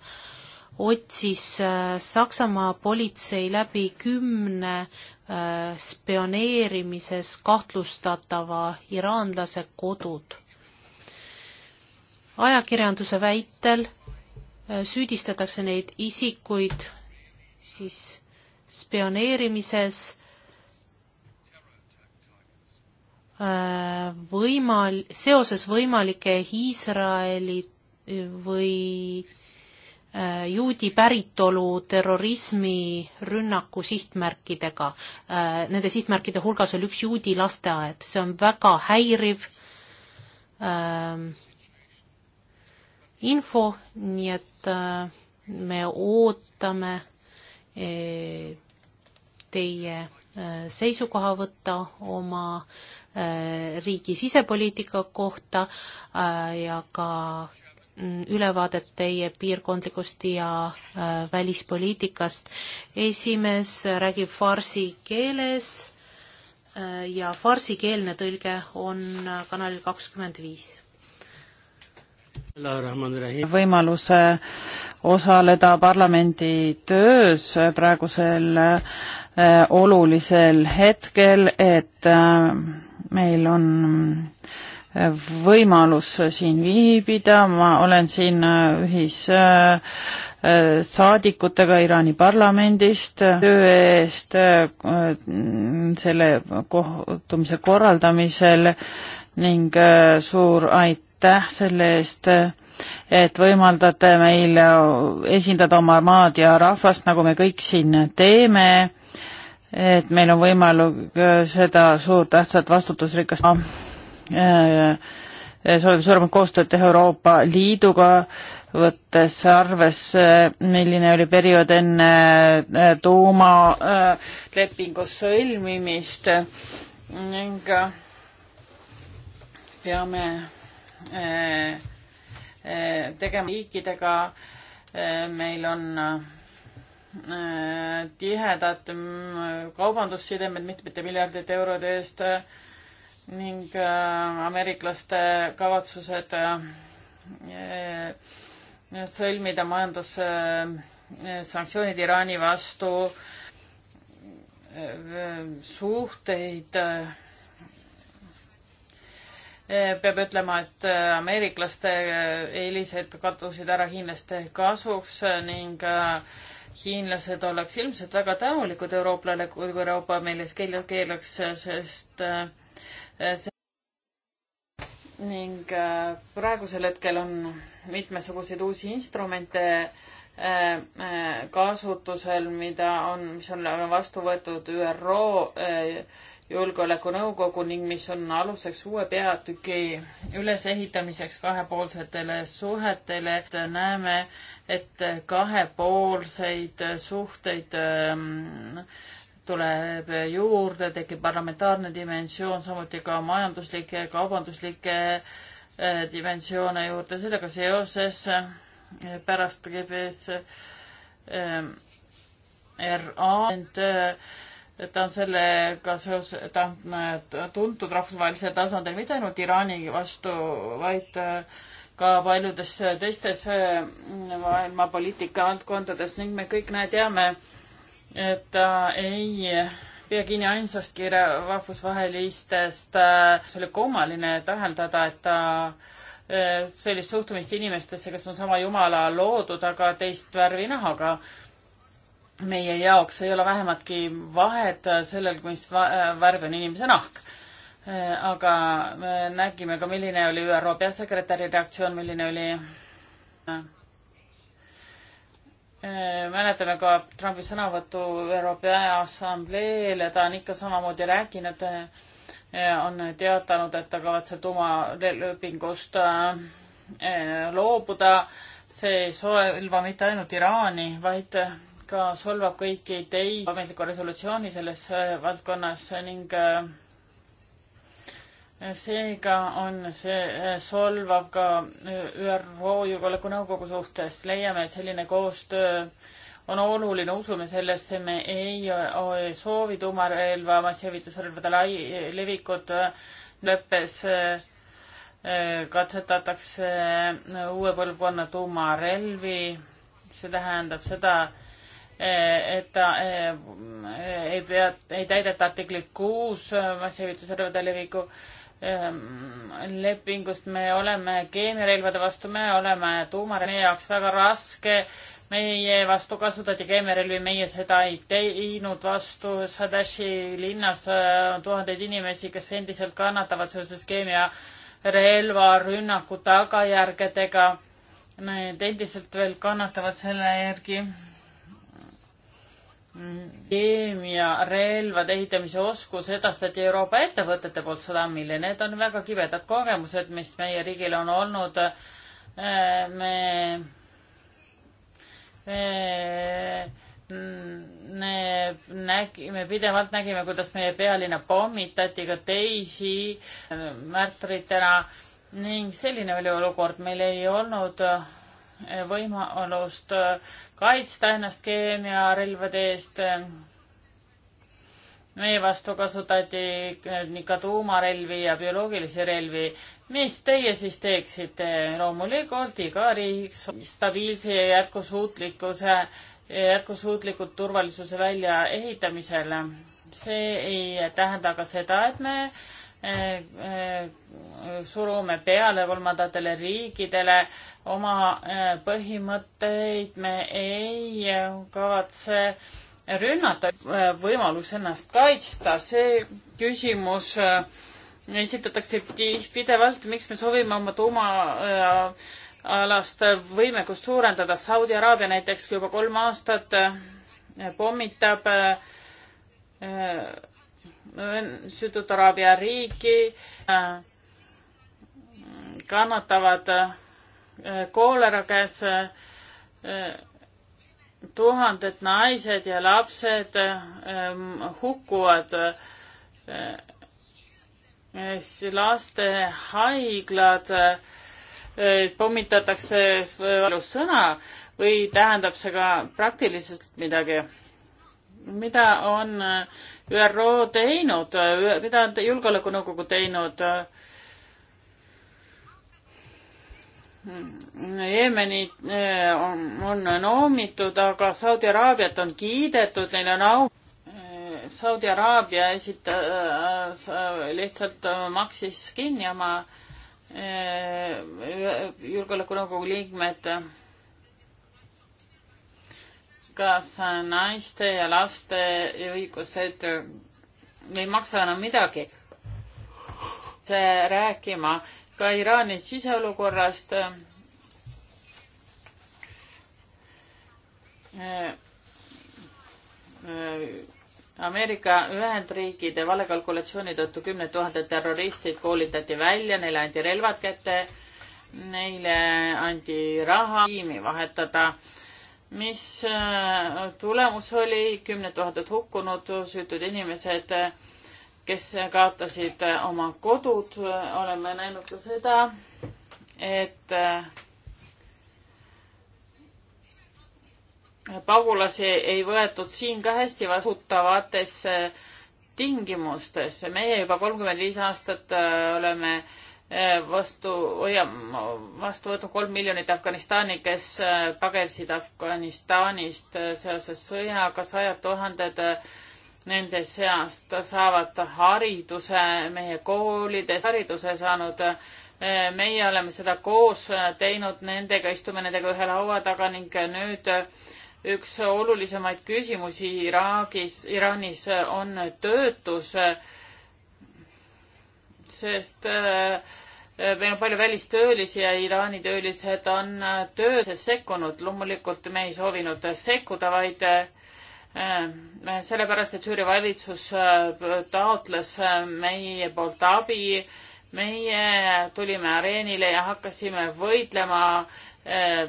otsis äh, Saksamaa politsei läbi kümne äh, spioneerimises kahtlustatava iraanlase kodud. ajakirjanduse väitel äh, süüdistatakse neid isikuid siis spioneerimises võimal-, seoses võimalike Iisraeli või äh, juudi päritolu terrorismirünnaku sihtmärkidega. Äh, nende sihtmärkide hulgas oli üks juudi lasteaed, see on väga häiriv ähm, info, nii et äh, me ootame teie seisukoha võtta oma äh, Äh, riigi sisepoliitika kohta äh, ja ka mm, ülevaadet teie piirkondlikust ja äh, välispoliitikast. esimees räägib farsi keeles ja farsikeelne tõlge on kanalil kakskümmend viis. võimaluse osaleda parlamendi töös praegusel olulisel hetkel, et äh, meil on äh, võimalus siin viibida, ma olen siin äh, ühis äh, saadikutega Iraani parlamendist töö eest selle kohtumise korraldamisel ning suur aitäh selle eest, et võimaldate meil esindada oma maad ja rahvast, nagu me kõik siin teeme et meil on võimalik äh, seda suurt tähtsat vastutusrikast äh, äh, soovib suuremat koostööd teha Euroopa Liiduga, võttes arvesse, milline oli periood enne tuumalepingu sõlmimist ning peame tegema riikidega, meil on Äh, tihedad mm, kaubandussidemed mitmete miljardite eurode eest äh, ning äh, ameeriklaste kavatsused sõlmida majandussanktsioonid Iraani vastu, suhteid. peab ütlema, et ameeriklaste eelised kadusid ära hiinlaste kasuks ning äh, hiinlased oleks ilmselt väga tänulikud eurooplale, kui Euroopa meile keele keelaks, sest äh, see ning äh, praegusel hetkel on mitmesuguseid uusi instrumente äh, kasutusel, mida on, mis on vastu võetud ÜRO julgeolekunõukogu ning mis on aluseks uue peatüki ülesehitamiseks kahepoolsetele suhetele, et näeme, et kahepoolseid suhteid ähm, tuleb juurde, tekib parlamentaarne dimensioon, samuti ka majanduslikke, kaubanduslikke äh, dimensioone juurde, sellega seoses äh, pärast GPS ähm, RA ta on sellega seos, ta on äh, tuntud rahvusvahelisel tasandil mitte ainult Iraani vastu, vaid äh, ka paljudes äh, teistes maailma poliitika valdkondades ning me kõik näe, teame, et ta ei pea kinni ainsastki rahvusvahelistest. see oli kummaline täheldada, et ta sellist suhtumist inimestesse, kes on sama jumala loodud, aga teist värvi nahaga meie jaoks ei ole vähematki vahet sellel, mis värv on inimese nahk. aga me nägime ka, milline oli ÜRO peasekretäri reaktsioon, milline oli mäletame ka Trumpi sõnavõttu ÜRO Peaassambleel ja ta on ikka samamoodi rääkinud, on teatanud, et ta kavatseb tuumalepingust eh, loobuda. see ei soelva mitte ainult Iraani, vaid ka solvab kõiki teisi ametlikku resolutsiooni selles äh, valdkonnas ning äh, seega on see äh, solvav ka ÜRO Julgeolekunõukogu suhtes. leiame, et selline koostöö on oluline, usume sellesse, me ei soovi tuumarelva, massihävitusrelvade lai-, levikud lõppes katsetatakse uue põlvkonna tuumarelvi. see tähendab seda, et ta eh, ei pea, ei täideta artiklit kuus eh, massihüvitusrõõde leviku ehm, lepingust, me oleme keemiarelvade vastu, me oleme tuumarelv, meie jaoks väga raske, meie vastu kasutati keemiarelvi, meie seda ei teinud vastu, Sadashi linnas eh, on tuhandeid inimesi, kes endiselt kannatavad seoses keemiarelvarünnaku tagajärgedega. Need endiselt veel kannatavad selle järgi keemiarelvade ehitamise oskus edastati Euroopa ettevõtete poolt sadamile, need on väga kibedad kogemused, mis meie riigil on olnud. me, me me nägime, pidevalt nägime, kuidas meie pealinna pommitati ka teisi märtritena ning selline oli olukord, meil ei olnud võimalust kaitsta ennast keemiarelvade eest. meie vastu kasutati ka tuumarelvi ja bioloogilisi relvi. mis teie siis teeksite? loomulikult iga riik stabiilse ja jätkusuutlikkuse, jätkusuutliku turvalisuse väljaehitamisel. see ei tähenda aga seda, et me surume peale kolmandatele riikidele oma äh, põhimõtteid, me ei äh, kavatse rünnata äh, võimalus ennast kaitsta, see küsimus esitatakse pidevalt, miks me soovime oma tuumaalast võimekust suurendada. Saudi Araabia näiteks juba kolm aastat pommitab Südot-Araabia riiki äh, kannatavad äh, koolera käes äh, tuhanded naised ja lapsed hukkuvad lastehaiglad pommitatakse valus sõna või tähendab see ka praktiliselt midagi? mida on ÜRO teinud, mida on Julgeolekunõukogu teinud? Jeemeni eh, on, on noomitud, aga Saudi Araabiat on kiidetud, neil on au. Eh, Saudi Araabia esitas, eh, lihtsalt maksis kinni oma julgeolekunõukogu liikmed kas naiste ja laste õigused ei maksa enam midagi. rääkima ka Iraani siseolukorrast. Ameerika Ühendriikide valekalkulatsiooni tõttu kümned tuhanded terroristid koolitati välja, neile anti relvad kätte, neile anti raha, tiimi vahetada äh, mis äh, tulemus oli, kümned tuhanded hukkunud, süütud inimesed, kes kaotasid äh, oma kodud, oleme näinud ka seda, et äh, pagulasi ei võetud siin ka hästi vastutavates tingimustes. meie juba kolmkümmend viis aastat oleme äh, Eh, vastu, hoiame vastu võtnud kolm miljonit Afganistani, kes eh, pagesid Afganistanist eh, seoses sõjaga, sajad tuhanded nende seast saavad hariduse meie koolides, hariduse saanud. meie oleme seda koos teinud nendega, istume nendega ühe laua taga ning nüüd üks olulisemaid küsimusi Iraagis, Iraanis on töötus sest äh, meil on palju välistöölisi ja Iraani töölised on äh, töösse sekkunud. loomulikult me ei soovinud sekkuda, vaid äh, sellepärast, et Süüria valitsus taotles meie poolt abi. meie tulime areenile ja hakkasime võitlema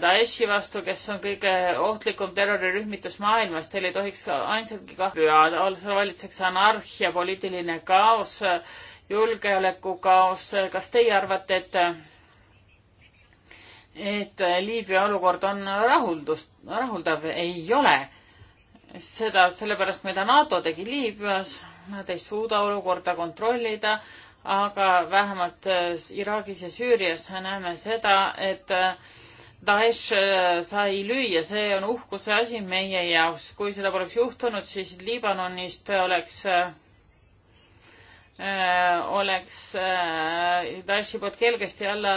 Daeshi vastu, kes on kõige ohtlikum terrorirühmitus maailmas. Teil ei tohiks ainsatki kahju ja seal valitseks anarhia, poliitiline kaos julgeolekukaos, kas teie arvate, et, et Liibüa olukord on rahuldust, rahuldav? ei ole. seda sellepärast, mida NATO tegi Liibüas, nad ei suuda olukorda kontrollida, aga vähemalt äh, Iraagis ja Süürias näeme seda, et äh, Daesh äh, sai lüüa, see on uhkuse asi meie jaoks. kui seda poleks juhtunud, siis Liibanonist oleks Äh, oleks äh, Daeshi poolt kergesti alla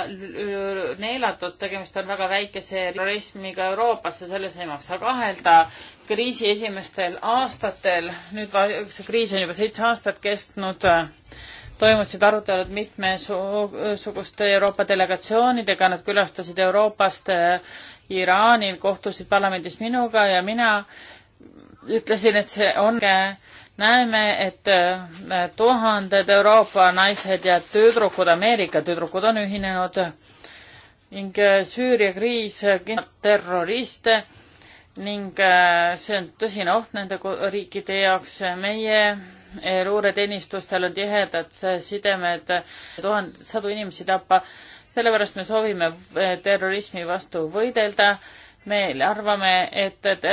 neelatud, tegemist on väga väikese terrorismiga Euroopasse, selles ei maksa kahelda. kriisi esimestel aastatel, nüüd see kriis on juba seitse aastat kestnud, toimusid arutelud mitmesuguste Euroopa delegatsioonidega, nad külastasid Euroopast äh, Iraanil, kohtusid parlamendis minuga ja mina ütlesin, et see on näeme, et äh, tuhanded Euroopa naised ja tüdrukud, Ameerika tüdrukud on ühinenud ning äh, Süüria kriis äh, terroriste ning see on tõsine oht nende riikide jaoks. meie luureteenistustel on tihedad sidemed, tuhand-, sadu inimesi tappa, sellepärast me soovime terrorismi vastu võidelda me arvame, et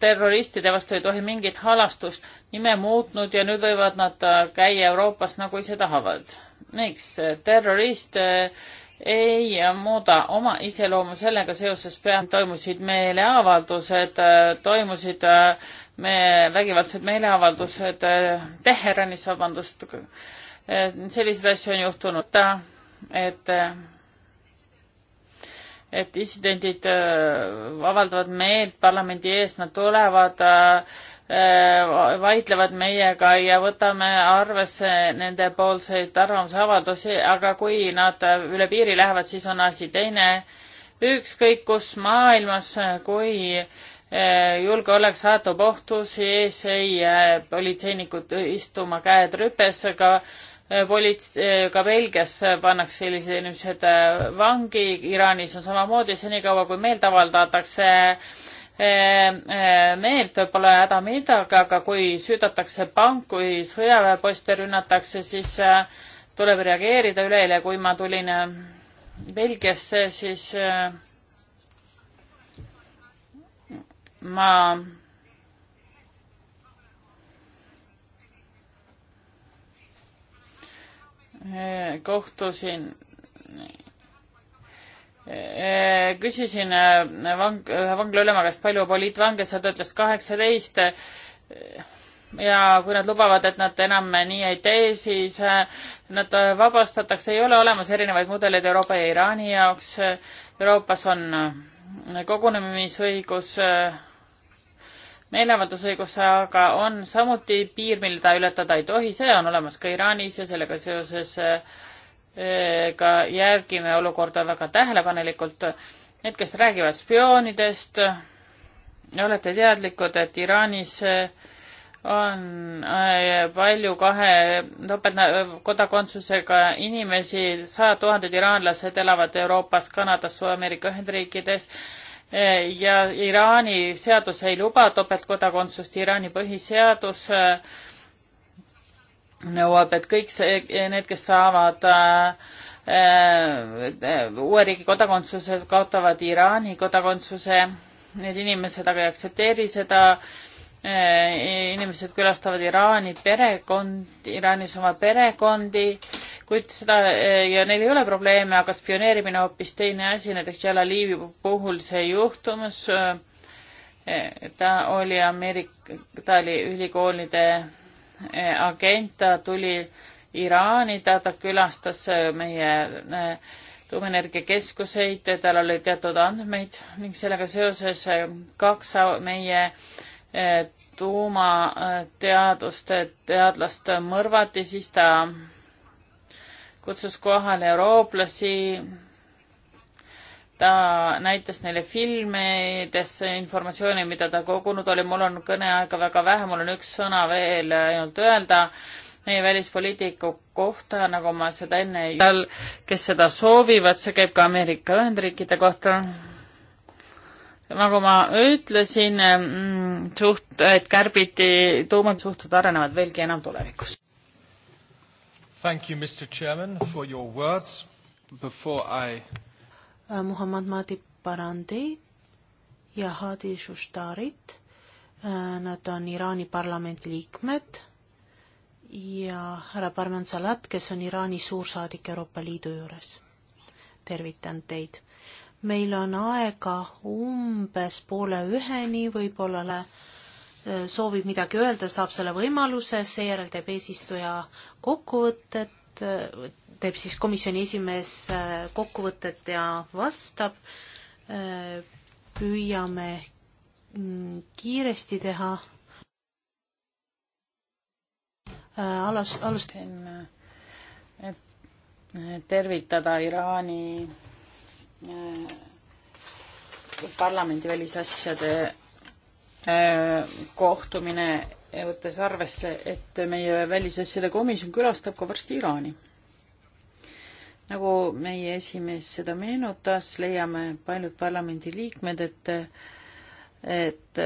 terroristide vastu ei tohi mingit halastust nime muutnud ja nüüd võivad nad äh, käia Euroopas nagu ise tahavad. miks? terrorist äh, ei muuda oma iseloomu sellega seoses peab, toimusid meeleavaldused, äh, toimusid me vägivaldsed meeleavaldused Teheranis, vabandust, selliseid asju on juhtunud, et et dissidendid äh, avaldavad meelt parlamendi ees, nad tulevad, äh, vaidlevad meiega ja võtame arvesse nendepoolseid arvamusavaldusi, aga kui nad üle piiri lähevad, siis on asi teine. ükskõik kus maailmas, kui äh, julgeolek satub ohtu, siis ei jää politseinikud istuma käed rüpes, aga polits-, ka Belgias pannakse sellised inimesed äh, vangi, Iraanis on samamoodi, senikaua kui meelt avaldatakse äh, äh, meelt, pole häda midagi, aga kui süüdatakse pank, kui sõjaväeposte rünnatakse, siis tuleb reageerida. üleeile, kui ma tulin Belgiasse, siis ma kohtusin, eh, küsisin eh, vang-, ühe vanglaülema käest, palju poliitvange sa, ta ütles kaheksateist ja kui nad lubavad, et nad enam nii ei tee, siis eh, nad vabastatakse, ei ole olemas erinevaid mudeleid Euroopa ja Iraani jaoks. Euroopas on kogunemisõigus meeleavaldusõigus aga on samuti piir, mille ta ületada ei tohi, see on olemas ka Iraanis ja sellega seoses eh, ka järgime olukorda väga tähelepanelikult. Need, kes räägivad spioonidest, olete teadlikud, et Iraanis eh, on eh, palju kahe topeltkodakondsusega inimesi, sajad tuhanded iraanlased elavad Euroopas, Kanadas, Ameerika Ühendriikides ja Iraani seadus ei luba topeltkodakondsust, Iraani põhiseadus äh, nõuab, et kõik see, need, kes saavad äh, äh, uue riigi kodakondsuse, kaotavad Iraani kodakondsuse. Need inimesed aga ei aktsepteeri seda. inimesed külastavad Iraani perekond, Iraanis oma perekondi kuid seda eh, ja neil ei ole probleeme, aga spioneerimine hoopis teine asi, näiteks Jalaliivi puhul see juhtumus, eh, ta oli Ameerika, ta oli ülikoolide eh, agent, ta tuli Iraani, ta, ta külastas meie tuumaenergiakeskuseid, tal oli teatud andmeid ning sellega seoses kaks meie tuumateaduste teadlast mõrvati, siis ta kutsus kohale eurooplasi, ta näitas neile filmidesse informatsiooni, mida ta kogunud oli, mul on kõneaega väga vähe, mul on üks sõna veel ainult öelda meie välispoliitiku kohta, nagu ma seda enne ei tal, kes seda soovivad, see käib ka Ameerika Ühendriikide kohta. nagu ma ütlesin, mm, suht-, et kärbiti, tuumad suhted arenevad veelgi enam tulevikus. Thank you, Mr Chairman, for your words. Before I äh, Muhammad Madi Barandi ja Hadi Shustarit. Äh, nad on Iraani parlamendi liikmed ja härra Barman Salat, kes on Iraani suursaadik Euroopa Liidu juures. tervitan teid. meil on aega umbes poole üheni, võib-olla soovib midagi öelda, saab selle võimaluse, seejärel teeb eesistuja kokkuvõtted, teeb siis komisjoni esimees äh, kokkuvõtted ja vastab. Äh, püüame mm, kiiresti teha. Äh, alust, alustan, et tervitada Iraani parlamendi välisasjade kohtumine, võttes arvesse, et meie välisasjade komisjon külastab ka varsti Iraani. nagu meie esimees seda meenutas, leiame paljud parlamendiliikmed, et et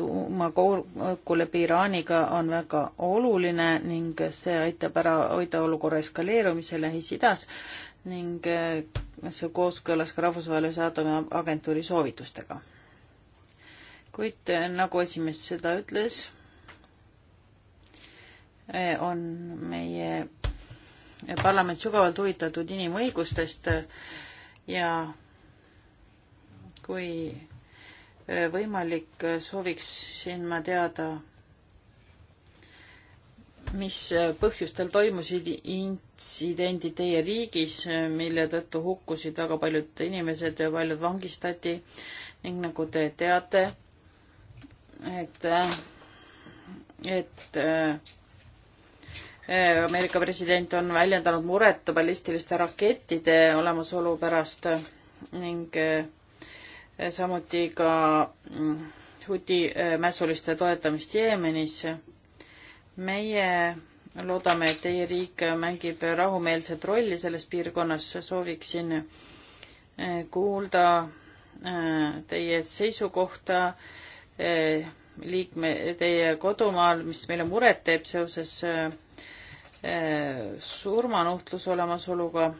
tuumakokkulepe Iraaniga on väga oluline ning see aitab ära hoida olukorra eskaleerumise Lähis-Idas ning see kooskõlas ka Rahvusvahelise Aatomaagentuuri soovitustega kuid eh, nagu esimees seda ütles, eh, on meie parlament sügavalt huvitatud inimõigustest eh, ja kui võimalik, sooviksin ma teada, mis põhjustel toimusid intsidendid teie riigis, mille tõttu hukkusid väga paljud inimesed ja paljud vangistati ning nagu te teate, et, et äh, Ameerika president on väljendanud muret ballistiliste rakettide olemasolu pärast ning äh, samuti ka mm, huti äh, mässuliste toetamist Jeemenis. meie loodame, et teie riik mängib rahumeelset rolli selles piirkonnas, sooviksin kuulda teie seisukohta liikme, teie kodumaal, mis meile muret teeb seoses äh, äh, surmanuhtluse olemasoluga.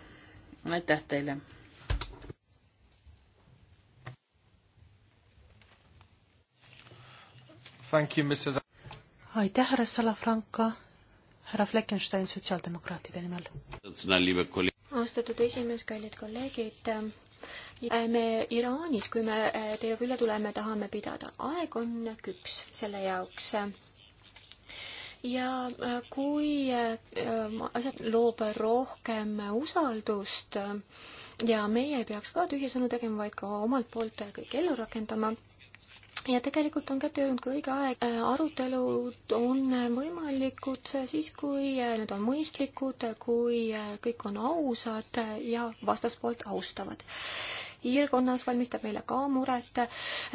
aitäh teile! You, aitäh, härra Salafranca, härra Fleckenstein sotsiaaldemokraatide nimel. austatud esimees, kallid kolleegid Äh, me Iraanis, kui me äh, teiega üle tuleme, tahame pidada. aeg on küps selle jaoks ja äh, kui asjad loob rohkem usaldust ja meie ei peaks ka tühje sõnu tegema, vaid ka omalt poolt kõik ellu rakendama, ja tegelikult on kätte jõudnud ka õige aeg, arutelud on võimalikud siis, kui need on mõistlikud, kui kõik on ausad ja vastaspoolt austavad piirkonnas valmistab meile ka muret,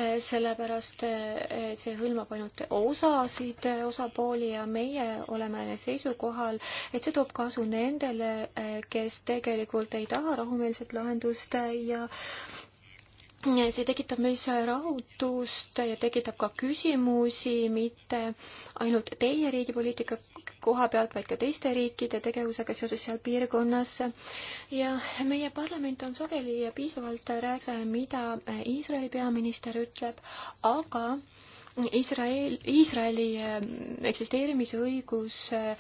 eh, sellepärast eh, et see hõlmab ainult osasid eh, osapooli ja meie oleme seisukohal, et see toob kasu nendele, kes tegelikult ei taha rahumeelset lahendust ja see tekitab meis rahutust ja tekitab ka küsimusi mitte ainult teie riigi poliitika koha pealt, vaid ka teiste riikide tegevusega seoses seal piirkonnas. ja meie parlament on sageli piisavalt rääkinud, mida Iisraeli peaminister ütleb, aga Iisrael, Iisraeli ehm, eksisteerimise õigus ehm,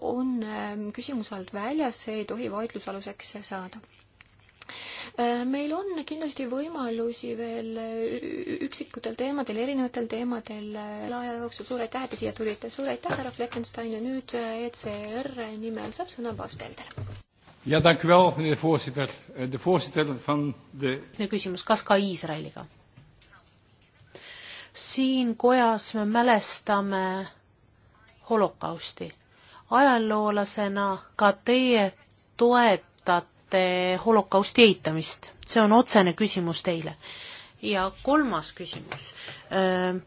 on ehm, küsimuse alt väljas, see ei tohi vaidlusaluseks saada Äh, meil on kindlasti võimalusi veel äh, üksikutel teemadel, erinevatel teemadel äh, aja jooksul, suur aitäh, et te siia tulite, suur aitäh, härra Fleckenstein ja nüüd ECR nimel saab sõna Bas Belder. ja tänk veel, meie voorsitter, de voorsitter eh, van de minu küsimus, kas ka Iisraeliga? siin kojas me mälestame holokausti. ajaloolasena ka teie toetate te holokausti eitamist? see on otsene küsimus teile. ja kolmas küsimus,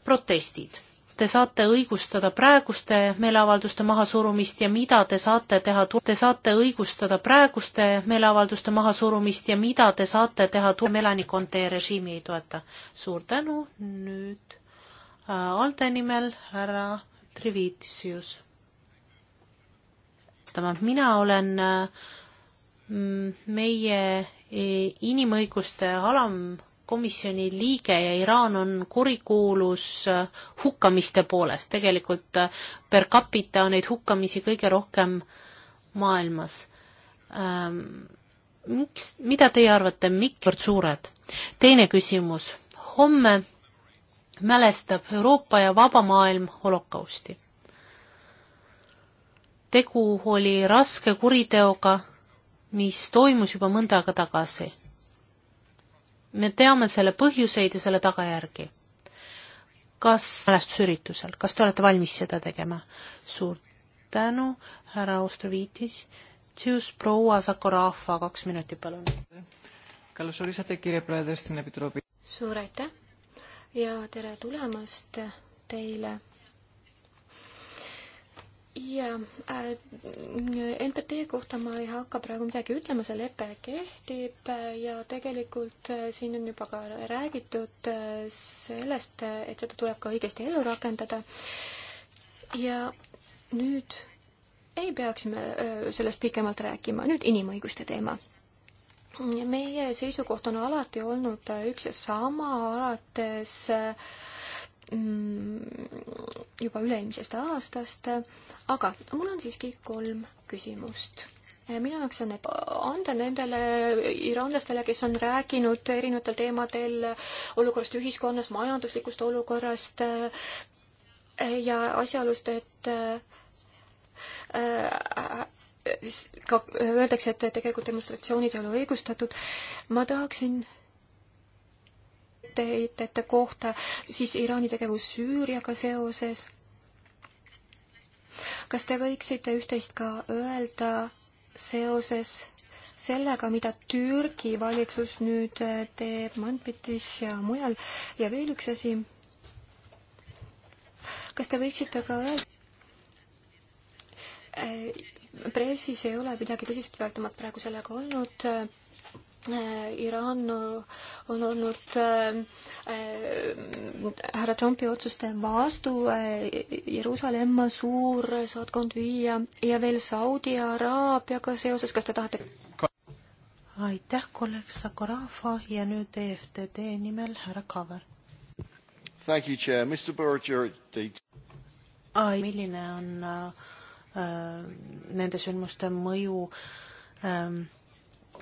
protestid. Te saate õigustada praeguste meeleavalduste mahasurumist ja mida te saate teha, te saate õigustada praeguste meeleavalduste mahasurumist ja mida te saate teha, elanikkond teie režiimi ei toeta. suur tänu, nüüd äh, ALDE nimel härra Trivitius. mina olen äh, Mm, meie e, inimõiguste alamkomisjoni liige ja Iraan on kurikuulus e, hukkamiste poolest, tegelikult e, per capita on neid hukkamisi kõige rohkem maailmas. Ähm, miks, mida teie arvate, miks suured? teine küsimus, homme mälestab Euroopa ja vaba maailm holokausti. tegu oli raske kuriteoga mis toimus juba mõnda aega tagasi. me teame selle põhjuseid ja selle tagajärgi. kas mälestusüritusel, kas te olete valmis seda tegema? suur tänu, härra Ostroviitis. Tsius proua Sakorafa, kaks minutit, palun. suur aitäh ja tere tulemast teile jaa äh,, NPT kohta ma ei hakka praegu midagi ütlema, see lepe kehtib äh, ja tegelikult äh, siin on juba ka räägitud äh, sellest, äh, et seda tuleb ka õigesti ellu rakendada. ja nüüd ei peaksime äh, sellest pikemalt rääkima, nüüd inimõiguste teema meie seisukoht on alati olnud üks ja sama, alates äh, Mm, juba üle-eelmisest aastast, aga mul on siiski kolm küsimust minu jaoks on, et anda nendele iraanlastele, kes on rääkinud erinevatel teemadel olukorrast ühiskonnas, majanduslikust olukorrast eh, ja asjaolust, et eh, eh, ka öeldakse, et tegelikult demonstratsioonid ei ole õigustatud. ma tahaksin etteheitete kohta, siis Iraani tegevus Süüriaga seoses. kas te võiksite üht-teist ka öelda seoses sellega, mida Türgi valitsus nüüd teeb Manbitis ja mujal. ja veel üks asi. kas te võiksite ka öelda, pressis ei ole midagi tõsiseltvõetamat praegu sellega olnud Äh, Iraan on olnud äh, härra Trumpi otsuste vastu äh, Jeruusalemma suursaatkond viia ja veel Saudi Araabiaga seoses, kas te tahate? aitäh, kolleeg Sakorafa ja nüüd EFTD nimel härra Kaver. milline on äh, nende sündmuste mõju äh,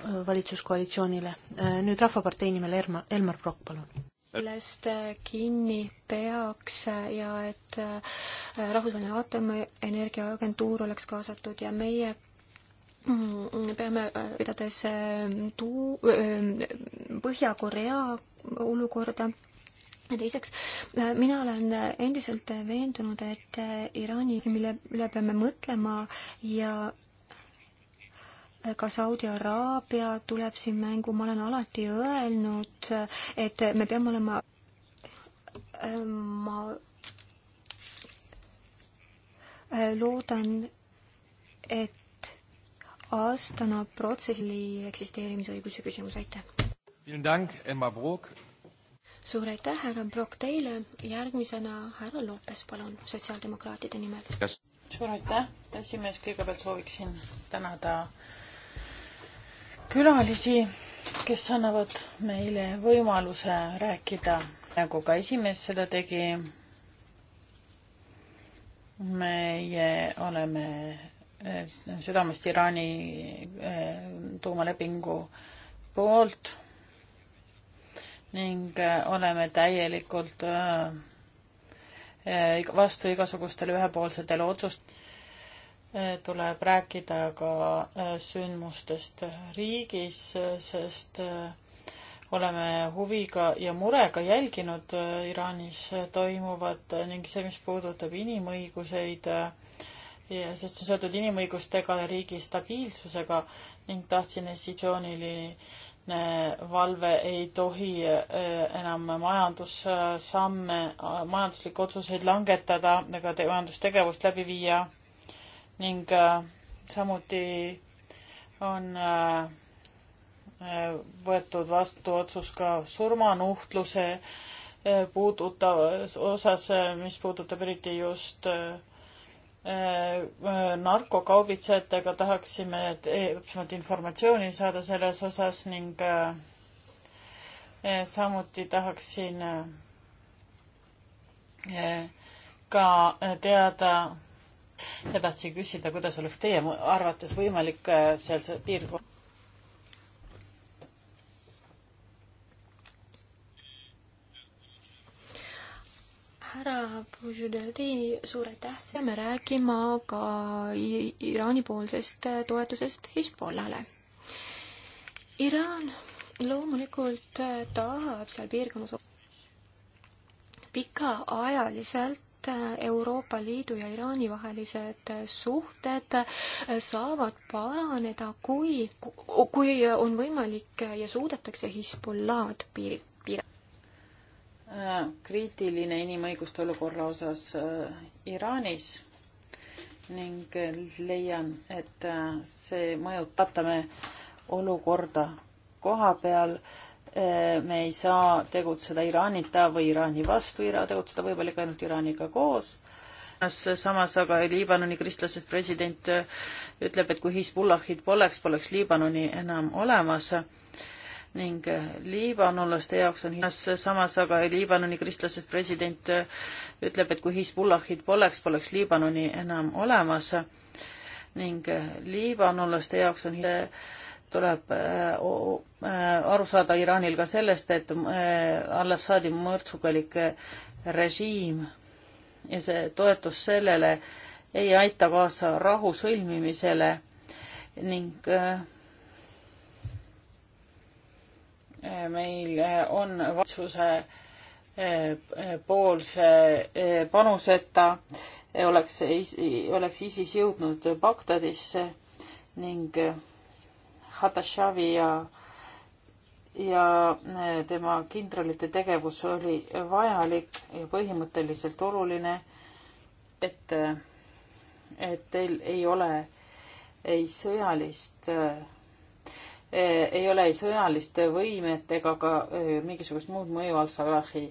valitsuskoalitsioonile. nüüd Rahvapartei nimel Elmar, Elmar Brokk, palun millest kinni peaks ja et äh, rahvusvaheline aatomienergiaagentuur oleks kaasatud ja meie mm, peame äh, pidades äh, tuu-, Põhja-Korea olukorda ja teiseks, mina olen endiselt veendunud, et Iraani, mille üle peame mõtlema ja ka Saudi Araabia tuleb siin mängu, ma olen alati öelnud, et me peame olema, ähm, ma äh, loodan, et Astana protsessi eksisteerimisõiguse küsimus, aitäh! suur aitäh, härra Brock, teile, järgmisena härra Lopes, palun, sotsiaaldemokraatide nimel yes.. suur aitäh, esimees, kõigepealt sooviksin tänada ta külalisi, kes annavad meile võimaluse rääkida, nagu ka esimees seda tegi. meie oleme eh, südamest Iraani eh, tuumalepingu poolt ning eh, oleme täielikult vastu igasugustele ühepoolsetele otsust- tuleb rääkida ka äh, sündmustest riigis, sest äh, oleme huviga ja murega jälginud äh, Iraanis toimuvat ning see, mis puudutab inimõiguseid, sest see on seotud inimõigustega ja riigi stabiilsusega ning tahtsin institutsiooniline valve ei tohi enam majandussamme, majanduslikke otsuseid langetada ega majandustegevust läbi viia ning äh, samuti on äh, äh, võetud vastu otsus ka surmanuhtluse puudutav osas, mis puudutab eriti just narkokaubitsejatega tahaksime täpsemat informatsiooni saada selles osas ning samuti tahaksin ka teada ja tahtsin küsida, kuidas oleks teie arvates võimalik äh, sealse piirkonna härra Bujudeli, suur aitäh, peame rääkima ka Iraani-poolsest äh, toetusest Hezbollah'le. Iraan loomulikult äh, tahab seal piirkonnas pikaajaliselt et Euroopa Liidu ja Iraani vahelised suhted saavad paraneda, kui, kui on võimalik ja suudetakse Hezbollah'd piir, piir-. Äh, kriitiline inimõiguste olukorra osas äh, Iraanis ning äh, leian, et see mõjutab olukorda koha peal äh, Äh, me ei saa tegutseda Iraanita või Iraani vastu, Ira-, tegutseda võimalik ainult Iraaniga koos. samas aga Liibanoni kristlasest president äh, ütleb, et kui Hezbollahid poleks, poleks Liibanoni enam olemas ning äh, liibanonlaste jaoks on hinnas, samas aga Liibanoni kristlasest president ütleb, et kui Hezbollahid poleks, poleks Liibanoni enam olemas ning liibanonlaste jaoks on hinnas tuleb äh, äh, aru saada Iraanil ka sellest, et äh, al-Assadi mõrtsukalik režiim ja see toetus sellele ei aita kaasa rahu sõlmimisele ning meil on valitsuse poolse panuseta oleks, oleks ISIS jõudnud Bagdadisse ning Hatashavi ja, ja eh, tema kindralite tegevus oli vajalik ja põhimõtteliselt oluline, et, eh, et teil ei ole ei sõjalist eh, ei ole ei sõjalist võimet ega ka mingisugust muud mõju al-Salahi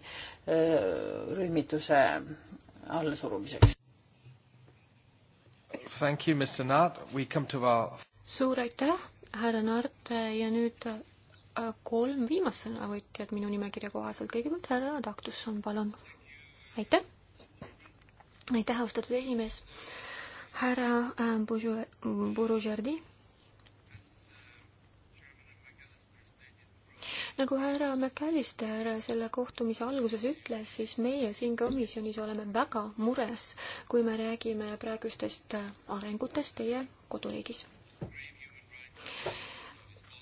rühmituse allasurumiseks. Thank you, Mr Naat, we come to our. suur aitäh härra Narte ja nüüd äh, kolm viimast sõnavõtjat minu nimekirja kohaselt. kõigepealt härra Taktusson, palun. aitäh. aitäh, austatud esimees. härra äh, Burujardi. nagu härra McAllister selle kohtumise alguses ütles, siis meie siin komisjonis oleme väga mures, kui me räägime praegustest äh, arengutest teie koduriigis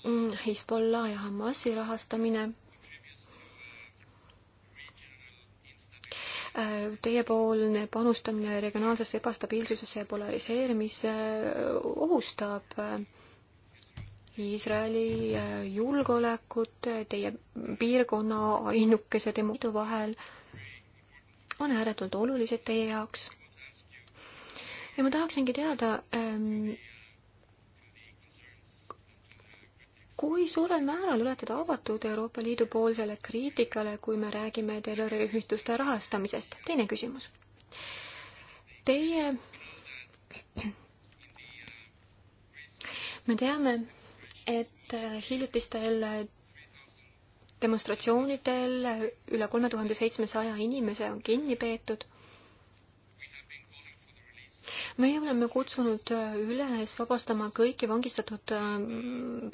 Mm, Hezbollah ja Hamasi rahastamine. Äh, teiepoolne panustamine regionaalsesse ebastabiilsusesse ja polariseerimisse äh, ohustab äh, Iisraeli julgeolekut, teie piirkonna ainukese demoidu vahel on ääretult olulised teie jaoks. ja ma tahaksingi teada, ähm, kui suurel määral olete te avatud Euroopa Liidu poolsele kriitikale, kui me räägime terrorirühmituste rahastamisest? teine küsimus. Teie, me teame, et hiljutistel demonstratsioonidel üle kolme tuhande seitsmesaja inimese on kinni peetud meie oleme kutsunud äh, üles vabastama kõiki vangistatud äh,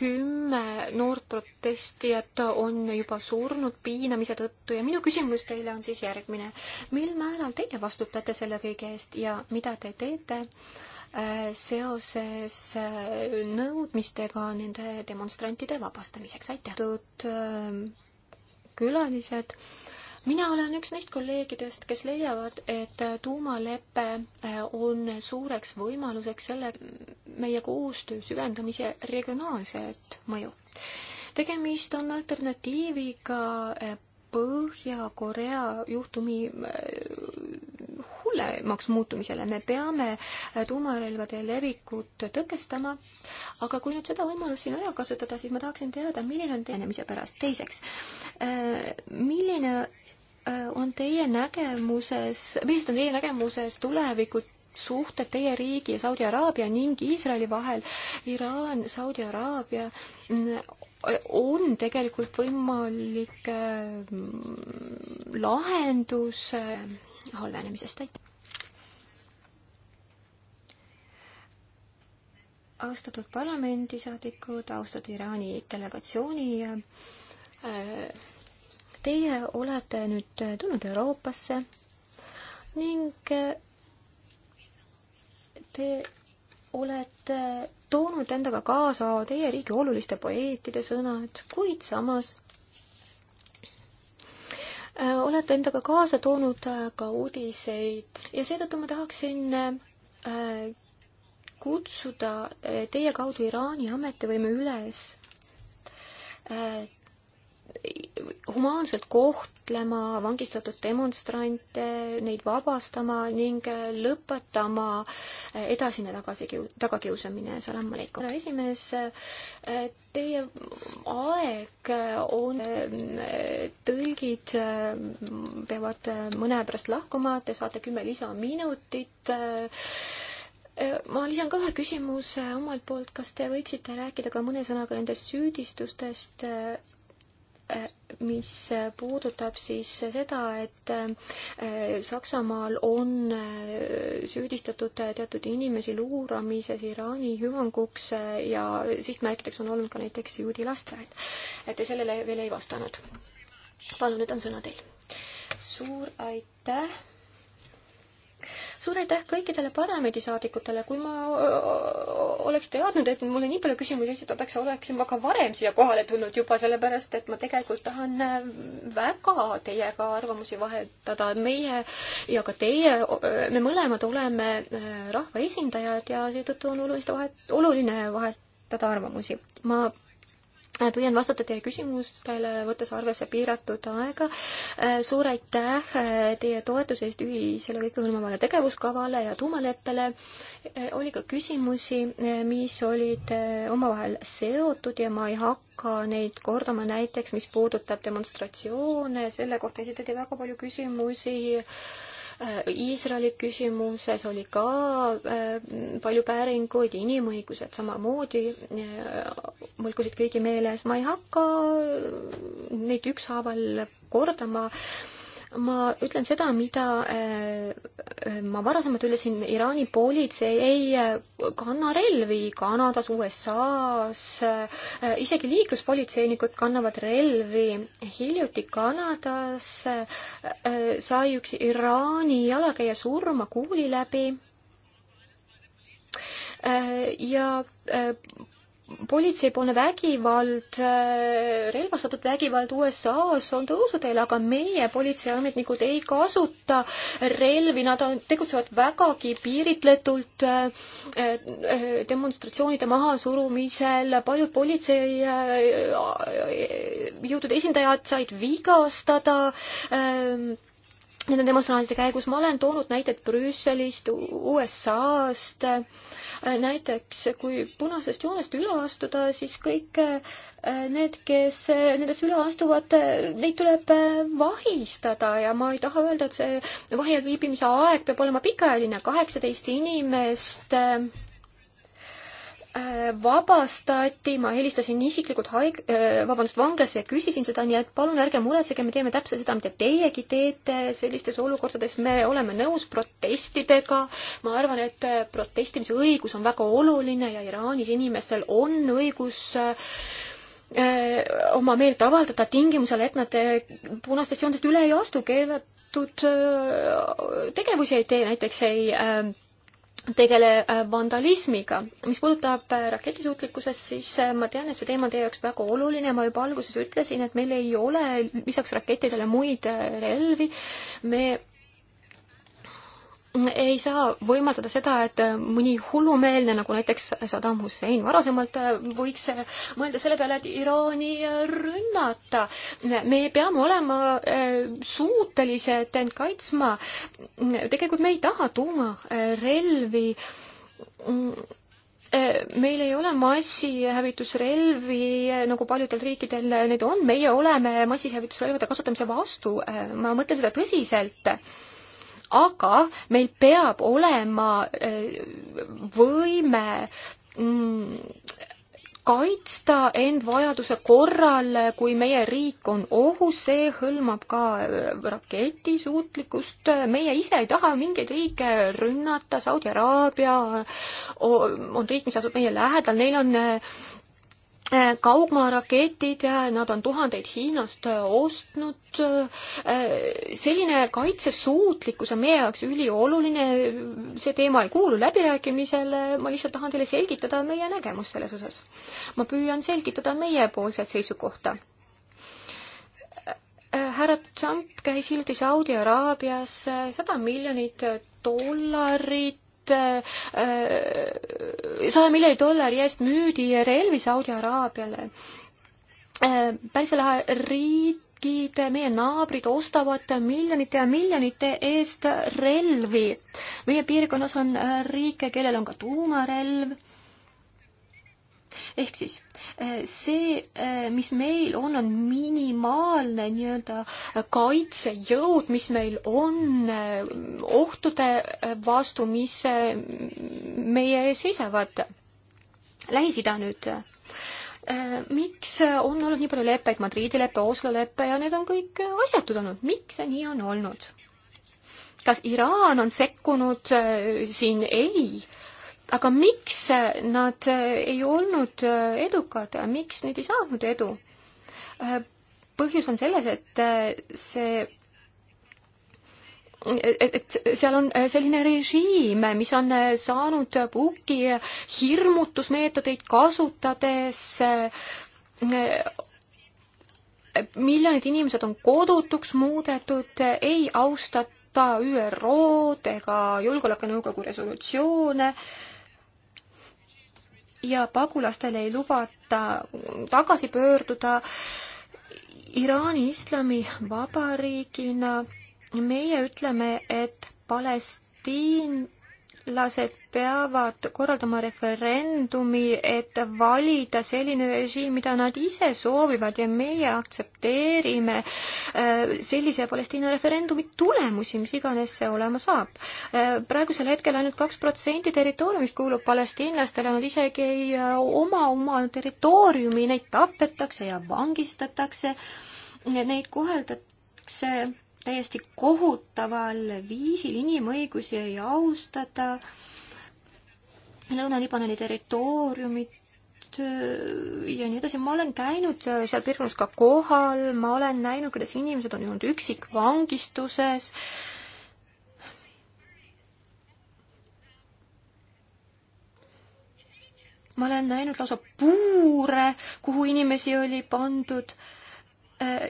kümme noort protestijat on juba surnud piinamise tõttu ja minu küsimus teile on siis järgmine. mil määral teie vastutate selle kõige eest ja mida te teete äh, seoses nõudmistega nende demonstrantide vabastamiseks? aitäh! külalised mina olen üks neist kolleegidest, kes leiavad, et tuumalepe äh, on suureks võimaluseks selle meie koostöö süvendamise regionaalset mõju. tegemist on alternatiiviga äh, Põhja-Korea juhtumi äh, hullemaks muutumisele, me peame tuumarelvade levikut tõkestama, aga kui nüüd seda võimalust siin ära kasutada, siis ma tahaksin teada, milline on teenemise pärast. teiseks, milline Äh, on teie nägemuses, millised on teie nägemuses tulevikud suhted teie riigi ja Saudi Araabia ning Iisraeli vahel, Iraan, Saudi Araabia, mm, on tegelikult võimalik äh, lahendus äh, halvenemisest, aitäh. austatud parlamendisaadikud, austatud Iraani delegatsiooni äh, Teie olete nüüd tulnud Euroopasse ning te olete toonud endaga kaasa teie riigi oluliste poeetide sõnad, kuid samas olete endaga kaasa toonud ka uudiseid ja seetõttu ma tahaksin äh, kutsuda äh, teie kaudu Iraani ametivõime üles äh, humaanselt kohtlema vangistatud demonstrante, neid vabastama ning lõpetama edasine tagasikiu-, tagakiusamine. salam aleikum. härra esimees, teie aeg on, tõlgid peavad mõne aja pärast lahkuma, te saate kümme lisaminutit ma lisan ka ühe küsimuse omalt poolt, kas te võiksite rääkida ka mõne sõnaga nendest süüdistustest mis puudutab siis seda, et äh, Saksamaal on äh, süüdistatud teatud inimesi luuramises Iraani hüvanguks äh, ja sihtmärkideks on olnud ka näiteks juudi lasteaed. Te sellele veel ei vastanud. palun, nüüd on sõna teil. suur aitäh suur aitäh kõikidele parlamendisaadikutele, kui ma oleks teadnud, et mulle nii palju küsimusi esitatakse, oleksin ma ka varem siia kohale tulnud juba, sellepärast et ma tegelikult tahan äh, väga teiega arvamusi vahetada. meie ja ka teie, me mõlemad oleme äh, rahvaesindajad ja seetõttu on olulist vahet, oluline vahetada arvamusi. ma Äh, püüan vastata teie küsimustele, võttes arvesse piiratud aega. Äh, suur aitäh äh, teie toetuse eest ühisele kõikehõlmavale tegevuskavale ja tuumaleppele. oli ka küsimusi, mis olid omavahel seotud ja ma ei hakka neid kordama, näiteks mis puudutab demonstratsioone, selle kohta esitati väga palju küsimusi Iisraeli küsimuses oli ka äh, palju päringuid, inimõigused samamoodi äh, mõlkusid kõigi meeles. ma ei hakka neid ükshaaval kordama ma ütlen seda, mida äh, ma varasemalt ütlesin, Iraani politsei ei äh, kanna relvi Kanadas, USA-s, äh, isegi liikluspolitseinikud kannavad relvi. hiljuti Kanadas sai üks Iraani jalakäija surma kuuli läbi ja politseipoolne vägivald, äh, relvastatud vägivald USA-s on tõusuteel, aga meie politseiametnikud ei kasuta relvi, nad on, tegutsevad vägagi piiritletult äh, äh, demonstratsioonide mahasurumisel, paljud politseijõudude esindajad said vigastada ähm, nende demonstrantide käigus, ma olen toonud näited Brüsselist, USA-st, näiteks kui punasest joonest üle astuda, siis kõik äh, need, kes äh, nendest üle astuvad, äh, neid tuleb vahistada ja ma ei taha öelda, et see vahi all viibimise aeg peab olema pikaajaline, kaheksateist inimest äh, Äh, vabastati, ma helistasin isiklikult haig-, äh, vabandust, vanglasse ja küsisin seda, nii et palun ärge muretsege, me teeme täpselt seda, mida teiegi teete sellistes olukordades, me oleme nõus protestidega, ma arvan, et äh, protestimise õigus on väga oluline ja Iraanis inimestel on õigus oma meelt avaldada tingimusel, et nad punastest joondest üle ei astu, keelatud tegevusi ei tee, näiteks ei äh, tegele äh, vandalismiga. mis puudutab äh, raketisuutlikkusest, siis äh, ma tean, et see teema on teie jaoks väga oluline, ma juba alguses ütlesin, et meil ei ole lisaks rakettidele muid relvi, me ei saa võimaldada seda, et mõni hullumeelne, nagu näiteks Saddam Hussein varasemalt, võiks mõelda selle peale, et Iraani rünnata. me peame olema eh, suutelised end kaitsma. tegelikult me ei taha tuumarelvi eh, meil ei ole massihävitusrelvi, eh, nagu paljudel riikidel neid on, meie oleme massihävitusrelvade kasutamise vastu, ma mõtlen seda tõsiselt aga meil peab olema äh, võime mm, kaitsta end vajaduse korral, kui meie riik on ohus, see hõlmab ka äh, raketisuutlikkust, meie ise ei taha mingeid riike rünnata, Saudi Araabia on riik, mis asub meie lähedal, neil on äh, kaugmaaraketid, nad on tuhandeid Hiinast äh, ostnud. Äh, selline kaitsesuutlikkus on meie jaoks ülioluline, see teema ei kuulu läbirääkimisele, ma lihtsalt tahan teile selgitada meie nägemust selles osas. ma püüan selgitada meiepoolset seisukohta härra Trump käis hiljuti Saudi Araabias äh, sada miljonit dollarit Äh, saja miljoni dollari eest müüdi relvi Saudi-Araabiale. Äh, Pärsia-Lahe riigid, meie naabrid ostavad miljonite ja miljonite eest relvi. meie piirkonnas on äh, riike, kellel on ka tuumarelv ehk siis eh, see, eh, mis meil on, on minimaalne nii-öelda kaitsejõud, mis meil on eh, ohtude vastu, mis meie ees seisavad. Lähis-Ida nüüd. miks on olnud nii palju leppeid, Madriidi lepe, Oslo lepe ja need on kõik asjatud olnud, miks see nii on olnud? kas Iraan on sekkunud siin? ei aga miks nad ei olnud edukad, miks neid ei saanud edu? Äh, põhjus on selles, et äh, see et seal on äh, selline režiim, mis on saanud puhki hirmutusmeetodeid kasutades miljonid inimesed on kodutuks muudetud, ei austata ÜRO-d ega Julgeolekunõukogu resolutsioone äh, ja pagulastel ei lubata tagasi pöörduda Iraani Islamivabariigina. meie ütleme, et Palestiina venelased peavad korraldama referendumi, et valida selline režiim, mida nad ise soovivad ja meie aktsepteerime äh, sellise Palestiina referendumi tulemusi, mis iganes see olema saab. Äh, praegusel hetkel ainult kaks protsenti territooriumist kuulub palestiinlastele, nad isegi ei äh, oma oma territooriumi, neid tapetakse ja vangistatakse, neid koheldakse täiesti kohutaval viisil inimõigusi ei austata. Lõuna-Libanoni territooriumit äh, ja nii edasi, ma olen käinud äh, seal piirkonnas ka kohal, ma olen näinud, kuidas inimesed on olnud üksikvangistuses. ma olen näinud lausa puure, kuhu inimesi oli pandud äh,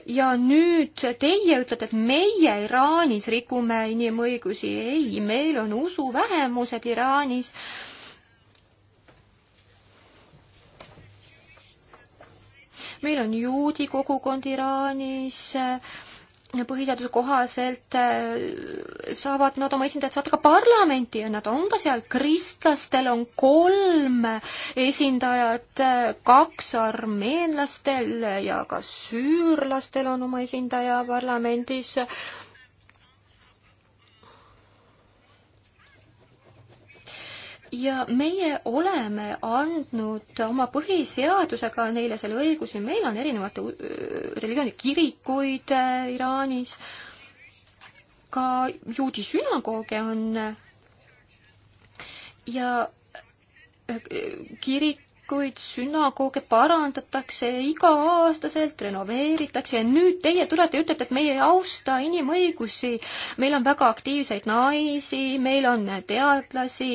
ja nüüd teie ütlete, et meie Iraanis rikume inimõigusi. ei, meil on usuvähemused Iraanis. meil on juudi kogukond Iraanis äh, põhiseaduse kohaselt äh, saavad nad oma esindajad saata ka parlamenti ja nad on ka seal. kristlastel on kolm esindajat, kaks armeenlastel ja ka süürlastel on oma esindaja parlamendis ja meie oleme andnud oma põhiseadusega neile selle õiguse, meil on erinevate äh, religioonide kirikuid äh, Iraanis, ka juudi sünagooge on ja äh, kirik kirikuid, sünagooge parandatakse iga-aastaselt, renoveeritakse ja nüüd teie tulete ja ütlete, et meie ei austa inimõigusi. meil on väga aktiivseid naisi, meil on teadlasi,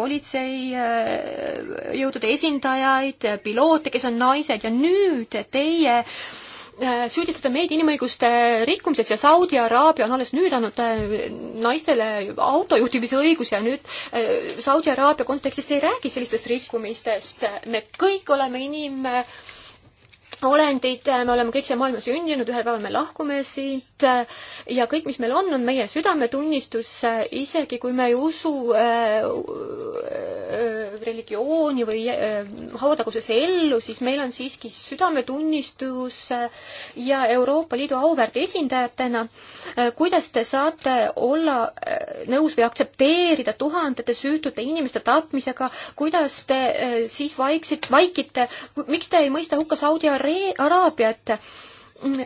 politseijõudude eh, esindajaid, piloote, kes on naised ja nüüd teie äh, Äh, süüdistada meid inimõiguste rikkumises ja Saudi Araabia on alles nüüd andnud äh, naistele autojuhtimise õiguse ja nüüd äh, Saudi Araabia kontekstis ei räägi sellistest rikkumistest. me kõik oleme inim- olendid, me oleme kõik siia maailma sündinud, ühel päeval me lahkume siit ja kõik, mis meil on, on meie südametunnistus, isegi kui me ei usu äh, äh, religiooni või äh, hauatagusesse ellu, siis meil on siiski südametunnistus äh, ja Euroopa Liidu auväärt esindajatena, äh, kuidas te saate olla äh, nõus või aktsepteerida tuhandete süütute inimeste tapmisega, kuidas te siis vaiksid, vaikite, miks te ei mõista hukka Saudi Araabia Arabia, Araabiat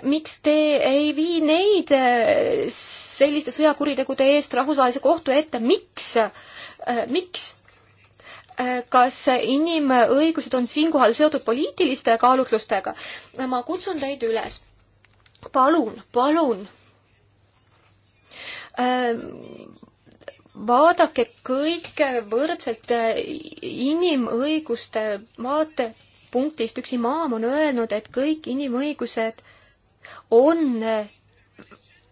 miks te ei vii neid äh, selliste sõjakuritegude eest rahvusvahelise kohtu ette, miks, äh, miks? Äh, kas inimõigused on siinkohal seotud poliitiliste kaalutlustega? ma kutsun teid üles, palun, palun vaadake kõike võrdselt inimõiguste vaate punktist üks imaam on öelnud, et kõik inimõigused on,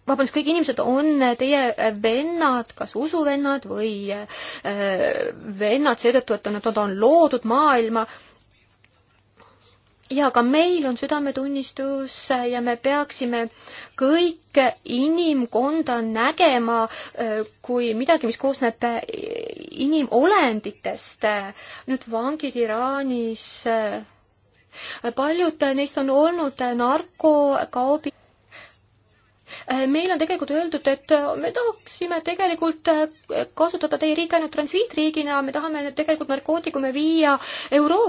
vabandust, kõik inimesed on teie vennad, kas usuvennad või äh, vennad seetõttu, et nad on loodud maailma äh, ja ka meil on südametunnistus ja me peaksime kõike inimkonda nägema äh, kui midagi, mis koosneb äh, inimolenditest. nüüd vangid Iraanis, äh, paljud neist on olnud narkokaubi-. meil on tegelikult öeldud, et me tahaksime tegelikult kasutada teie riiki ainult transiitriigina, me tahame tegelikult narkootikume viia Euroopa